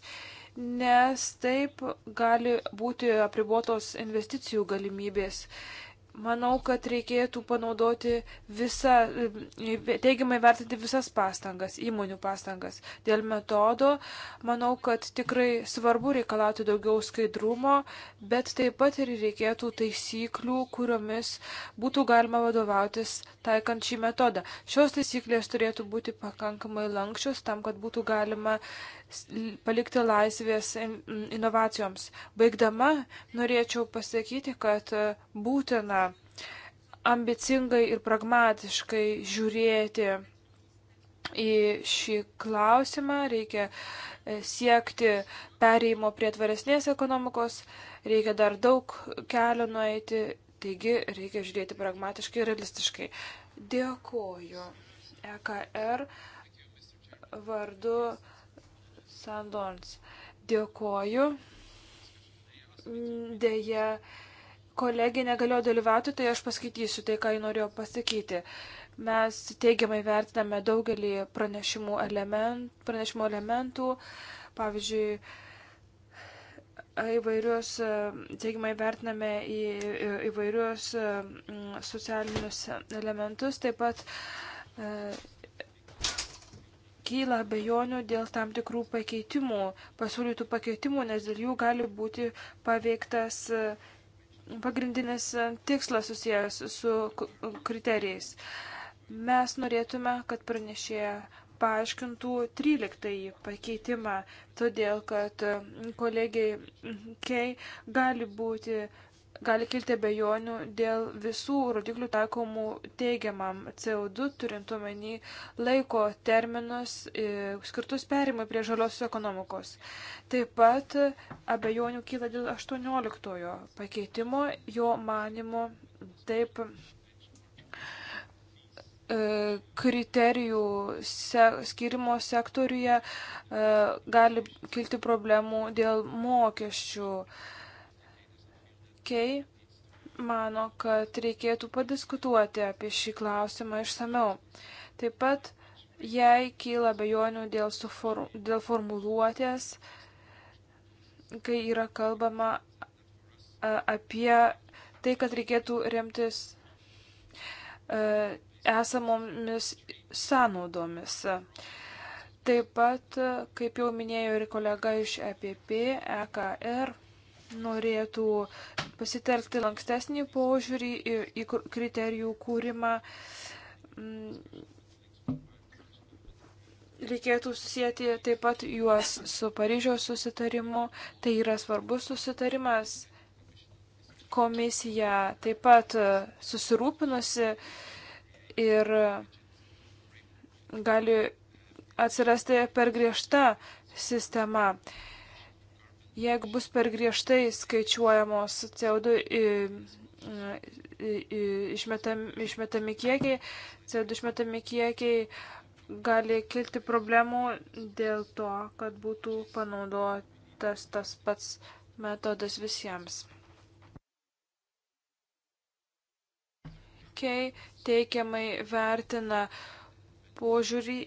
nes taip gali būti apribotos investicijų galimybės Manau, kad reikėtų panaudoti visą, teigiamai vertinti visas pastangas, įmonių pastangas. Dėl metodo, manau, kad tikrai svarbu reikalauti daugiau skaidrumo, bet taip pat ir reikėtų taisyklių, kuriomis būtų galima vadovautis taikant šį metodą. Šios taisyklės turėtų būti pakankamai lankščios tam, kad būtų galima palikti laisvės mm, inovacijoms. Baigdama norėčiau pasakyti, kad e, būtina ambicingai ir pragmatiškai žiūrėti į šį klausimą, reikia e, siekti pereimo prie tvaresnės ekonomikos, reikia dar daug kelio nueiti, taigi reikia žiūrėti pragmatiškai ir realistiškai. Dėkoju EKR vardu Sandons. Dėkoju. Mm, Deja, kolegė negalėjo dalyvauti, tai aš paskaitysiu tai, ką ji norėjo pasakyti. Mes teigiamai vertiname daugelį pranešimų, element, pranešimų elementų, pavyzdžiui, įvairius, e, teigiamai vertiname į, įvairius e, socialinius elementus, taip pat e, kyla bejonių dėl tam tikrų pakeitimų, pasiūlytų pakeitimų, nes dėl jų gali būti paveiktas e, pagrindinis e, tikslas susijęs su kriterijais. Mes norėtume, kad pranešėja paaiškintų 13 pakeitimą, todėl kad e, kolegiai Kei gali būti gali kilti abejonių dėl visų rodiklių taikomų teigiamam CO2, turint omeny laiko terminus e, skirtus perimui prie žaliosios ekonomikos. Taip pat abejonių kyla dėl 18 pakeitimo, jo manimo taip e, kriterijų se, skirimo sektoriuje e, gali kilti problemų dėl mokesčių. E, Kei mano, kad reikėtų padiskutuoti apie šį klausimą išsameu. Taip pat, jei kyla bejonių dėl, sufor, dėl formuluotės, kai yra kalbama apie tai, kad reikėtų remtis esamomis sąnaudomis. Taip pat, kaip jau minėjo ir kolega iš EPP, EKR norėtų pasitelkti lankstesnį požiūrį į, į kriterijų kūrimą. Mm. Reikėtų susijęti taip pat juos su Paryžiaus susitarimu. Tai yra svarbus susitarimas. Komisija taip pat susirūpinusi ir gali atsirasti per griežta sistema. Jeigu bus per griežtai skaičiuojamos CO2 į, į, į, išmetami, išmetami kiekiai, CO2 išmetami kiekiai, gali kilti problemų dėl to, kad būtų panaudotas tas pats metodas visiems. Kei teikiamai vertina požiūrį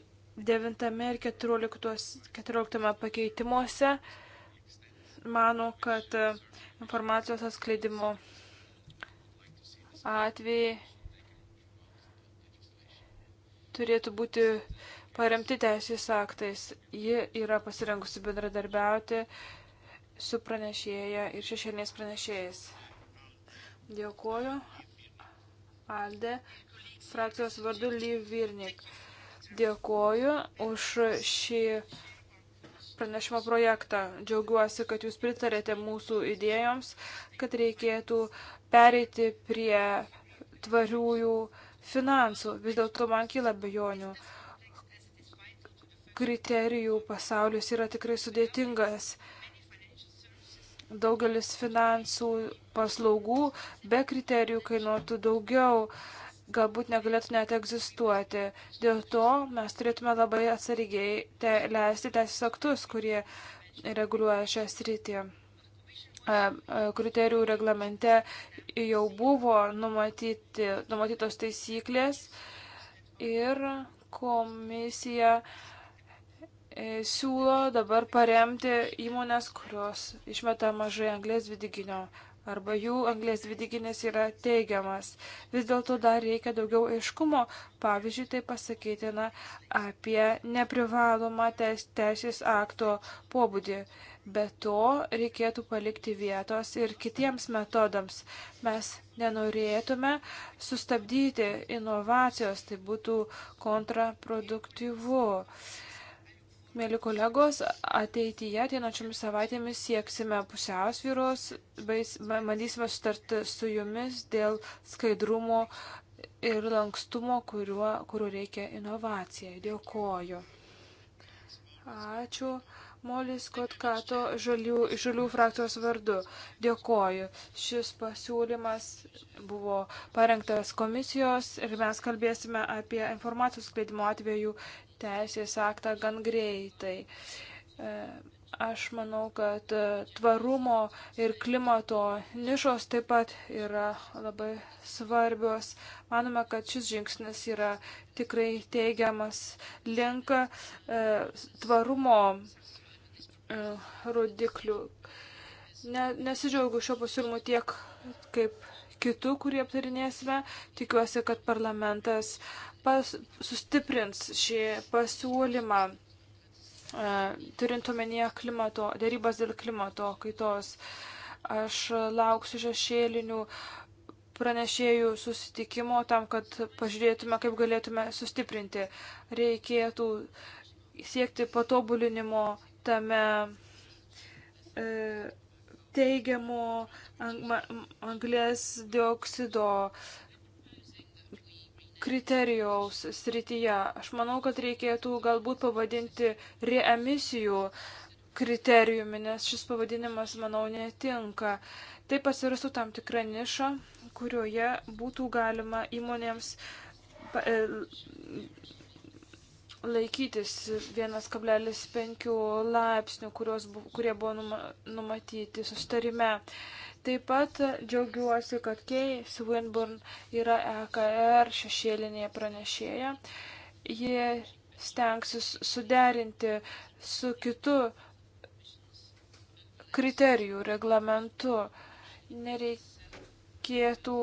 9 ir 14, 14 pakeitimuose mano, kad e, informacijos atskleidimo atvejai turėtų būti paremti teisės aktais. Ji yra pasirengusi bendradarbiauti su pranešėja ir šešėliniais pranešėjais. Dėkuoju. Alde, frakcijos vardu Lyv Virnik. Dėkuoju už šį pranešimo projektą. Džiaugiuosi, kad jūs pritarėte mūsų idėjoms, kad reikėtų pereiti prie tvariųjų finansų. Vis dėlto man kyla bejonių. Kriterijų pasaulis yra tikrai sudėtingas. Daugelis finansų paslaugų be kriterijų kainuotų daugiau. Uh, galbūt negalėtų net egzistuoti. Dėl to mes turėtume labai atsargiai te leisti teisės aktus, kurie reguliuoja šią sritį. Kriterijų reglamente jau buvo numatyti, numatytos taisyklės ir komisija e, siūlo dabar paremti įmonės, kurios išmeta mažai anglės dvideginio arba jų anglės dvideginis yra teigiamas. Vis dėlto dar reikia daugiau aiškumo, pavyzdžiui, tai pasakytina apie neprivalomą teisės akto pobūdį. Be to reikėtų palikti vietos ir kitiems metodams. Mes nenorėtume sustabdyti inovacijos, tai būtų kontraproduktyvu. Uh, Mėly kolegos, ateityje ateinačiomis savaitėmis sieksime pusiausvyros, bandysime sutarti su jumis dėl skaidrumo ir lankstumo, kuriuo, kuriuo reikia inovacijai. Dėkoju. Ačiū. Molis Kotkato žalių, žalių frakcijos vardu. Dėkoju. Šis pasiūlymas buvo parengtas komisijos ir mes kalbėsime apie informacijos skleidimo atvejų teisės aktą gan greitai. E, aš manau, kad e, tvarumo ir klimato nišos taip pat yra labai svarbios. Manome, kad šis žingsnis yra tikrai teigiamas link e, tvarumo rodiklių. Ne, nesidžiaugiu šio pasiūlymu tiek kaip kitu, kurį aptarinėsime. Tikiuosi, kad parlamentas pas, sustiprins šį pasiūlymą, e, turint omenyje klimato, dėrybas dėl klimato kaitos. Aš lauksiu šešėlinių pranešėjų susitikimo tam, kad pažiūrėtume, kaip galėtume sustiprinti. Reikėtų siekti patobulinimo tame e, teigiamų anglės dioksido kriterijaus srityje. Aš manau, kad reikėtų galbūt pavadinti reemisijų kriterijumi, nes šis pavadinimas, manau, netinka. Taip pasirastų tam tikrą nišą, kurioje būtų galima įmonėms laikytis 1,5 laipsnių, bu, kurie buvo numa, numatyti sustarime. Taip pat džiaugiuosi, kad Kei Swinburne yra EKR šešėlinėje pranešėja. Jie stengsis suderinti su kitu kriterijų reglamentu. Nereikėtų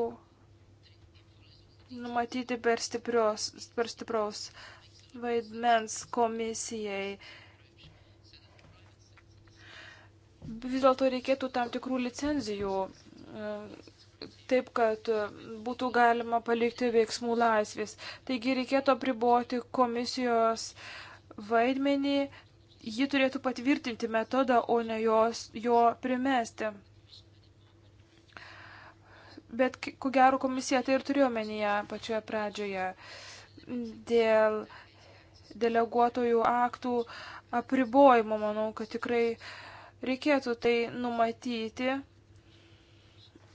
numatyti per, stiprios, per stipraus vaidmens komisijai. Vis dėlto reikėtų tam tikrų licenzijų, e, taip kad būtų galima palikti veiksmų laisvės. Taigi reikėtų apriboti komisijos vaidmenį, ji turėtų patvirtinti metodą, o ne jos, jo primesti. Bet ko gero komisija tai ir turėjo menyje pačioje pradžioje dėl deleguotojų aktų apribojimo. Manau, kad tikrai reikėtų tai numatyti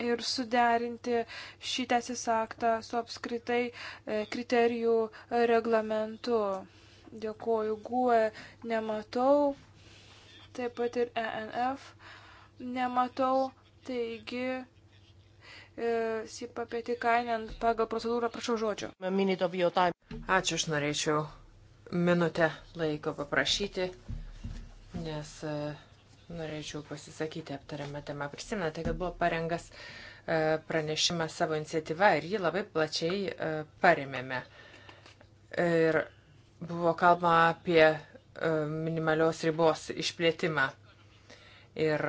ir suderinti šį teisės aktą su apskritai e, kriterijų reglamentu. Dėkoju, GUE nematau, taip pat ir ENF nematau, taigi e, Sipa Pietikainen pagal procedūrą prašau žodžio. Ačiū, aš norėčiau minutę laiko paprašyti, nes e, norėčiau pasisakyti aptariamą temą. Prisimenate, kad buvo parengas e, pranešimas savo iniciatyva ir jį labai plačiai e, paremėme. Ir buvo kalbama apie minimalios ribos išplėtimą. Ir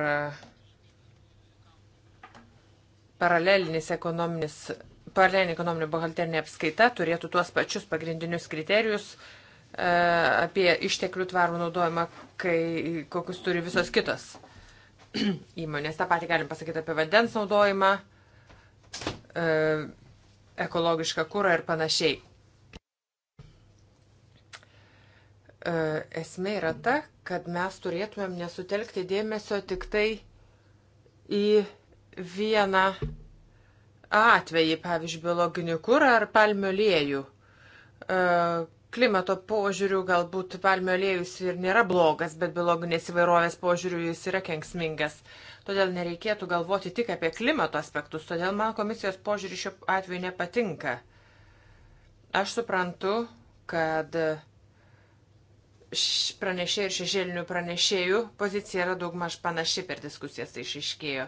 paralelinis ekonominis, paralelinė ekonominė buhalterinė apskaita turėtų tuos pačius pagrindinius kriterijus uh, E, apie išteklių tvarų naudojimą, kai, kokius turi visos kitos įmonės. Ta pati galim pasakyti apie vandens naudojimą, e, ekologišką kūrą ir panašiai. E, esmė yra ta, kad mes turėtumėm nesutelkti dėmesio tik tai į vieną atvejį, pavyzdžiui, biologinį kūrą ar palmių liejų klimato požiūrių galbūt palmių aliejus ir nėra blogas, bet biologinės įvairovės požiūrių jis yra kenksmingas. Todėl nereikėtų galvoti tik apie klimato aspektus, todėl man komisijos požiūrį šiuo atveju nepatinka. Aš suprantu, kad pranešėjų ir šešėlinių pranešėjų pozicija yra daugmaž panaši per diskusijas, tai išaiškėjo.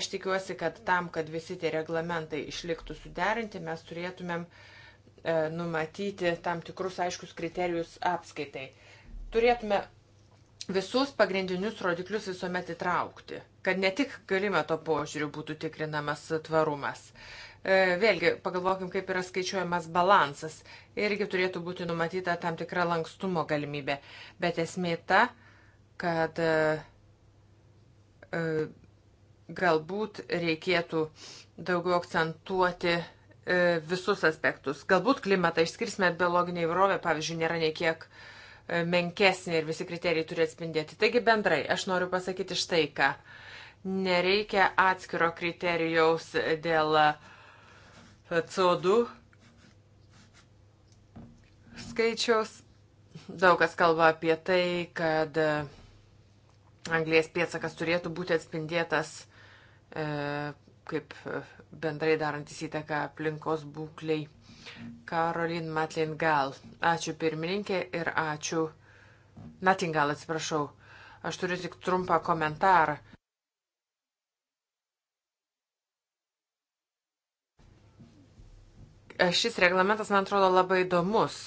Aš tikiuosi, kad tam, kad visi tie reglamentai išliktų suderinti, mes turėtumėm uh, E, numatyti tam tikrus aiškus kriterijus apskaitai. Turėtume visus pagrindinius rodiklius visuomet įtraukti, kad ne tik klimato požiūrių būtų tikrinamas tvarumas. E, vėlgi, pagalvokim, kaip yra skaičiuojamas balansas. Irgi turėtų būti numatyta tam tikra lankstumo galimybė. Bet esmė ta, kad e, galbūt reikėtų daugiau akcentuoti E, visus aspektus. Galbūt klimatą išskirsime, biologinė įvairovė, pavyzdžiui, nėra niekiek e, menkesnė ir visi kriterijai turi atspindėti. Taigi bendrai, aš noriu pasakyti štai ką. Nereikia atskiro kriterijaus dėl e, CO2 skaičiaus. Daug kas kalba apie tai, kad anglės pėtsakas turėtų būti atspindėtas kaip e, bendrai darantis įtaką aplinkos būklei. Karolin Matlingal. Ačiū pirmininkė ir ačiū. Natingal, atsiprašau. Aš turiu tik trumpą komentarą. E, šis reglamentas, man atrodo, labai įdomus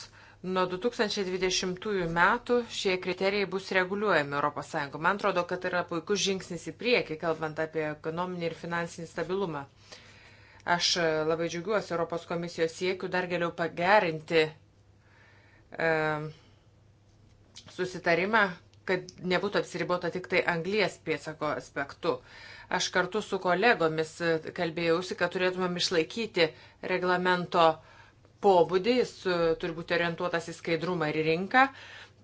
Nuo 2020 metų šie kriterijai bus reguliuojami ES. Man atrodo, kad tai yra puikus žingsnis į priekį, kalbant apie ekonominį ir finansinį stabilumą. Aš labai džiaugiuosi Europos komisijos siekiu dar geriau pagerinti e, susitarimą, kad nebūtų apsiribota tik tai anglies pėtsako aspektu. Aš kartu su kolegomis kalbėjausi, kad turėtumėm išlaikyti reglamento e, pobūdį, jis e, turi būti orientuotas į skaidrumą ir rinką.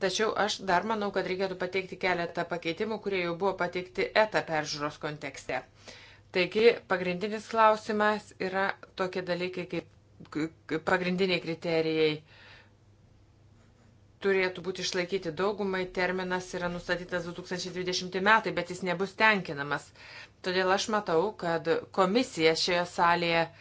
Tačiau aš dar manau, kad reikėtų pateikti keletą pakeitimų, kurie jau buvo pateikti ETA peržiūros kontekste. Taigi, pagrindinis klausimas yra tokie dalykai kaip pagrindiniai kriterijai turėtų būti išlaikyti daugumai, terminas yra nustatytas 2020 metai, bet jis nebus tenkinamas. Todėl aš matau, kad komisija šioje salėje uh,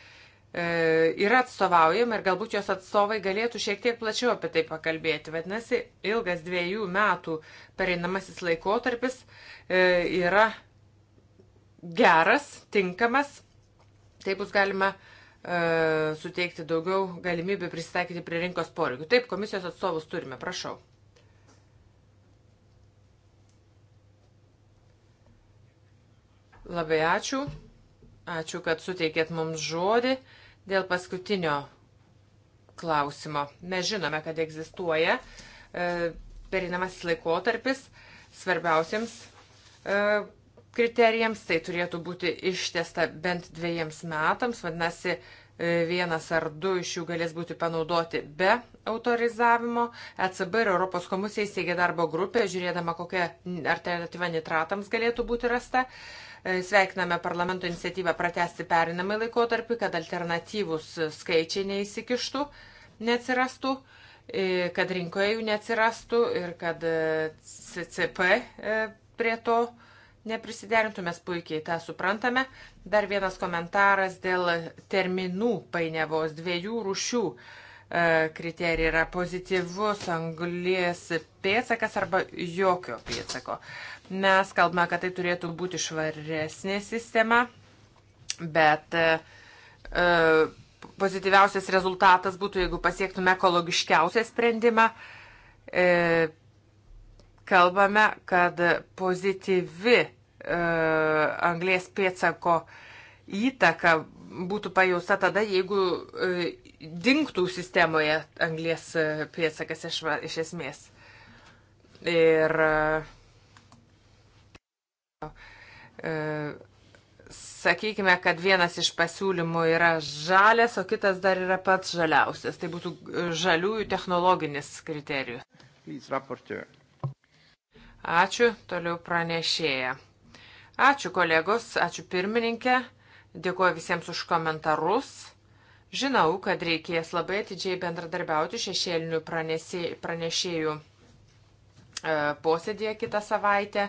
E, yra atstovaujama ir galbūt jos atstovai galėtų šiek tiek plačiau apie tai pakalbėti. Vadinasi, ilgas dviejų metų pereinamasis laikotarpis e, yra geras, tinkamas, tai bus galima e, suteikti daugiau galimybių prisitaikyti prie rinkos poreikių. Taip, komisijos atstovus turime, prašau. Labai ačiū. Ačiū, kad suteikėt mums žodį. Dėl paskutinio klausimo. Mes žinome, kad egzistuoja e, perinamasis laikotarpis svarbiausiams e, kriterijams. Tai turėtų būti ištesta bent dviejiems metams. Vadinasi, e, vienas ar du iš jų galės būti panaudoti be autorizavimo. ECB ir Europos komisija įsteigė darbo grupę, žiūrėdama, kokia alternatyva nitratams galėtų būti rasta. E, E, sveikiname parlamento iniciatyvą pratesti perinamai laikotarpį, kad alternatyvus skaičiai neįsikištų, neatsirastų, e, kad rinkoje jų neatsirastų ir kad e, CCP prie to neprisiderintų, mes puikiai tą suprantame. Dar vienas komentaras dėl terminų painiavos dviejų rušių E, kriterijai yra pozityvus anglies pėtsakas arba jokio pėtsako. Mes kalbame, kad tai turėtų būti švaresnė sistema, bet e, e, pozityviausias rezultatas būtų, jeigu pasiektume ekologiškiausią sprendimą. Kalbame, kad pozityvi anglės pėtsako įtaka būtų pajausta tada, jeigu dinktų sistemoje anglės pėtsakas iš, iš esmės. Ir e, sakykime, kad vienas iš pasiūlymų yra žalės, o kitas dar yra pats žaliausias. Tai būtų e, žaliųjų technologinis kriterijus. Ačiū, toliau pranešėja. Ačiū kolegos, ačiū pirmininkė, dėkuoju visiems už komentarus. Žinau, kad reikės labai atidžiai bendradarbiauti šešėlinių pranešėjų e, posėdėje kitą savaitę.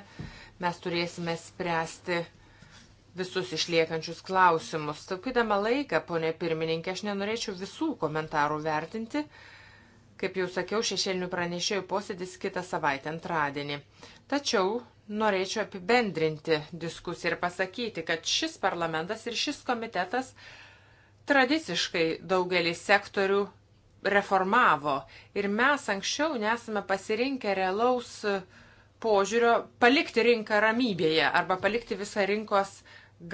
Mes turėsime spręsti visus išliekančius klausimus. Taupydama laiką, ponė pirmininkė, aš nenorėčiau visų komentarų vertinti. Kaip jau sakiau, šešėlinių pranešėjų posėdis kitą savaitę antradienį. Tačiau norėčiau apibendrinti diskusiją ir pasakyti, kad šis parlamentas ir šis komitetas uh, tradiciškai daugelį sektorių reformavo ir mes anksčiau nesame pasirinkę realaus požiūrio palikti rinką ramybėje arba palikti visą rinkos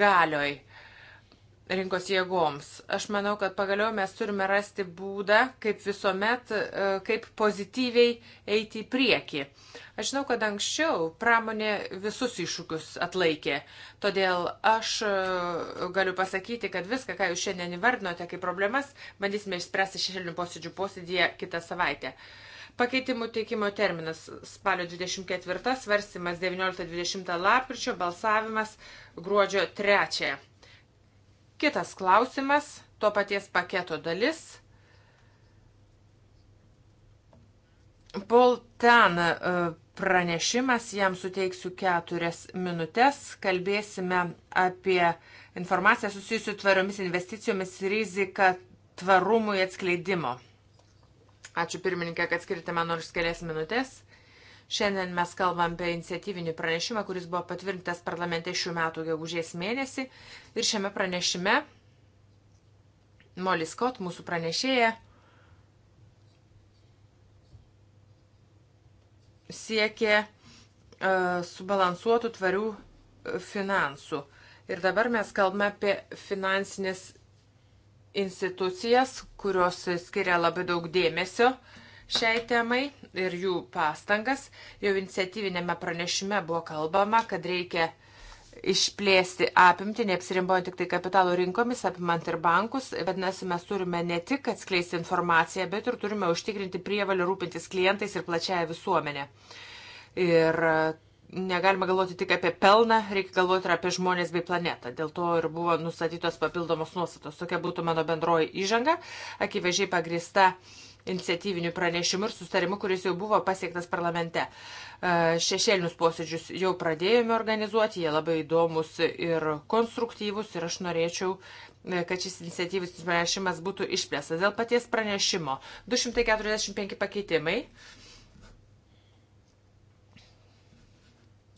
galioj rinkos jėgoms. Aš manau, kad pagaliau mes turime rasti būdą, kaip visuomet, e, kaip pozityviai eiti į priekį. Aš žinau, kad anksčiau pramonė visus iššūkius atlaikė, todėl aš e, galiu pasakyti, kad viską, ką jūs šiandien įvardinote kaip problemas, bandysime išspręsti šešėlinių posėdžių posėdėje kitą savaitę. Pakeitimų teikimo terminas spalio 24, svarstymas 19-20 lapkričio, balsavimas gruodžio 3. Kitas klausimas, to paties paketo dalis. Paul ten e, pranešimas, jam suteiksiu keturias minutės, kalbėsime apie informaciją susijusiu tvariomis investicijomis riziką tvarumui atskleidimo. Ačiū pirmininkė, kad skirite man nors kelias minutės. Šiandien mes kalbam apie iniciatyvinį pranešimą, kuris buvo patvirtintas parlamente šių metų gegužės mėnesį. Ir šiame pranešime Molly Scott, mūsų pranešėja, siekė uh, subalansuotų tvarių e, finansų. Ir dabar mes kalbame apie finansinės institucijas, kurios skiria labai daug dėmesio uh, šiai temai ir jų pastangas. Jau iniciatyvinėme pranešime buvo kalbama, kad reikia išplėsti apimti, neapsirimbojant tik tai kapitalo rinkomis, apimant ir bankus. Vadinasi, mes turime ne tik atskleisti informaciją, bet ir turime užtikrinti prievalį rūpintis klientais ir plačiaja visuomenė. Ir e, negalima galvoti tik apie pelną, reikia galvoti ir apie žmonės bei planetą. Dėl to ir buvo nustatytos papildomos nuostatos. Tokia būtų mano bendroji įžanga, akivaizdžiai pagrista uh, iniciatyviniu pranešimu ir sustarimu, kuris jau buvo pasiektas parlamente. E, šešėlinius posėdžius jau pradėjome organizuoti, jie labai įdomus ir konstruktyvus ir aš norėčiau e, kad šis iniciatyvus pranešimas būtų išplėstas. Dėl paties pranešimo 245 pakeitimai,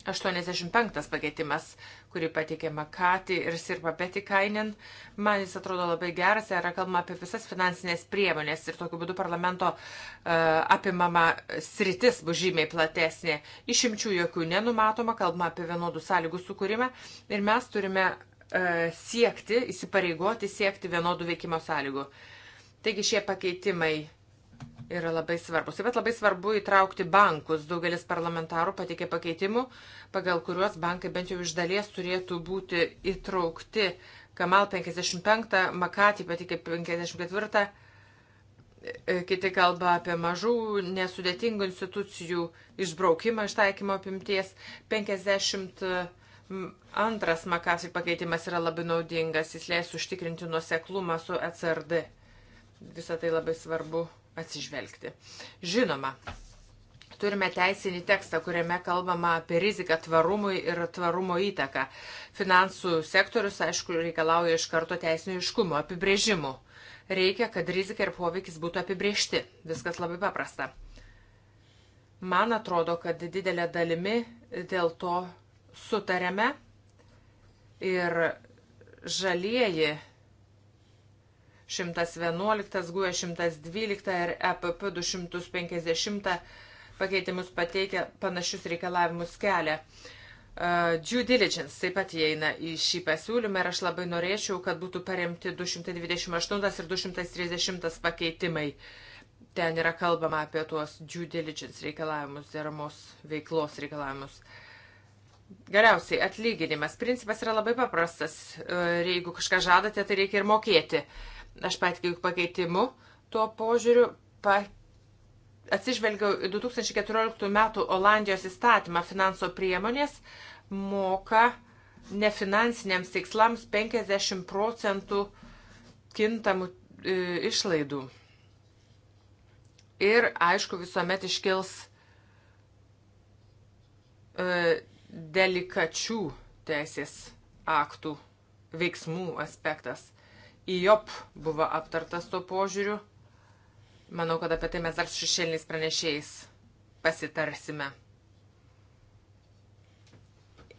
85 pakeitimas kurį pateikė Makati ir Sirpa Petikainen. Man jis atrodo labai geras, yra kalbama apie visas finansinės priemonės ir tokiu būdu parlamento uh, apimama sritis bus žymiai platesnė. Išimčių jokių nenumatoma, kalbama apie vienodų sąlygų sukūrimą ir mes turime e, siekti, įsipareigoti siekti vienodų veikimo sąlygų. Taigi šie pakeitimai yra labai svarbus. Taip pat labai svarbu įtraukti bankus. Daugelis parlamentarų pateikė pakeitimų, pagal kuriuos bankai bent jau iš dalies turėtų būti įtraukti. Kamal 55, Makati pateikė 54, e, kiti kalba apie mažų, nesudėtingų institucijų išbraukimą iš taikymo apimties. 52 Makasi pakeitimas yra labai naudingas, jis leis užtikrinti nuoseklumą su ECRD. Visą tai labai svarbu atsižvelgti. Žinoma, turime teisinį tekstą, kuriame kalbama apie riziką tvarumui ir tvarumo įtaką. Finansų sektorius, aišku, reikalauja iš karto teisinio iškumo, apibrėžimų. Reikia, kad rizika ir poveikis būtų apibriežti. Viskas labai paprasta. Man atrodo, kad didelė dalimi dėl to sutarėme ir žalieji 111, GUE 112 ir EPP 250 pakeitimus pateikia panašius reikalavimus kelia. Uh, due diligence taip pat įeina į šį pasiūlymą ir aš labai norėčiau, kad būtų paremti 228 ir 230 pakeitimai. Ten yra kalbama apie tuos due diligence reikalavimus, deramos veiklos reikalavimus. Galiausiai atlyginimas. Principas yra labai paprastas. Ir e, jeigu kažką žadate, tai reikia ir mokėti. Uh, Aš patikiu pakeitimu tuo požiūriu. Pa, atsižvelgiau 2014 m. Olandijos įstatymą finanso priemonės moka nefinansiniams tikslams 50 procentų kintamų e, išlaidų. Ir aišku, visuomet iškils e, delikačių teisės aktų veiksmų aspektas. IOP buvo aptartas tuo požiūriu. Manau, kad apie tai mes dar su šešėliniais pranešėjais pasitarsime.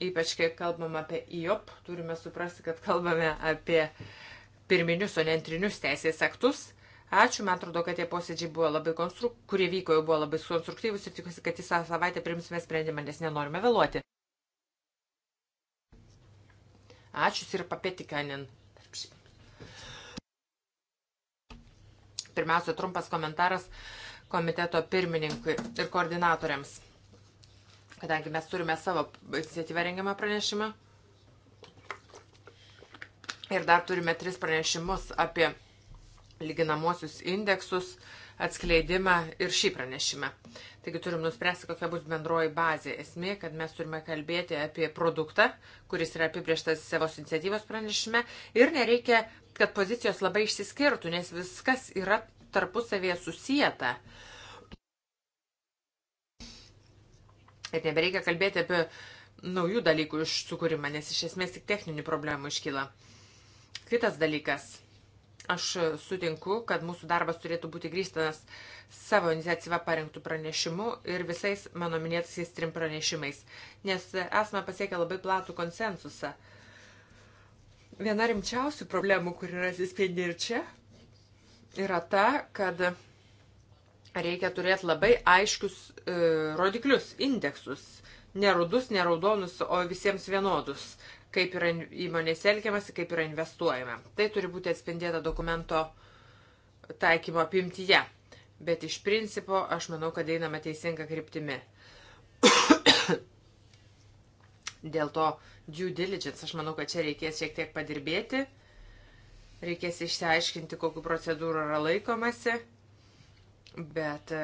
Ypač kai kalbam apie IOP, turime suprasti, kad kalbame apie pirminius, o ne antrinius teisės aktus. Ačiū, man atrodo, kad tie posėdžiai buvo labai konstruktyvūs, kurie vyko jau buvo labai konstruktyvūs ir tikiuosi, kad visą savaitę primsime sprendimą, nes nenorime vėluoti. Ačiū ir papetikanin. Pirmiausia, trumpas komentaras komiteto pirmininkui ir koordinatoriams, kadangi mes turime savo iniciatyvę rengiamą pranešimą. Ir dar turime tris pranešimus apie lyginamosius indeksus, atskleidimą ir šį pranešimą. Taigi turim nuspręsti, kokia bus bendroji bazė. Esmė, kad mes turime kalbėti apie produktą, kuris yra apibrieštas savo iniciatyvos pranešime ir nereikia kad pozicijos labai išsiskirtų, nes viskas yra tarpusavėje susijęta. Ir nebereikia kalbėti apie naujų dalykų sukūrimą, nes iš esmės tik techninių problemų iškyla. Kitas dalykas. Aš sutinku, kad mūsų darbas turėtų būti grįstanas savo iniciatyvą parengtų pranešimų ir visais mano minėtaisiais trim pranešimais, nes esame pasiekę labai platų konsensusą. Uh, Viena rimčiausių problemų, kur yra atsispindi ir čia, yra ta, kad reikia turėti labai aiškius e, rodiklius, indeksus. Nerudus, neraudonus, o visiems vienodus, kaip yra įmonės elgiamasi, kaip yra investuojama. Tai turi būti atspindėta dokumento taikymo apimtyje. Bet iš principo aš manau, kad einame teisinga kryptimi. Dėl to due diligence, aš manau, kad čia reikės šiek tiek padirbėti, reikės išsiaiškinti, kokiu procedūru yra laikomasi, bet e,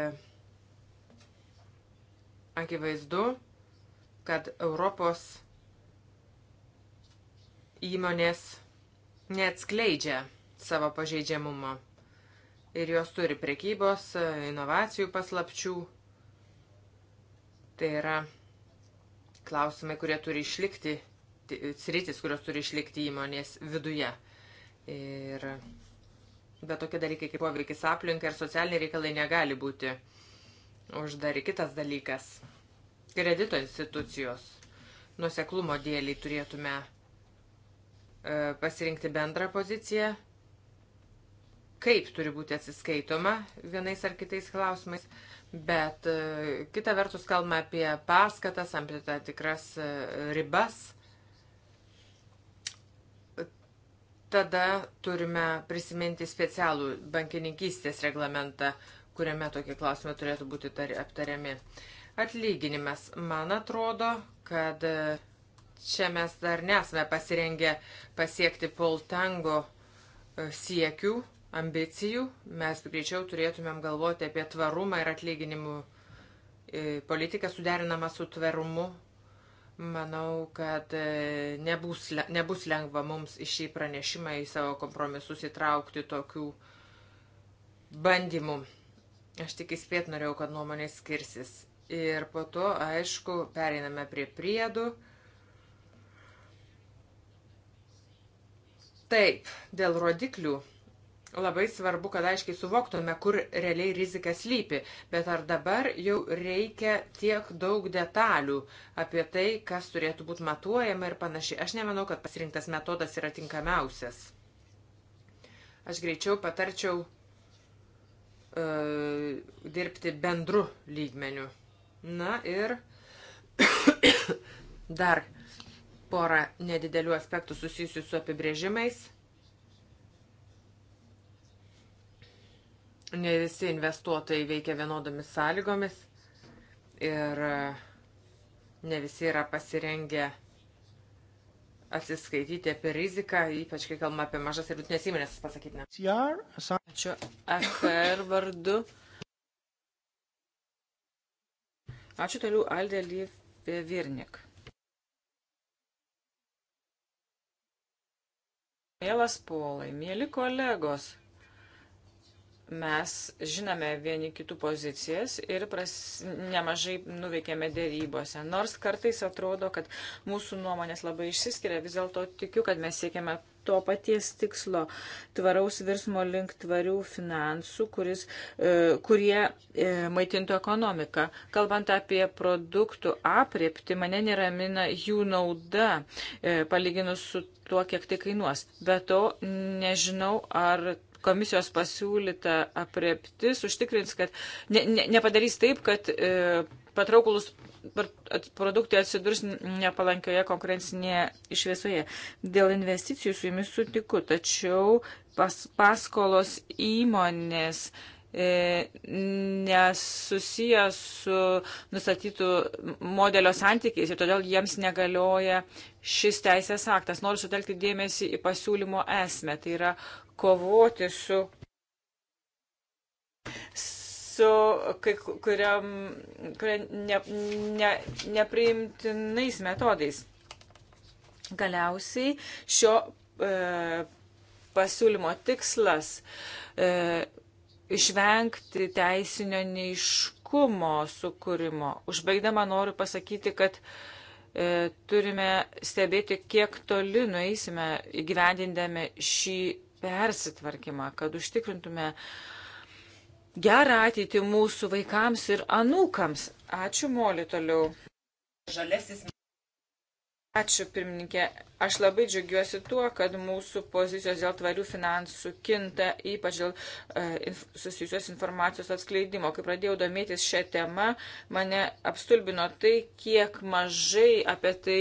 akivaizdu, kad Europos įmonės neatskleidžia savo pažeidžiamumo. Ir jos turi prekybos, e, inovacijų paslapčių. Tai yra klausimai, kurie turi išlikti, sritis, kurios turi išlikti įmonės viduje. Ir bet tokie dalykai kaip poveikis aplinkai ir socialiniai reikalai negali būti uždari. Kitas dalykas - kredito institucijos. Nuseklumo dėliai turėtume e, pasirinkti bendrą poziciją, kaip turi būti atsiskaitoma vienais ar kitais klausimais. Bet e, kita vertus kalbame apie paskatas, apie tam tikras e, ribas. Tada turime prisiminti specialų bankininkystės reglamentą, kuriame tokie klausimai turėtų būti aptariami. Atlyginimas. Man atrodo, kad e, čia mes dar nesame pasirengę pasiekti poltango siekių ambicijų, mes greičiau turėtumėm galvoti apie tvarumą ir atlyginimų e, politiką suderinamą su tvarumu. Manau, kad e, nebus, nebus lengva mums į šį pranešimą, į savo kompromisus įtraukti tokių bandymų. Aš tik įspėt norėjau, kad nuomonės skirsis. Ir po to, aišku, pereiname prie priedų. Taip, dėl rodiklių Labai svarbu, kad aiškiai suvoktume, kur realiai rizika slypi, bet ar dabar jau reikia tiek daug detalių apie tai, kas turėtų būti matuojama ir panašiai. Aš nemanau, kad pasirinktas metodas yra tinkamiausias. Aš greičiau patarčiau e, dirbti bendru lygmeniu. Na ir dar porą nedidelių aspektų susijusių su apibrėžimais ne visi investuotojai veikia vienodomis sąlygomis ir e, ne visi yra pasirengę atsiskaityti apie riziką, ypač kai kalbame apie mažas ir vidutinės įmonės, pasakytume. Ačiū FR vardu. Ačiū toliau Aldė Lyv Virnik. Mielas Polai, mėly kolegos mes žinome vieni kitų pozicijas ir pras, nemažai nuveikėme dėrybose. Nors kartais atrodo, kad mūsų nuomonės labai išsiskiria, vis dėlto tikiu, kad mes siekiame to paties tikslo - tvaraus virsmo link tvarių finansų, kuris, e, kurie e, maitintų ekonomiką. Kalbant apie produktų apriepti, mane neramina jų nauda, e, palyginus su tuo, kiek tai kainuos. Be to, nežinau, ar komisijos pasiūlyta apreptis užtikrins, kad ne, ne, nepadarys taip, kad e, patraukulus produktai atsidurs nepalankioje konkurencinėje išviesoje. Dėl investicijų su jumis sutiku, tačiau pas, paskolos įmonės e, nesusijęs su nustatytų modelio santykiais ir todėl jiems negalioja šis teisės aktas. Noriu sutelkti dėmesį į pasiūlymo esmę. Tai yra kovoti su, su kai, kuriam, kuria ne, ne, nepriimtinais metodais. Galiausiai šio e, pasiūlymo tikslas e, išvengti teisinio neiškumo sukūrimo. Užbaigdama noriu pasakyti, kad e, turime stebėti, kiek toli nueisime įgyvendindami šį persitvarkymą, kad užtikrintume gerą ateitį mūsų vaikams ir anūkams. Ačiū, Moli, toliau. Žalesis. Ačiū, pirmininkė. Aš labai džiugiuosi tuo, kad mūsų pozicijos dėl tvarių finansų kinta, ypač dėl e, susijusios informacijos atskleidimo. Kai pradėjau domėtis šią temą, mane apstulbino tai, kiek mažai apie tai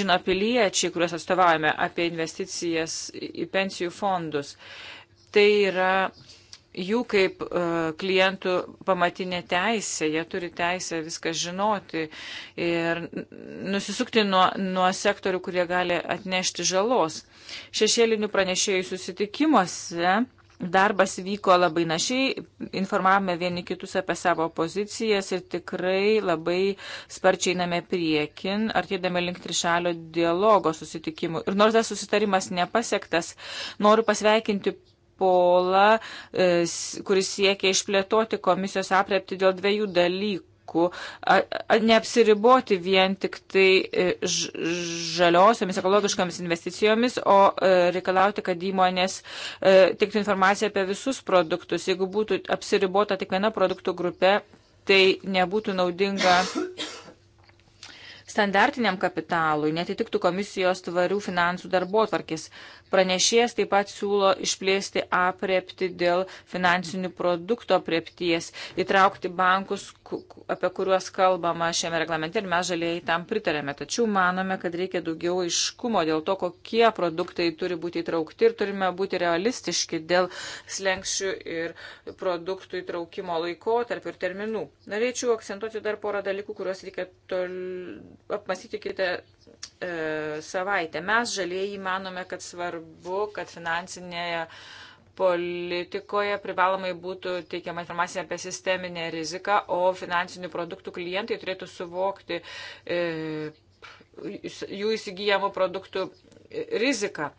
žino piliečiai, kuriuos atstovaujame, apie investicijas į pensijų fondus. Tai yra jų kaip e, klientų pamatinė teisė, jie turi teisę viską žinoti ir nusisukti nuo, nuo sektorių, kurie gali atnešti žalos. Šešėlinių pranešėjų susitikimuose darbas vyko labai našiai, informavome vieni kitus apie savo pozicijas ir tikrai labai sparčiai einame priekin, artėdame link trišalio dialogo susitikimų. Ir nors tas susitarimas nepasiektas, noriu pasveikinti Europolą, e, kuris siekia išplėtoti komisijos aprepti dėl dviejų dalykų. Neapsiriboti vien tik tai e, žaliosiomis ekologiškomis investicijomis, o e, reikalauti, kad įmonės tiktų informaciją apie visus produktus. Jeigu būtų apsiribota tik viena produktų grupė, tai nebūtų naudinga standartiniam kapitalui, netitiktų komisijos tvarių finansų darbo atvarkis. Pranešėjas taip pat siūlo išplėsti apriepti dėl finansinių produktų apriepties, įtraukti bankus, apie kuriuos kalbama šiame reglamente ir mes žalėjai tam pritarėme. Tačiau manome, kad reikia daugiau aiškumo dėl to, kokie produktai turi būti įtraukti ir turime būti realistiški dėl slengščių ir produktų įtraukimo laikotarpio ir terminų. Norėčiau akcentuoti dar porą dalykų, kuriuos reikia tol... apmastyti kitą e, savaitę. Mes žalėjai manome, kad svarbu svarbu, kad finansinėje politikoje privalomai būtų teikiama informacija apie sisteminę riziką, o finansinių produktų klientai turėtų suvokti e, jų įsigijamų produktų riziką.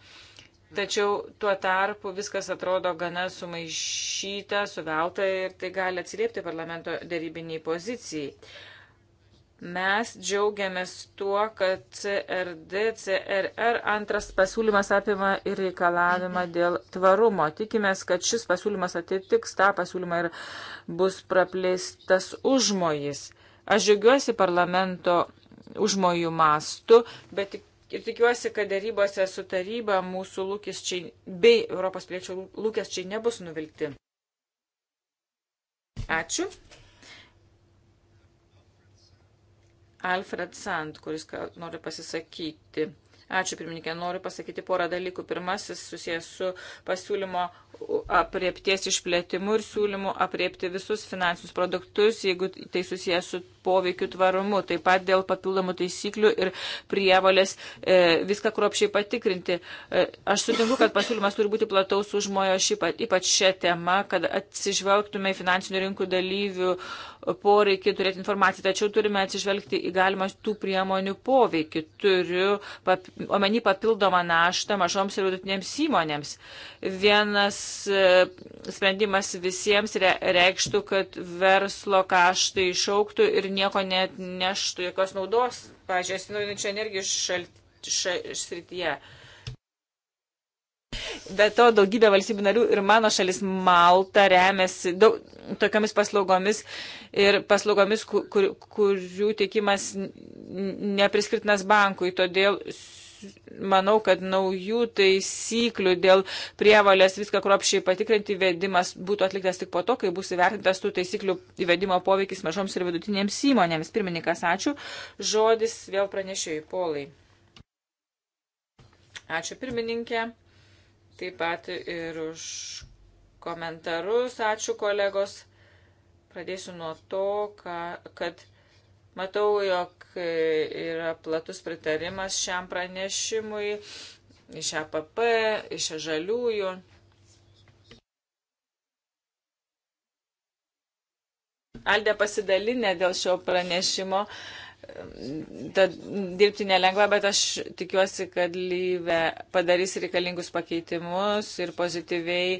Tačiau tuo tarpu viskas atrodo gana sumaišyta, suvelta ir tai gali atsiliepti parlamento dėrybiniai pozicijai. Mes džiaugiamės tuo, kad CRD, CRR antras pasiūlymas apima ir reikalavimą dėl tvarumo. Tikimės, kad šis pasiūlymas atitiks tą pasiūlymą ir bus praplėstas užmojis. Aš džiaugiuosi parlamento užmojų mastu, bet tik ir tikiuosi, kad darybose su taryba mūsų lūkesčiai bei Europos piliečių lūkesčiai nebus nuvilti. Ačiū. Alfred Sand, kuris nori pasisakyti. Ačiū, pirmininkė. Noriu pasakyti porą dalykų. Pirmasis susijęs su pasiūlymo apriepties išplėtimu ir siūlymu apriepti visus finansinius produktus, jeigu tai susijęs su poveikiu tvarumu. Taip pat dėl papildomų taisyklių ir prievalės e, viską kruopšiai patikrinti. E, aš sutinku, kad pasiūlymas turi būti plataus užmojo šipa, ypač šią temą, kad atsižvelgtume į finansinių rinkų dalyvių poreikį turėti informaciją, tačiau turime atsižvelgti į galimą tų priemonių poveikį. Turiu pap, omeny papildomą naštą mažoms ir vidutinėms įmonėms. Vienas e, sprendimas visiems reikštų, kad verslo kaštai išauktų ir nieko net neštų jokios naudos, pažiūrėjau, atsinaujinančio energijos srityje. Be to, daugybė valstybių narių ir mano šalis Malta remiasi daug, tokiamis paslaugomis ir paslaugomis, kur, kur, kurių tiekimas nepriskirtinas bankui. Todėl manau, kad naujų taisyklių dėl prievalės viską kruopšiai patikrinti įvedimas būtų atliktas tik po to, kai bus įvertintas tų taisyklių įvedimo poveikis mažoms ir vidutinėms įmonėms. Pirmininkas, ačiū. Žodis vėl pranešėjai Polai. Ačiū pirmininkė. Taip pat ir už komentarus. Ačiū kolegos. Pradėsiu nuo to, ka, kad Matau, jog yra platus pritarimas šiam pranešimui iš APP, iš žaliųjų. Aldė pasidalinė dėl šio pranešimo. Tad dirbti nelengva, bet aš tikiuosi, kad lyve padarys reikalingus pakeitimus ir pozityviai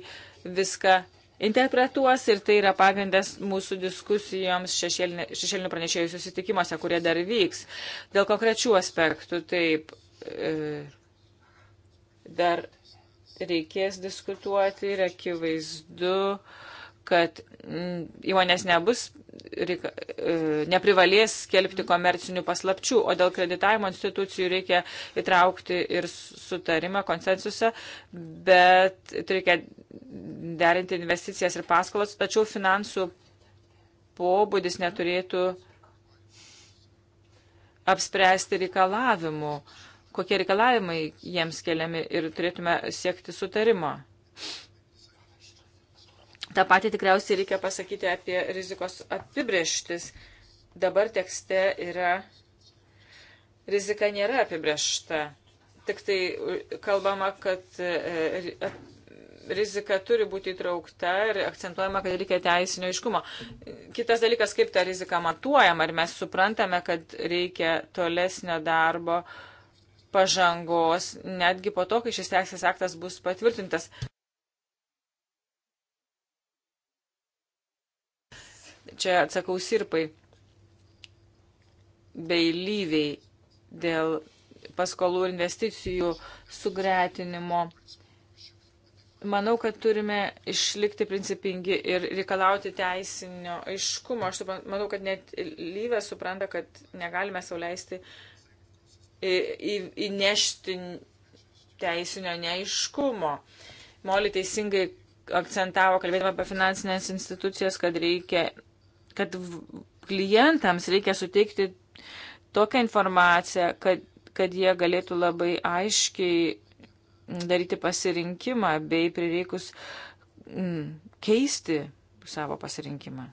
viską interpretuos ir tai yra pagrindas mūsų diskusijoms šešėlinių pranešėjų susitikimuose, kurie dar vyks. Dėl konkrečių aspektų taip e, dar reikės diskutuoti ir akivaizdu, e, kad mm, įmonės nebus, reika, e, neprivalės skelbti komercinių paslapčių, o dėl kreditavimo institucijų reikia įtraukti ir sutarimą, konsensusą, bet reikia derinti investicijas ir paskolas, tačiau finansų pobūdis neturėtų apspręsti reikalavimų, kokie reikalavimai jiems keliami ir turėtume siekti sutarimo. Ta pati tikriausiai reikia pasakyti apie rizikos apibrieštis. Dabar tekste yra rizika nėra apibriešta. Tik tai e, kalbama, kad e, rizika turi būti įtraukta ir akcentuojama, kad reikia teisinio iškumo. Kitas dalykas, kaip ta rizika matuojama, ar mes suprantame, kad reikia tolesnio darbo pažangos, netgi po to, kai šis teisės aktas bus patvirtintas. Čia atsakau sirpai bei lyviai dėl paskolų investicijų sugretinimo. Manau, kad turime išlikti principingi ir reikalauti teisinio aiškumo. Aš supran, manau, kad net lyvė supranta, kad negalime sauliaisti įnešti teisinio neaiškumo. Moli teisingai akcentavo, kalbėdama apie finansinės institucijas, kad reikia kad klientams reikia suteikti tokią informaciją, kad, kad jie galėtų labai aiškiai daryti pasirinkimą bei prireikus mm, keisti savo pasirinkimą.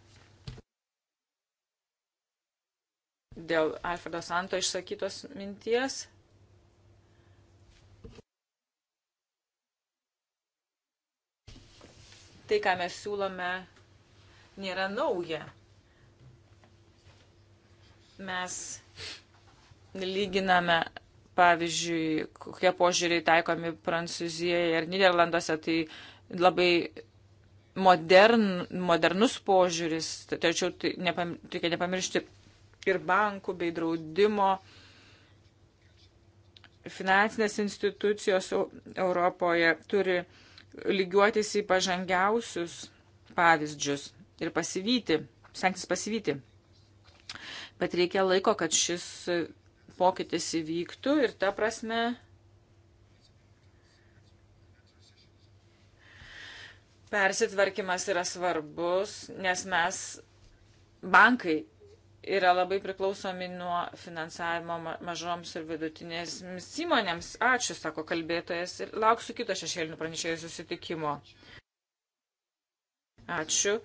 Dėl Alfredo Santo išsakytos minties tai, ką mes siūlome, nėra nauja. Mes lyginame, pavyzdžiui, kokie požiūriai taikomi Prancūzijoje ir Niderlanduose, tai labai modern, modernus požiūris, tačiau tai nepam, reikia nepamiršti ir bankų bei draudimo finansinės institucijos Europoje turi lygiuotis į pažangiausius pavyzdžius ir pasivyti, stengtis pasivyti bet reikia laiko, kad šis pokytis įvyktų ir ta prasme persitvarkymas yra svarbus, nes mes bankai yra labai priklausomi nuo finansavimo mažoms ir vidutinėms įmonėms. Ačiū, sako kalbėtojas, ir lauksiu kito šešėlinių pranešėjų susitikimo. Ačiū.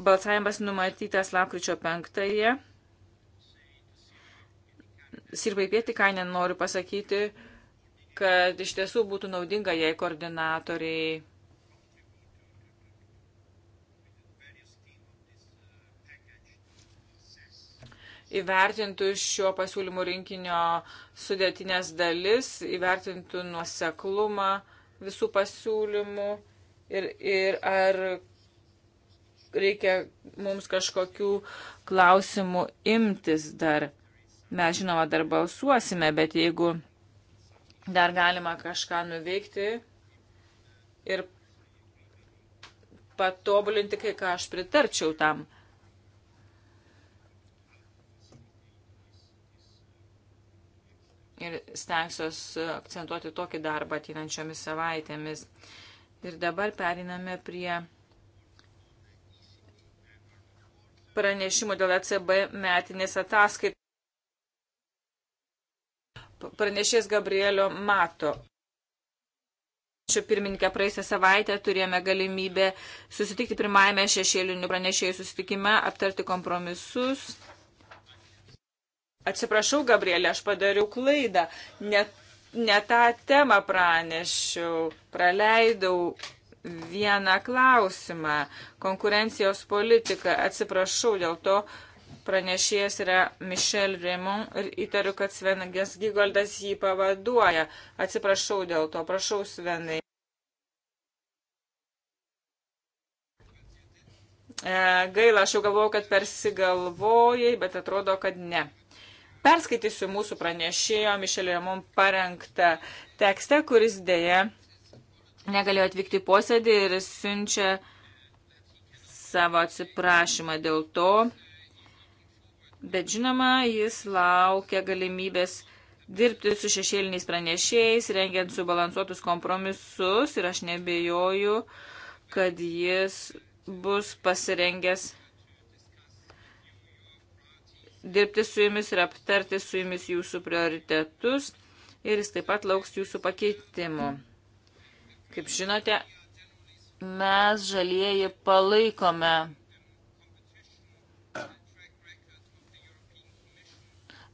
Balsavimas numatytas lakryčio penktąją. Sirvai Pietikainen noriu pasakyti, kad iš tiesų būtų naudinga, jei koordinatoriai įvertintų šio pasiūlymų rinkinio sudėtinės dalis, įvertintų nuoseklumą visų pasiūlymų ir, ir ar reikia mums kažkokių klausimų imtis dar. Mes žinoma dar balsuosime, bet jeigu dar galima kažką nuveikti ir patobulinti, kai ką aš pritarčiau tam. Ir stengsiuos akcentuoti tokį darbą ateinančiomis savaitėmis. Ir dabar periname prie pranešimo dėl ECB metinės ataskaitos pranešės Gabrielio Mato. Ačiū pirmininkė, praeisę savaitę turėjome galimybę susitikti pirmajame šešėlinių pranešėjų susitikime, aptarti kompromisus. Atsiprašau, Gabrielė, aš padariau klaidą. Ne, ne tą temą pranešiau, praleidau vieną klausimą. Konkurencijos politika. Atsiprašau dėl to, uh, pranešėjas yra Michel Raymond ir įtariu, kad Svenagas Gigoldas jį pavaduoja. Atsiprašau dėl to, prašau Svenai. E, gaila, aš jau galvojau, kad persigalvojai, bet atrodo, kad ne. Perskaitysiu mūsų pranešėjo Mišelio Ramon parengtą tekstą, kuris dėja negalėjo atvykti į posėdį ir siunčia savo atsiprašymą dėl to bet žinoma, jis laukia galimybės dirbti su šešėliniais pranešėjais, rengiant subalansuotus kompromisus ir aš nebejoju, kad jis bus pasirengęs dirbti su jumis ir aptarti su jumis jūsų prioritetus ir jis taip pat lauks jūsų pakeitimų. Kaip žinote, mes žalieji palaikome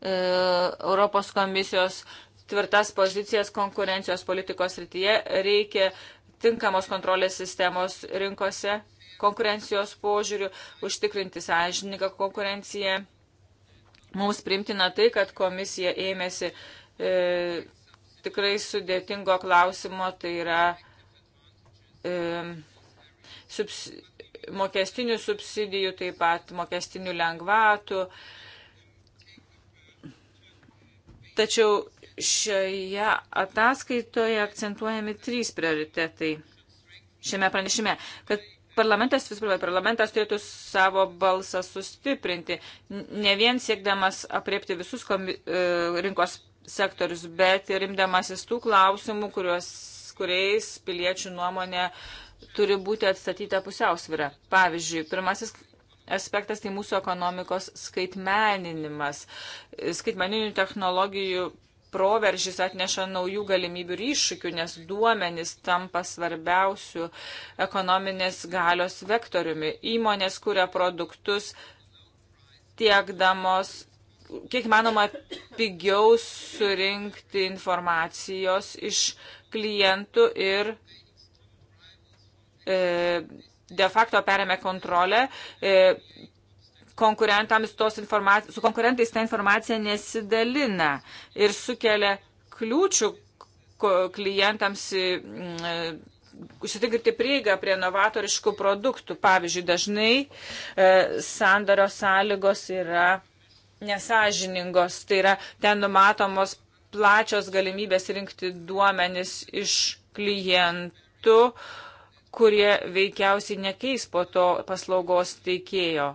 E, Europos komisijos tvirtas pozicijas konkurencijos politikos rytyje, reikia tinkamos kontrolės sistemos rinkose, konkurencijos požiūrių, užtikrinti sąžininką konkurenciją. Mums primtina tai, kad komisija ėmėsi e, tikrai sudėtingo klausimo, tai yra e, subs, mokestinių subsidijų, taip pat mokestinių lengvatų. E, Tačiau šioje ataskaitoje akcentuojami trys prioritetai šiame pranešime, kad parlamentas, visų pirma, parlamentas turėtų savo balsą sustiprinti, ne vien siekdamas apriepti visus komi, e, rinkos sektorius, bet ir imdamasis tų klausimų, kuriuos, kuriais piliečių nuomonė turi būti atstatyta pusiausvyrą. Pavyzdžiui, pirmasis aspektas tai mūsų ekonomikos skaitmeninimas. Skaitmeninių technologijų proveržis atneša naujų galimybių ir iššūkių, nes duomenys tampa svarbiausių ekonominės galios vektoriumi. Įmonės kuria produktus tiekdamos, kiek manoma, pigiau surinkti informacijos iš klientų ir e, de facto perėmė kontrolę. E, konkurentams tos informacijos, su konkurentais tą informaciją nesidalina ir sukelia kliūčių klientams e, e, užsitikrinti prieigą prie novatoriškų produktų. Pavyzdžiui, dažnai e, sandario sąlygos yra nesažiningos, tai yra ten numatomos plačios galimybės rinkti duomenis iš klientų, kurie veikiausiai nekeis po to paslaugos teikėjo.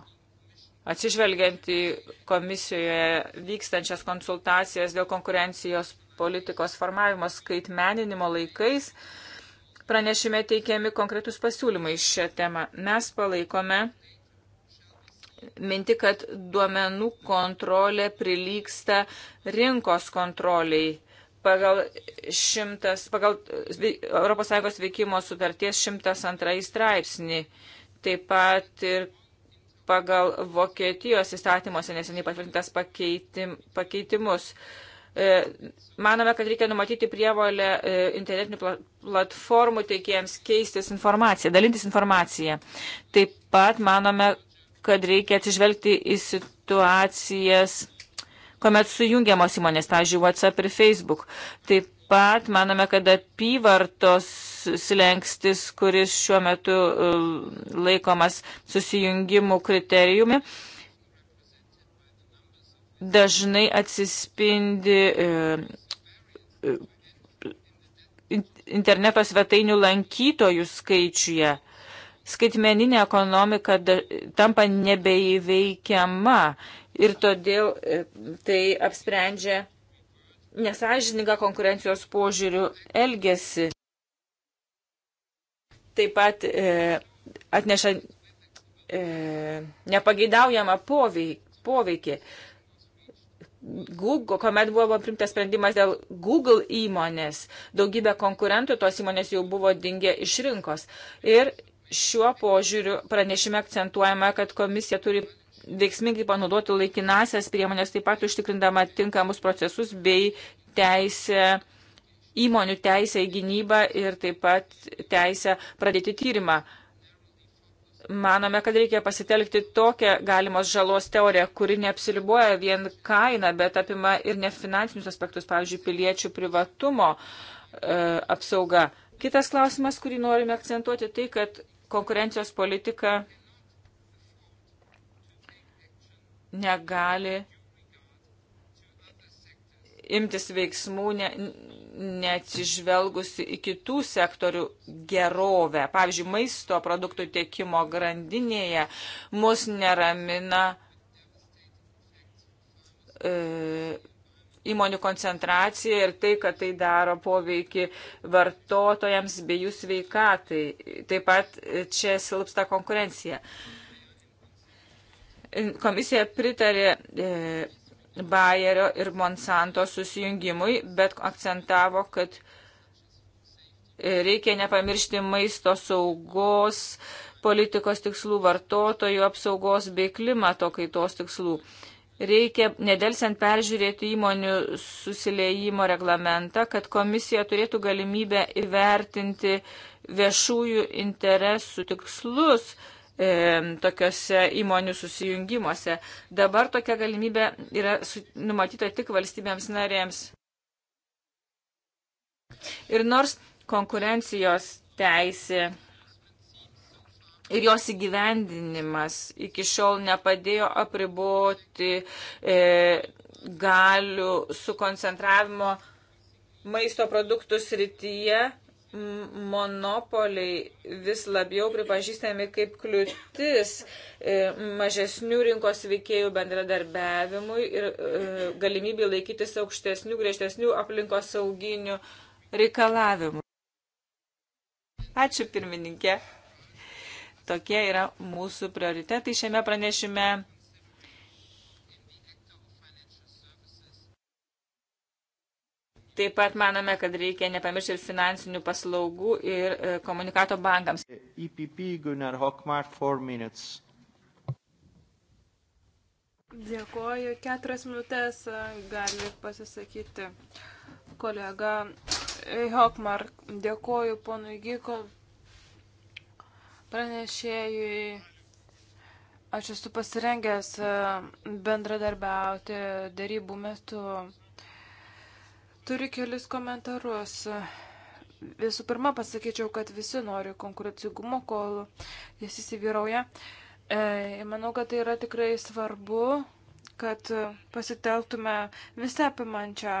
Atsižvelgiant į komisijoje vykstančias konsultacijas dėl konkurencijos politikos formavimo skaitmeninimo laikais, pranešime teikiami konkretus pasiūlymai šią temą. Mes palaikome minti, kad duomenų kontrolė prilyksta rinkos kontroliai pagal, šimtas, pagal ES veikimo sutarties 102 straipsnį, taip pat ir pagal Vokietijos įstatymuose neseniai patvirtintas pakeitim, pakeitimus. E, manome, kad reikia numatyti prievolę e, internetinių platformų teikėjams keistis informaciją, dalintis informaciją. Taip pat manome, kad reikia atsižvelgti į situacijas kuomet sujungiamos įmonės, pavyzdžiui, WhatsApp ir Facebook. Taip pat manome, kad apyvartos slengstis, kuris šiuo metu e, laikomas susijungimų kriterijumi, dažnai atsispindi e, e, interneto svetainių lankytojų skaičiuje. Skaitmeninė ekonomika tampa nebeįveikiama ir todėl e, tai apsprendžia nesažininką konkurencijos požiūrių elgesį. Taip pat e, atneša e, nepageidaujamą poveikį. Google, kuomet buvo primtas sprendimas dėl Google įmonės, daugybė konkurentų tos įmonės jau buvo dingę iš rinkos. Ir šiuo požiūriu pranešime akcentuojama, kad komisija turi veiksmingai panaudoti laikinasias priemonės, taip pat užtikrindama tinkamus procesus bei teisę, įmonių teisę į gynybą ir taip pat teisę pradėti tyrimą. Manome, kad reikia pasitelkti tokią galimos žalos teoriją, kuri neapsiriboja vien kainą, bet apima ir nefinansinius aspektus, pavyzdžiui, piliečių privatumo e, apsauga. Kitas klausimas, kurį norime akcentuoti, tai, kad konkurencijos politika negali imtis veiksmų ne, neatsižvelgusi į kitų sektorių gerovę. Pavyzdžiui, maisto produktų tiekimo grandinėje mus neramina e, įmonių koncentracija ir tai, kad tai daro poveikį vartotojams bei jų sveikatai. Taip pat e, čia silpsta konkurencija. E, Komisija pritarė e, Bayerio ir Monsanto susijungimui, bet akcentavo, kad e, reikia nepamiršti maisto saugos, politikos tikslų, vartotojų apsaugos bei klimato kaitos tikslų. Reikia nedelsiant peržiūrėti įmonių susiliejimo reglamentą, kad komisija turėtų galimybę įvertinti viešųjų interesų tikslus e, tokiuose įmonių susijungimuose. Dabar tokia galimybė yra su, numatyta tik valstybėms narėms. Ir nors konkurencijos teisė ir jos įgyvendinimas iki šiol nepadėjo apriboti e, galių sukoncentravimo maisto produktų srityje, monopoliai vis labiau pripažįstami kaip kliūtis e, mažesnių rinkos veikėjų bendradarbiavimui ir e, galimybė laikytis aukštesnių, griežtesnių aplinkos sauginių reikalavimų. Ačiū pirmininkė. Tokie yra mūsų prioritetai šiame pranešime. Taip pat manome, kad reikia nepamiršti ir finansinių paslaugų ir e, komunikato bankams. EPP Gunnar Hockmar, 4 minutes. Dėkuoju, keturias minutės e, gali pasisakyti kolega e, Hockmar. Dėkuoju ponui Gyko pranešėjui. Aš esu pasirengęs bendradarbiauti darybų metu. Turiu kelis komentarus. Visų pirma, pasakyčiau, kad visi nori konkurencingumo, kol jis įsivyrauja. E, manau, kad tai yra tikrai svarbu, kad pasiteltume visą apimančią,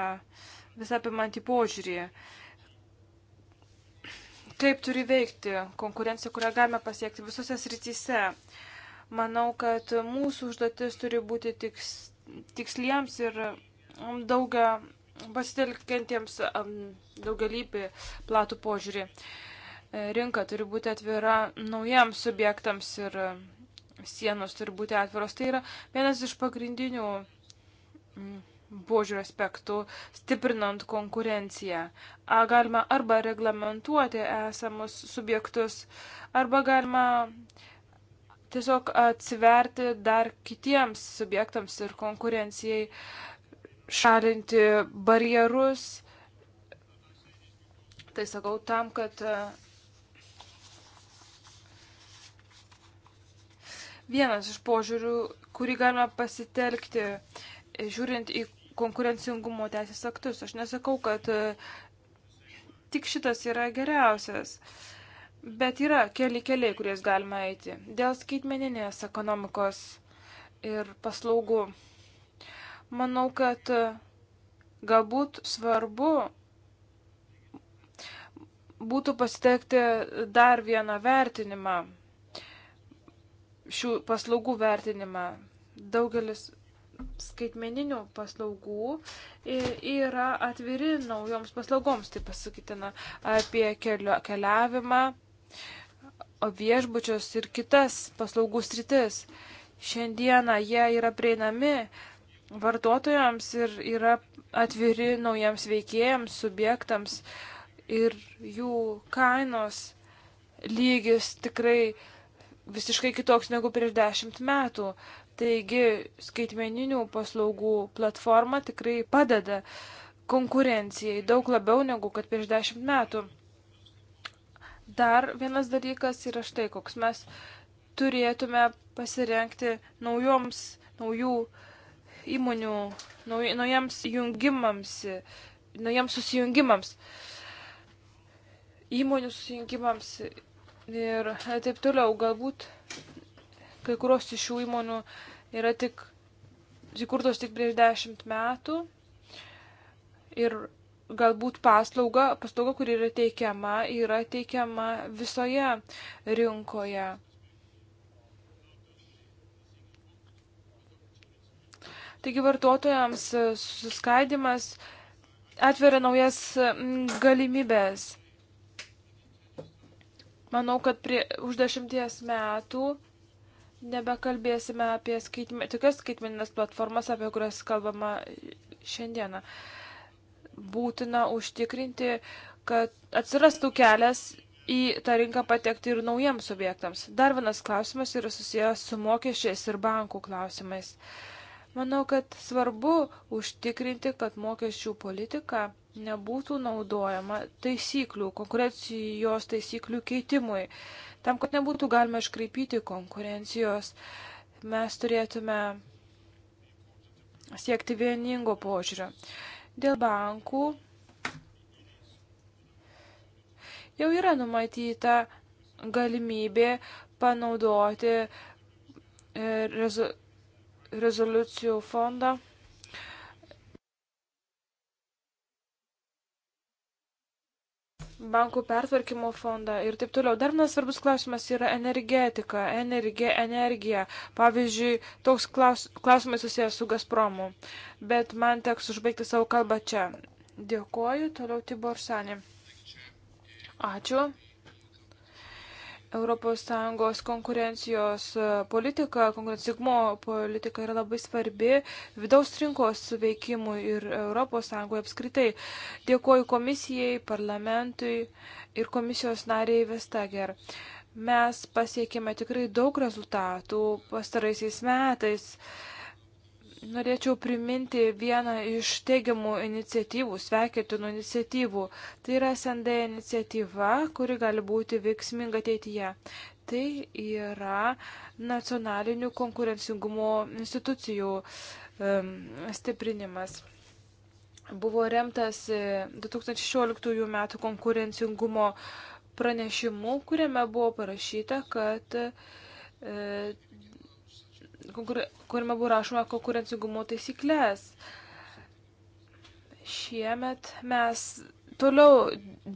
visą apimantį požiūrį. Kaip turi veikti konkurencija, kurią galime pasiekti visose srityse. Manau, kad mūsų užduotis turi būti tiks, tiksliems ir daugia pasitelkiantiems daugelįpį platų požiūrį. E, rinka turi būti atvira naujiems subjektams ir e, sienos turi būti atviros. Tai yra vienas iš pagrindinių požiūrio aspektų, stiprinant konkurenciją. A, galima arba reglamentuoti esamus subjektus, arba galima tiesiog atsiverti dar kitiems subjektams ir konkurencijai. Uh, šalinti barjerus. Tai sakau tam, kad e, vienas iš požiūrių, kurį galime pasitelkti, e, žiūrint į konkurencingumo teisės aktus. Aš nesakau, kad e, tik šitas yra geriausias, bet yra keli keliai, kuriais galima eiti. Dėl skaitmeninės ekonomikos ir paslaugų Manau, kad e, galbūt svarbu būtų pasitekti dar vieną vertinimą, šių paslaugų vertinimą. Daugelis skaitmeninių paslaugų yra atviri naujoms paslaugoms, tai pasakytina apie kelio, keliavimą, viešbučius ir kitas paslaugų sritis. Šiandieną jie yra prieinami vartotojams ir yra atviri naujiems veikėjams, subjektams ir jų kainos lygis tikrai visiškai kitoks negu prieš dešimt metų. Taigi skaitmeninių paslaugų platforma tikrai padeda konkurencijai daug labiau negu kad prieš dešimt metų. Dar vienas dalykas yra štai koks mes turėtume pasirenkti naujoms, naujų uh, įmonių nauj, naujams jungimams, naujams susijungimams, įmonių susijungimams ir taip toliau. Galbūt kai kurios iš šių įmonių yra tik, įkurtos tik prieš dešimt metų ir galbūt paslauga, paslauga, kuri yra teikiama, yra teikiama visoje rinkoje. Taigi vartotojams e, suskaidimas atveria naujas galimybės. Manau, kad prie, už dešimties metų nebekalbėsime apie skaitmen, tokias skaitmeninės platformas, apie kurias kalbama šiandieną. Būtina užtikrinti, kad atsirastų kelias į tą rinką patekti ir naujiems subjektams. Dar vienas klausimas yra susijęs su mokesčiais ir bankų klausimais. Uh, Manau, kad svarbu užtikrinti, kad mokesčių politika nebūtų naudojama taisyklių, konkurencijos taisyklių keitimui. Tam, kad nebūtų galima iškreipyti konkurencijos, mes turėtume siekti vieningo požiūrio. Dėl bankų jau yra numatyta galimybė panaudoti e, rezoliucijų fondą. bankų pertvarkymo fondą ir taip toliau. Dar vienas svarbus klausimas yra energetika, energija, energija. Pavyzdžiui, toks klaus, klausimas susijęs su Gazpromu. Bet man teks užbaigti savo kalbą čia. Dėkuoju, toliau Tibor Sanė. Ačiū. ES konkurencijos e, politika, konkurencingumo politika yra labai svarbi vidaus rinkos veikimui ir ES apskritai. Dėkuoju komisijai, parlamentui ir komisijos nariai Vestager mes pasiekėme tikrai daug rezultatų pastaraisiais metais. Norėčiau priminti vieną iš teigiamų iniciatyvų, sveikintinų iniciatyvų. Tai yra SND iniciatyva, kuri gali būti veiksminga ateityje. Tai yra nacionalinių konkurencingumo institucijų um, stiprinimas buvo remtas 2016 e, m. konkurencingumo pranešimu, kuriame buvo parašyta, kad e, kuriame buvo rašoma konkurencingumo taisyklės. Šiemet mes toliau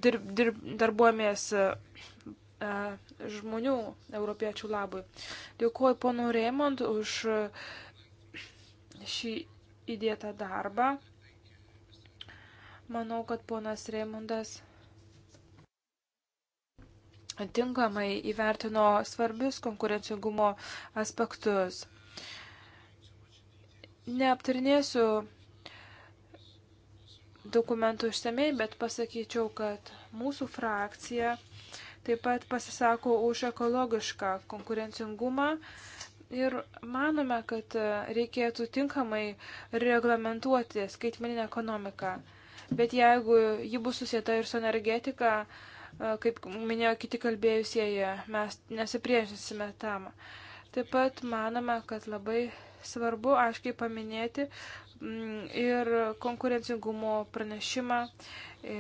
dirb, dirb, darbuomės e, žmonių europiečių labui. Dėkuoju ponu Reimond už šį įdėtą darbą. Manau, kad ponas Reimondas tinkamai įvertino svarbius konkurencingumo aspektus. Neaptarinėsiu dokumentų išsamei, bet pasakyčiau, kad mūsų frakcija taip pat pasisako už ekologišką konkurencingumą ir manome, kad reikėtų tinkamai reglamentuoti skaitmeninę ekonomiką. Bet jeigu ji bus susieta ir su energetika, kaip minėjo kiti kalbėjusieji, mes nesipriešinsime tam. Taip pat manome, kad labai svarbu aiškiai paminėti mm, ir konkurencingumo pranešimą, e,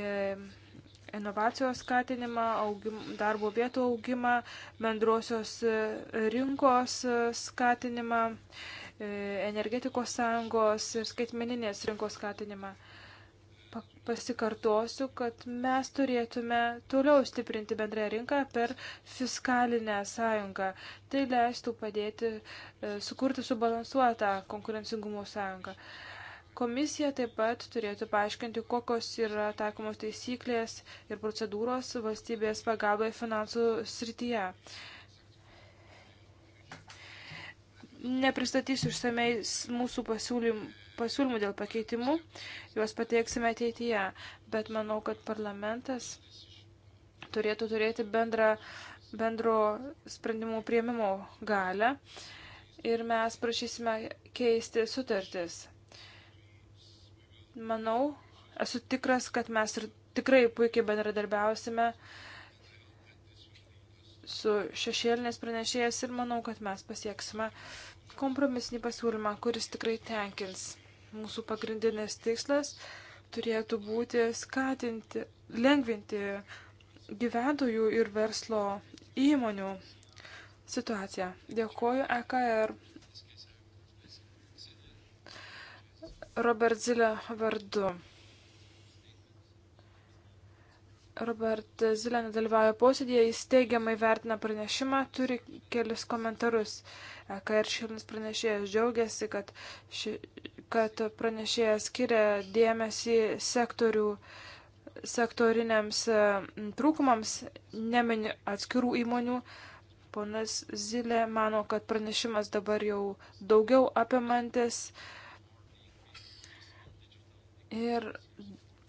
inovacijos skatinimą, augim, darbo vietų augimą, bendrosios e, rinkos e, skatinimą energetikos sąjungos ir skaitmeninės rinkos skatinimą pasikartosiu, kad mes turėtume toliau stiprinti bendrąją rinką per fiskalinę sąjungą. Tai leistų padėti e, sukurti subalansuotą konkurencingumo sąjungą. Komisija taip pat turėtų paaiškinti, kokios yra taikomos taisyklės ir procedūros valstybės pagalbai finansų srityje. Nepristatysiu išsamei mūsų pasiūlymų pasiūlymų dėl pakeitimų, juos pateiksime ateityje, bet manau, kad parlamentas turėtų turėti bendrą, bendro sprendimų prieimimo galę ir mes prašysime keisti sutartis. Manau, esu tikras, kad mes ir tikrai puikiai bendradarbiausime su šešėlinės pranešėjas ir manau, kad mes pasieksime kompromisinį pasiūlymą, kuris tikrai tenkins Mūsų pagrindinis tikslas turėtų būti skatinti, lengvinti gyventojų ir verslo įmonių situaciją. Dėkuoju EKR. Robert Zilė vardu. Robert Zilė nedalyvauja posėdėje, jis teigiamai vertina pranešimą, turi kelis komentarus. E KR Šilnis pranešėjas džiaugiasi, kad, ši, kad pranešėjas skiria dėmesį sektorių, sektoriniams e, trūkumams, nemini atskirų įmonių. Ponas Zilė mano, kad pranešimas dabar jau daugiau apimantis. Ir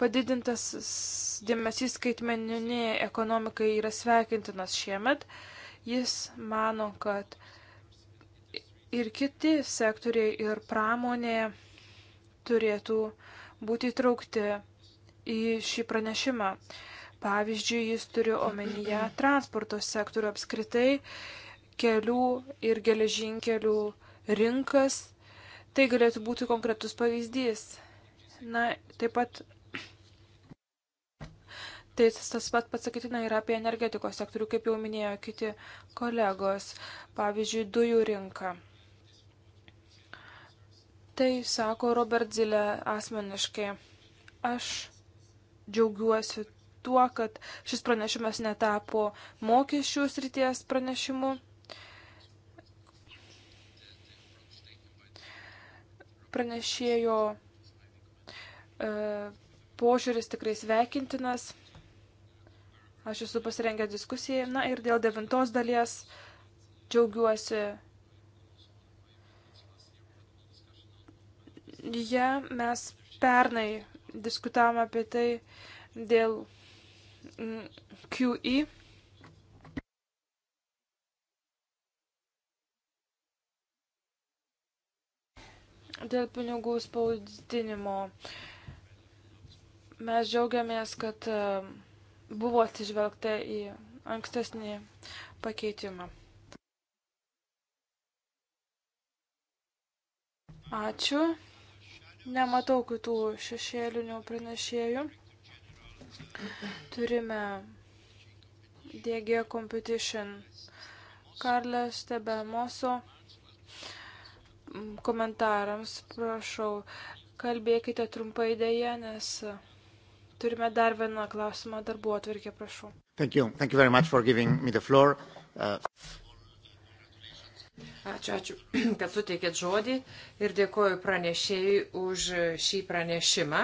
Padidintas dėmesys skaitmeniniai ekonomikai yra sveikintinas šiemet. Jis mano, kad ir kiti sektoriai ir pramonė turėtų būti įtraukti į šį pranešimą. Pavyzdžiui, jis turi omenyje transporto sektorių apskritai, kelių ir geležinkelių rinkas. Tai galėtų būti konkretus pavyzdys. Na, taip pat Tai tas pat pasakytina yra apie energetikos sektorių, kaip jau minėjo kiti kolegos, pavyzdžiui, dujų rinką. Tai sako Robert Zilė asmeniškai. Aš džiaugiuosi tuo, kad šis pranešimas netapo mokesčių srities pranešimu. Pranešėjo e, požiūris tikrai sveikintinas. Aš esu pasirengęs diskusijai. Na ir dėl devintos dalies džiaugiuosi. Ja, mes pernai diskutavome apie tai dėl mm, QE. Dėl pinigų spausdinimo. Mes džiaugiamės, kad uh, buvo atsižvelgta į ankstesnį pakeitimą. Ačiū. Nematau kitų šešėlinių pranešėjų. Turime DG Competition Karlės Tebemoso komentarams. Prašau, kalbėkite trumpai dėje, nes Turime dar vieną klausimą darbu atvirkė, prašau. Thank you. Thank you very much for giving me the floor. Uh... Ačiū, ačiū, kad suteikėt žodį ir dėkoju pranešėjai už šį pranešimą.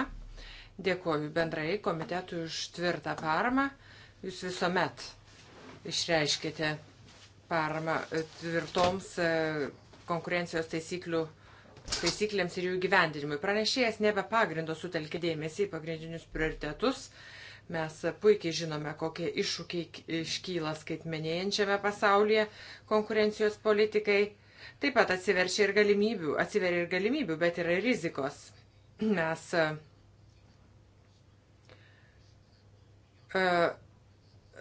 Dėkoju bendrai komitetui už tvirtą paramą. Jūs visuomet išreiškite paramą tvirtoms uh, konkurencijos taisyklių taisyklėms ir jų gyvendinimui. Pranešėjas nebe pagrindo sutelkė dėmesį į pagrindinius prioritetus. Mes puikiai žinome, kokie iššūkiai iškyla skaitmenėjančiame pasaulyje konkurencijos politikai. Taip pat atsiverčia ir galimybių, atsiveria ir galimybių, bet yra ir rizikos. Mes uh,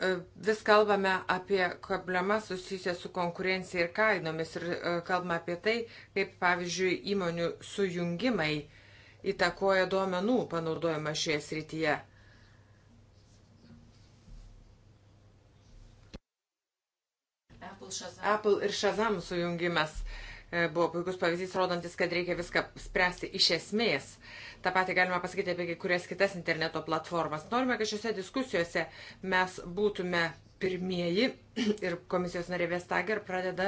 E, vis kalbame apie problemas susijusias su konkurencija ir kainomis ir e, kalbame apie tai, kaip pavyzdžiui įmonių sujungimai įtakoja duomenų panaudojimą šioje srityje. Apple, Shazam. Apple ir Shazam sujungimas e, buvo puikus pavyzdys, rodantis, kad reikia viską spręsti iš esmės. Uh, Ta patį galima pasakyti apie kai kurias kitas interneto platformas. Norime, kad šiuose diskusijose mes būtume pirmieji ir komisijos narė Vestager pradeda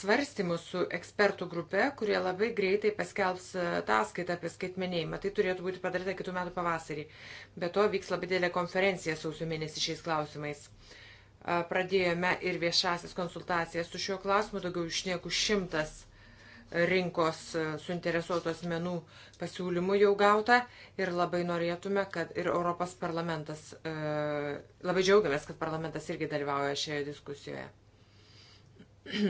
svarstymus su ekspertų grupe, kurie labai greitai paskelbs e, ataskaitą apie skaitmenėjimą. Tai turėtų būti padaryta kitų metų pavasarį. Be to vyks labai didelė konferencija sausio mėnesį šiais klausimais. E, pradėjome ir viešasis konsultacijas su šiuo klausimu, daugiau iš nieku šimtas rinkos e, suinteresuotos menų pasiūlymų jau gauta ir labai norėtume, kad ir Europos parlamentas, e, labai džiaugiamės, kad parlamentas irgi dalyvauja šioje diskusijoje.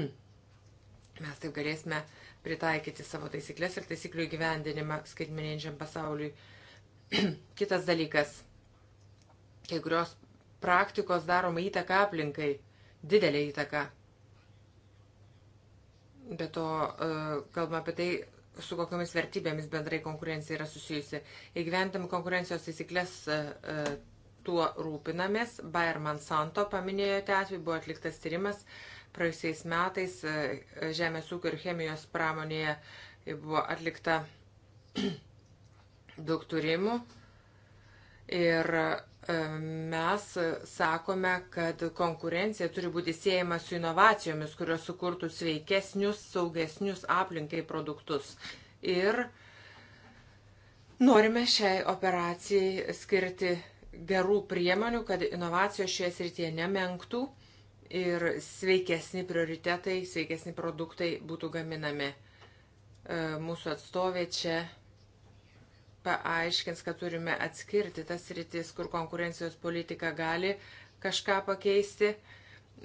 Mes taip galėsime pritaikyti savo taisyklės ir taisyklių įgyvendinimą skaitmeninčiam pasauliui. Kitas dalykas, kai kurios praktikos daroma įtaka aplinkai, didelė įtaka Be to, e, kalbame apie tai, su kokiamis vertybėmis bendrai konkurencija yra susijusi. Įgyventami konkurencijos taisyklės e, e, tuo rūpinamės. Bayer Monsanto paminėjote atveju, buvo atliktas tyrimas. Praėjusiais metais žemės ūkio ir chemijos pramonėje buvo atlikta daug tyrimų. Ir E, mes sakome, kad konkurencija turi būti siejama su inovacijomis, kurios sukurtų sveikesnius, saugesnius aplinkai produktus. Ir norime šiai operacijai skirti gerų priemonių, kad inovacijos šioje srityje nemenktų ir sveikesni prioritetai, sveikesni produktai būtų gaminami. E, mūsų atstovė čia paaiškins, kad turime atskirti tas rytis, kur konkurencijos politika gali kažką pakeisti,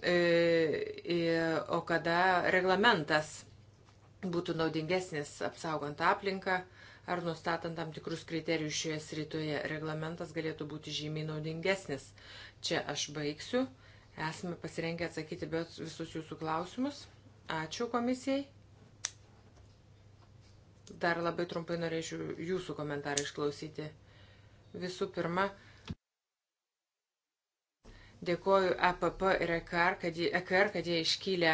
e, o kada reglamentas būtų naudingesnis apsaugant aplinką ar nustatant tam tikrus kriterijus šioje srityje. Reglamentas galėtų būti žymiai naudingesnis. Čia aš baigsiu. Esame pasirengę atsakyti bet visus jūsų klausimus. Ačiū komisijai. Dar labai trumpai norėčiau jūsų komentarą išklausyti. Visų pirma, dėkoju APP e ir EKR, kad jie, EKR, kad jie iškylė,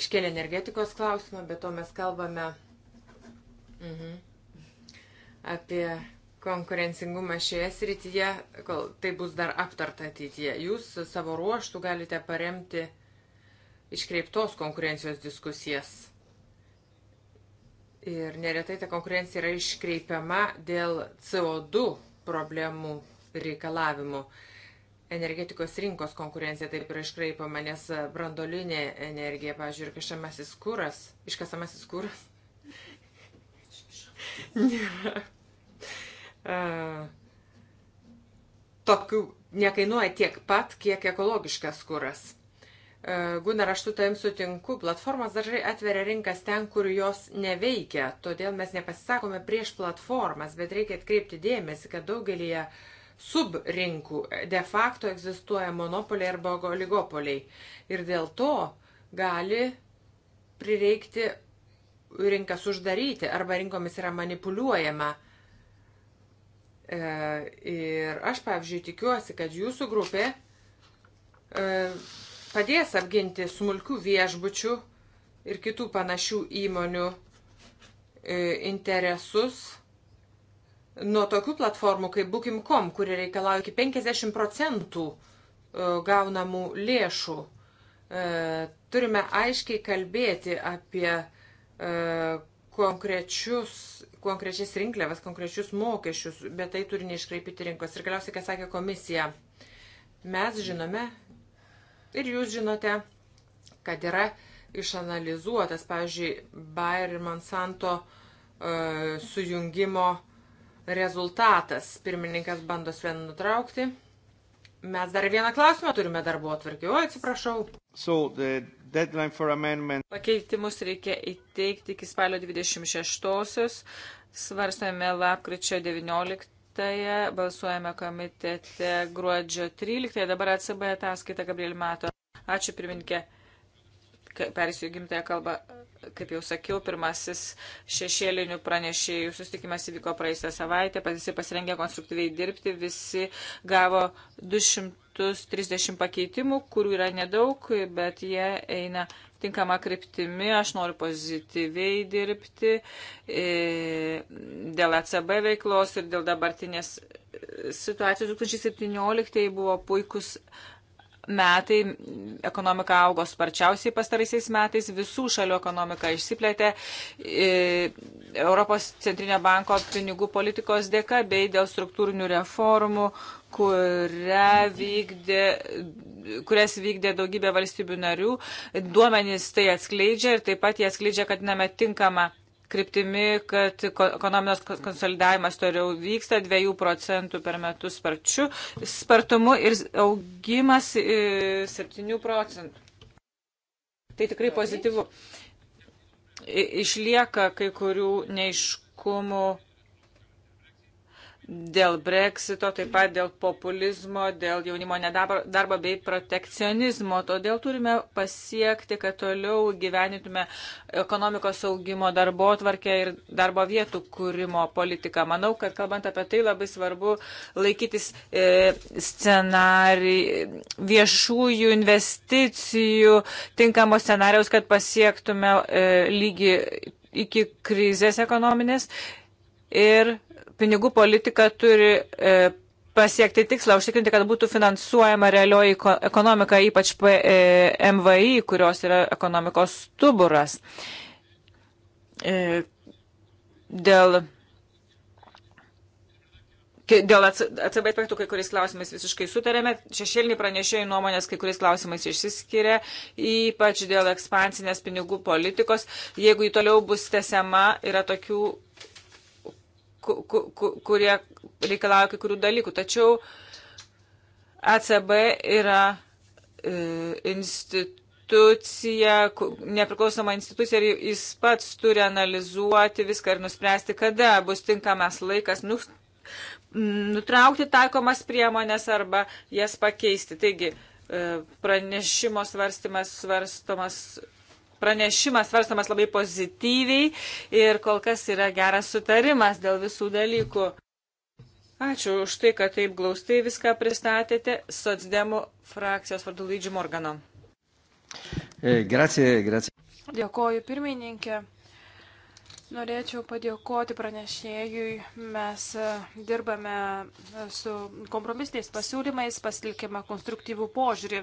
iškėlė energetikos klausimą, bet to mes kalbame mhm, apie konkurencingumą šioje srityje, kol tai bus dar aptarta ateityje. Jūs savo ruoštų galite paremti iškreiptos konkurencijos diskusijas Ir neretai ta konkurencija yra iškreipiama dėl CO2 problemų reikalavimų. Energetikos rinkos konkurencija taip yra iškreipama, nes brandolinė energija, pavyzdžiui, ir kažamasis kuras, iškasamasis kuras. Tokių nekainuoja tiek pat, kiek ekologiškas kuras. E, Gunar, aš su tavim sutinku, platformos dažnai atveria rinkas ten, kur jos neveikia, todėl mes nepasisakome prieš platformas, bet reikia atkreipti dėmesį, kad daugelį subrinkų de facto egzistuoja monopoliai arba oligopoliai. Ir dėl to gali prireikti rinkas uždaryti arba rinkomis yra manipuliuojama. E, ir aš, pavyzdžiui, tikiuosi, kad jūsų grupė e, padės apginti smulkių viešbučių ir kitų panašių įmonių e, interesus nuo tokių platformų kaip Booking.com, kuri reikalauja iki 50 procentų e, gaunamų lėšų. E, turime aiškiai kalbėti apie konkrečius, konkrečias rinkliavas, konkrečius mokesčius, bet tai turi neiškraipyti rinkos. Ir galiausiai, ką sakė komisija, mes žinome Ir jūs žinote, kad yra išanalizuotas, pavyzdžiui, Bayer ir Monsanto e, sujungimo rezultatas. Pirmininkas bando Sven nutraukti. Mes dar vieną klausimą turime darbo atvarkį. O, atsiprašau. So Pakeitimus reikia įteikti iki spalio 26-osios. Svarstame lapkričio 19 13, balsuojame komitete gruodžio 13, dabar ACB ataskaita Gabriel Mato. Ačiū pirminkė, perėsiu į gimtąją kalbą. Kaip jau sakiau, pirmasis šešėlinių pranešėjų susitikimas įvyko praeisę savaitę, visi pasirengė konstruktyviai dirbti, visi gavo 230 pakeitimų, kurių yra nedaug, bet jie eina tinkama kryptimi, aš noriu pozityviai dirbti e, dėl ECB veiklos ir dėl dabartinės e, situacijos. 2017 buvo puikus metai, ekonomika augo sparčiausiai pastaraisiais metais, visų šalių ekonomika išsiplėtė e, Europos centrinio banko pinigų politikos dėka bei dėl struktūrinių reformų, kurią vykdė, kurias vykdė daugybė valstybių narių. Duomenys tai atskleidžia ir taip pat jie atskleidžia, kad name tinkama kryptimi, kad ekonominės konsolidavimas toliau vyksta 2 procentų per metus sparčiu spartumu ir augimas 7 e, procentų. Tai tikrai pozityvu. Išlieka kai kurių neiškumų dėl breksito, taip pat dėl populizmo, dėl jaunimo nedarbo darbo bei protekcionizmo. Todėl turime pasiekti, kad toliau gyvenytume ekonomikos augimo darbo atvarkę ir darbo vietų kūrimo politiką. Manau, kad kalbant apie tai labai svarbu laikytis e, scenarijų, viešųjų investicijų, tinkamo scenarijaus, kad pasiektume e, lygį iki krizės ekonominės. Ir pinigų politika turi e, pasiekti tikslą, užtikrinti, kad būtų finansuojama realioji ekonomika, ypač e, MVI, kurios yra ekonomikos stuburas. E, dėl, dėl ACB aspektų kai kuriais klausimais visiškai sutarėme, šešėliniai pranešėjai nuomonės kai kuriais klausimais išsiskiria, ypač dėl ekspansinės pinigų politikos. Jeigu jį toliau bus tesiama, yra tokių kurie reikalauja kai kurių dalykų. Tačiau ECB yra e, institucija, nepriklausoma institucija ir jis pats turi analizuoti viską ir nuspręsti, kada bus tinkamas laikas nutraukti taikomas priemonės arba jas pakeisti. Taigi, e, pranešimo svarstymas svarstomas pranešimas svarstamas labai pozityviai ir kol kas yra geras sutarimas dėl visų dalykų. Ačiū už tai, kad taip glaustai viską pristatėte. Sotsdemų frakcijos vardu Lydžių Morgano. E, grazie, grazie. Dėkoju pirmininkė. Norėčiau padėkoti pranešėjui. Mes e, dirbame e, su kompromisiniais pasiūlymais, pasilikime konstruktyvų požiūrį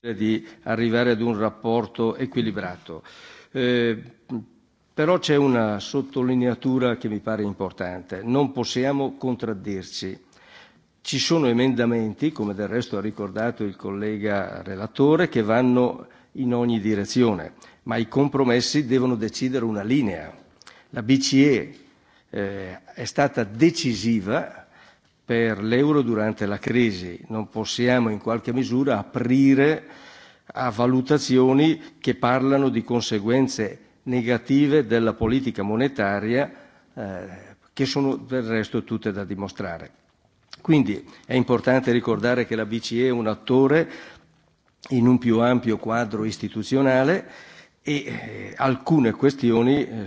di arrivare ad un rapporto equilibrato. Eh, però c'è una sottolineatura che mi pare importante. Non possiamo contraddirci. Ci sono emendamenti, come del resto ha ricordato il collega relatore, che vanno in ogni direzione, ma i compromessi devono decidere una linea. La BCE eh, è stata decisiva per l'euro durante la crisi, non possiamo in qualche misura aprire a valutazioni che parlano di conseguenze negative della politica monetaria, eh, che sono del resto tutte da dimostrare. Quindi è importante ricordare che la BCE è un attore in un più ampio quadro istituzionale e eh, alcune questioni eh,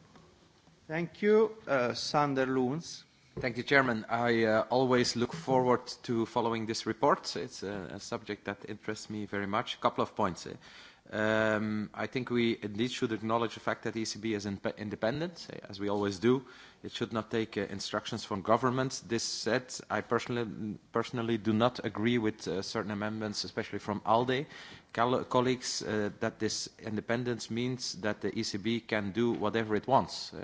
Thank you, uh, Sander Loons. Thank you, Chairman. I uh, always look forward to following this report. It's a, a subject that interests me very much. A couple of points. Eh? Um, I think we indeed should acknowledge the fact that the ECB is in independent, as we always do. It should not take uh, instructions from governments. This said, I personally, personally do not agree with uh, certain amendments, especially from ALDE Col colleagues, uh, that this independence means that the ECB can do whatever it wants. Uh,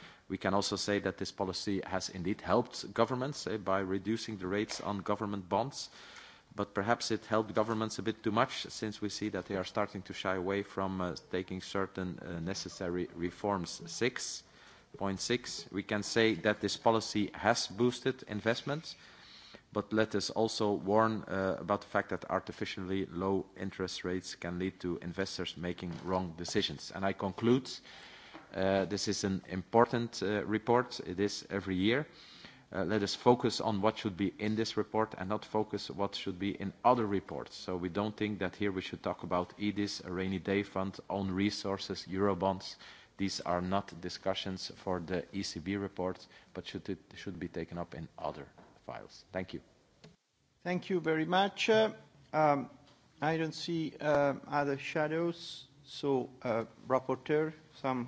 We can also say that this policy has indeed helped governments eh, by reducing the rates on government bonds, but perhaps it helped governments a bit too much since we see that they are starting to shy away from uh, taking certain uh, necessary reforms. Six, point six, we can say that this policy has boosted investments, but let us also warn uh, about the fact that artificially low interest rates can lead to investors making wrong decisions. And I conclude uh, Uh, this is an important uh, report. It is every year. Uh, let us focus on what should be in this report and not focus what should be in other reports. So we don't think that here we should talk about EDIS, a rainy day fund, own resources, Eurobonds. These are not discussions for the ECB report, but should, it, should be taken up in other files. Thank you. Thank you very much. Uh, um, I don't see uh, other shadows, so uh, rapporteur, some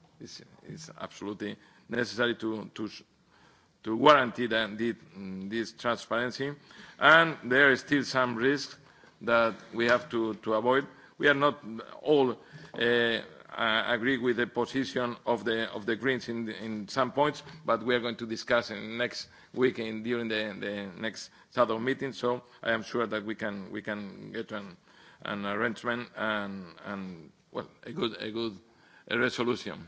is, is absolutely necessary to, to, to guarantee that the, this transparency. And there is still some risks that we have to, to avoid. We are not all uh, uh, agree with the position of the, of the Greens in, in some points, but we are going to discuss in next week in, during the, the next SADC meeting. So I am sure that we can, we can get an, an arrangement and, and well, a good, a good a resolution.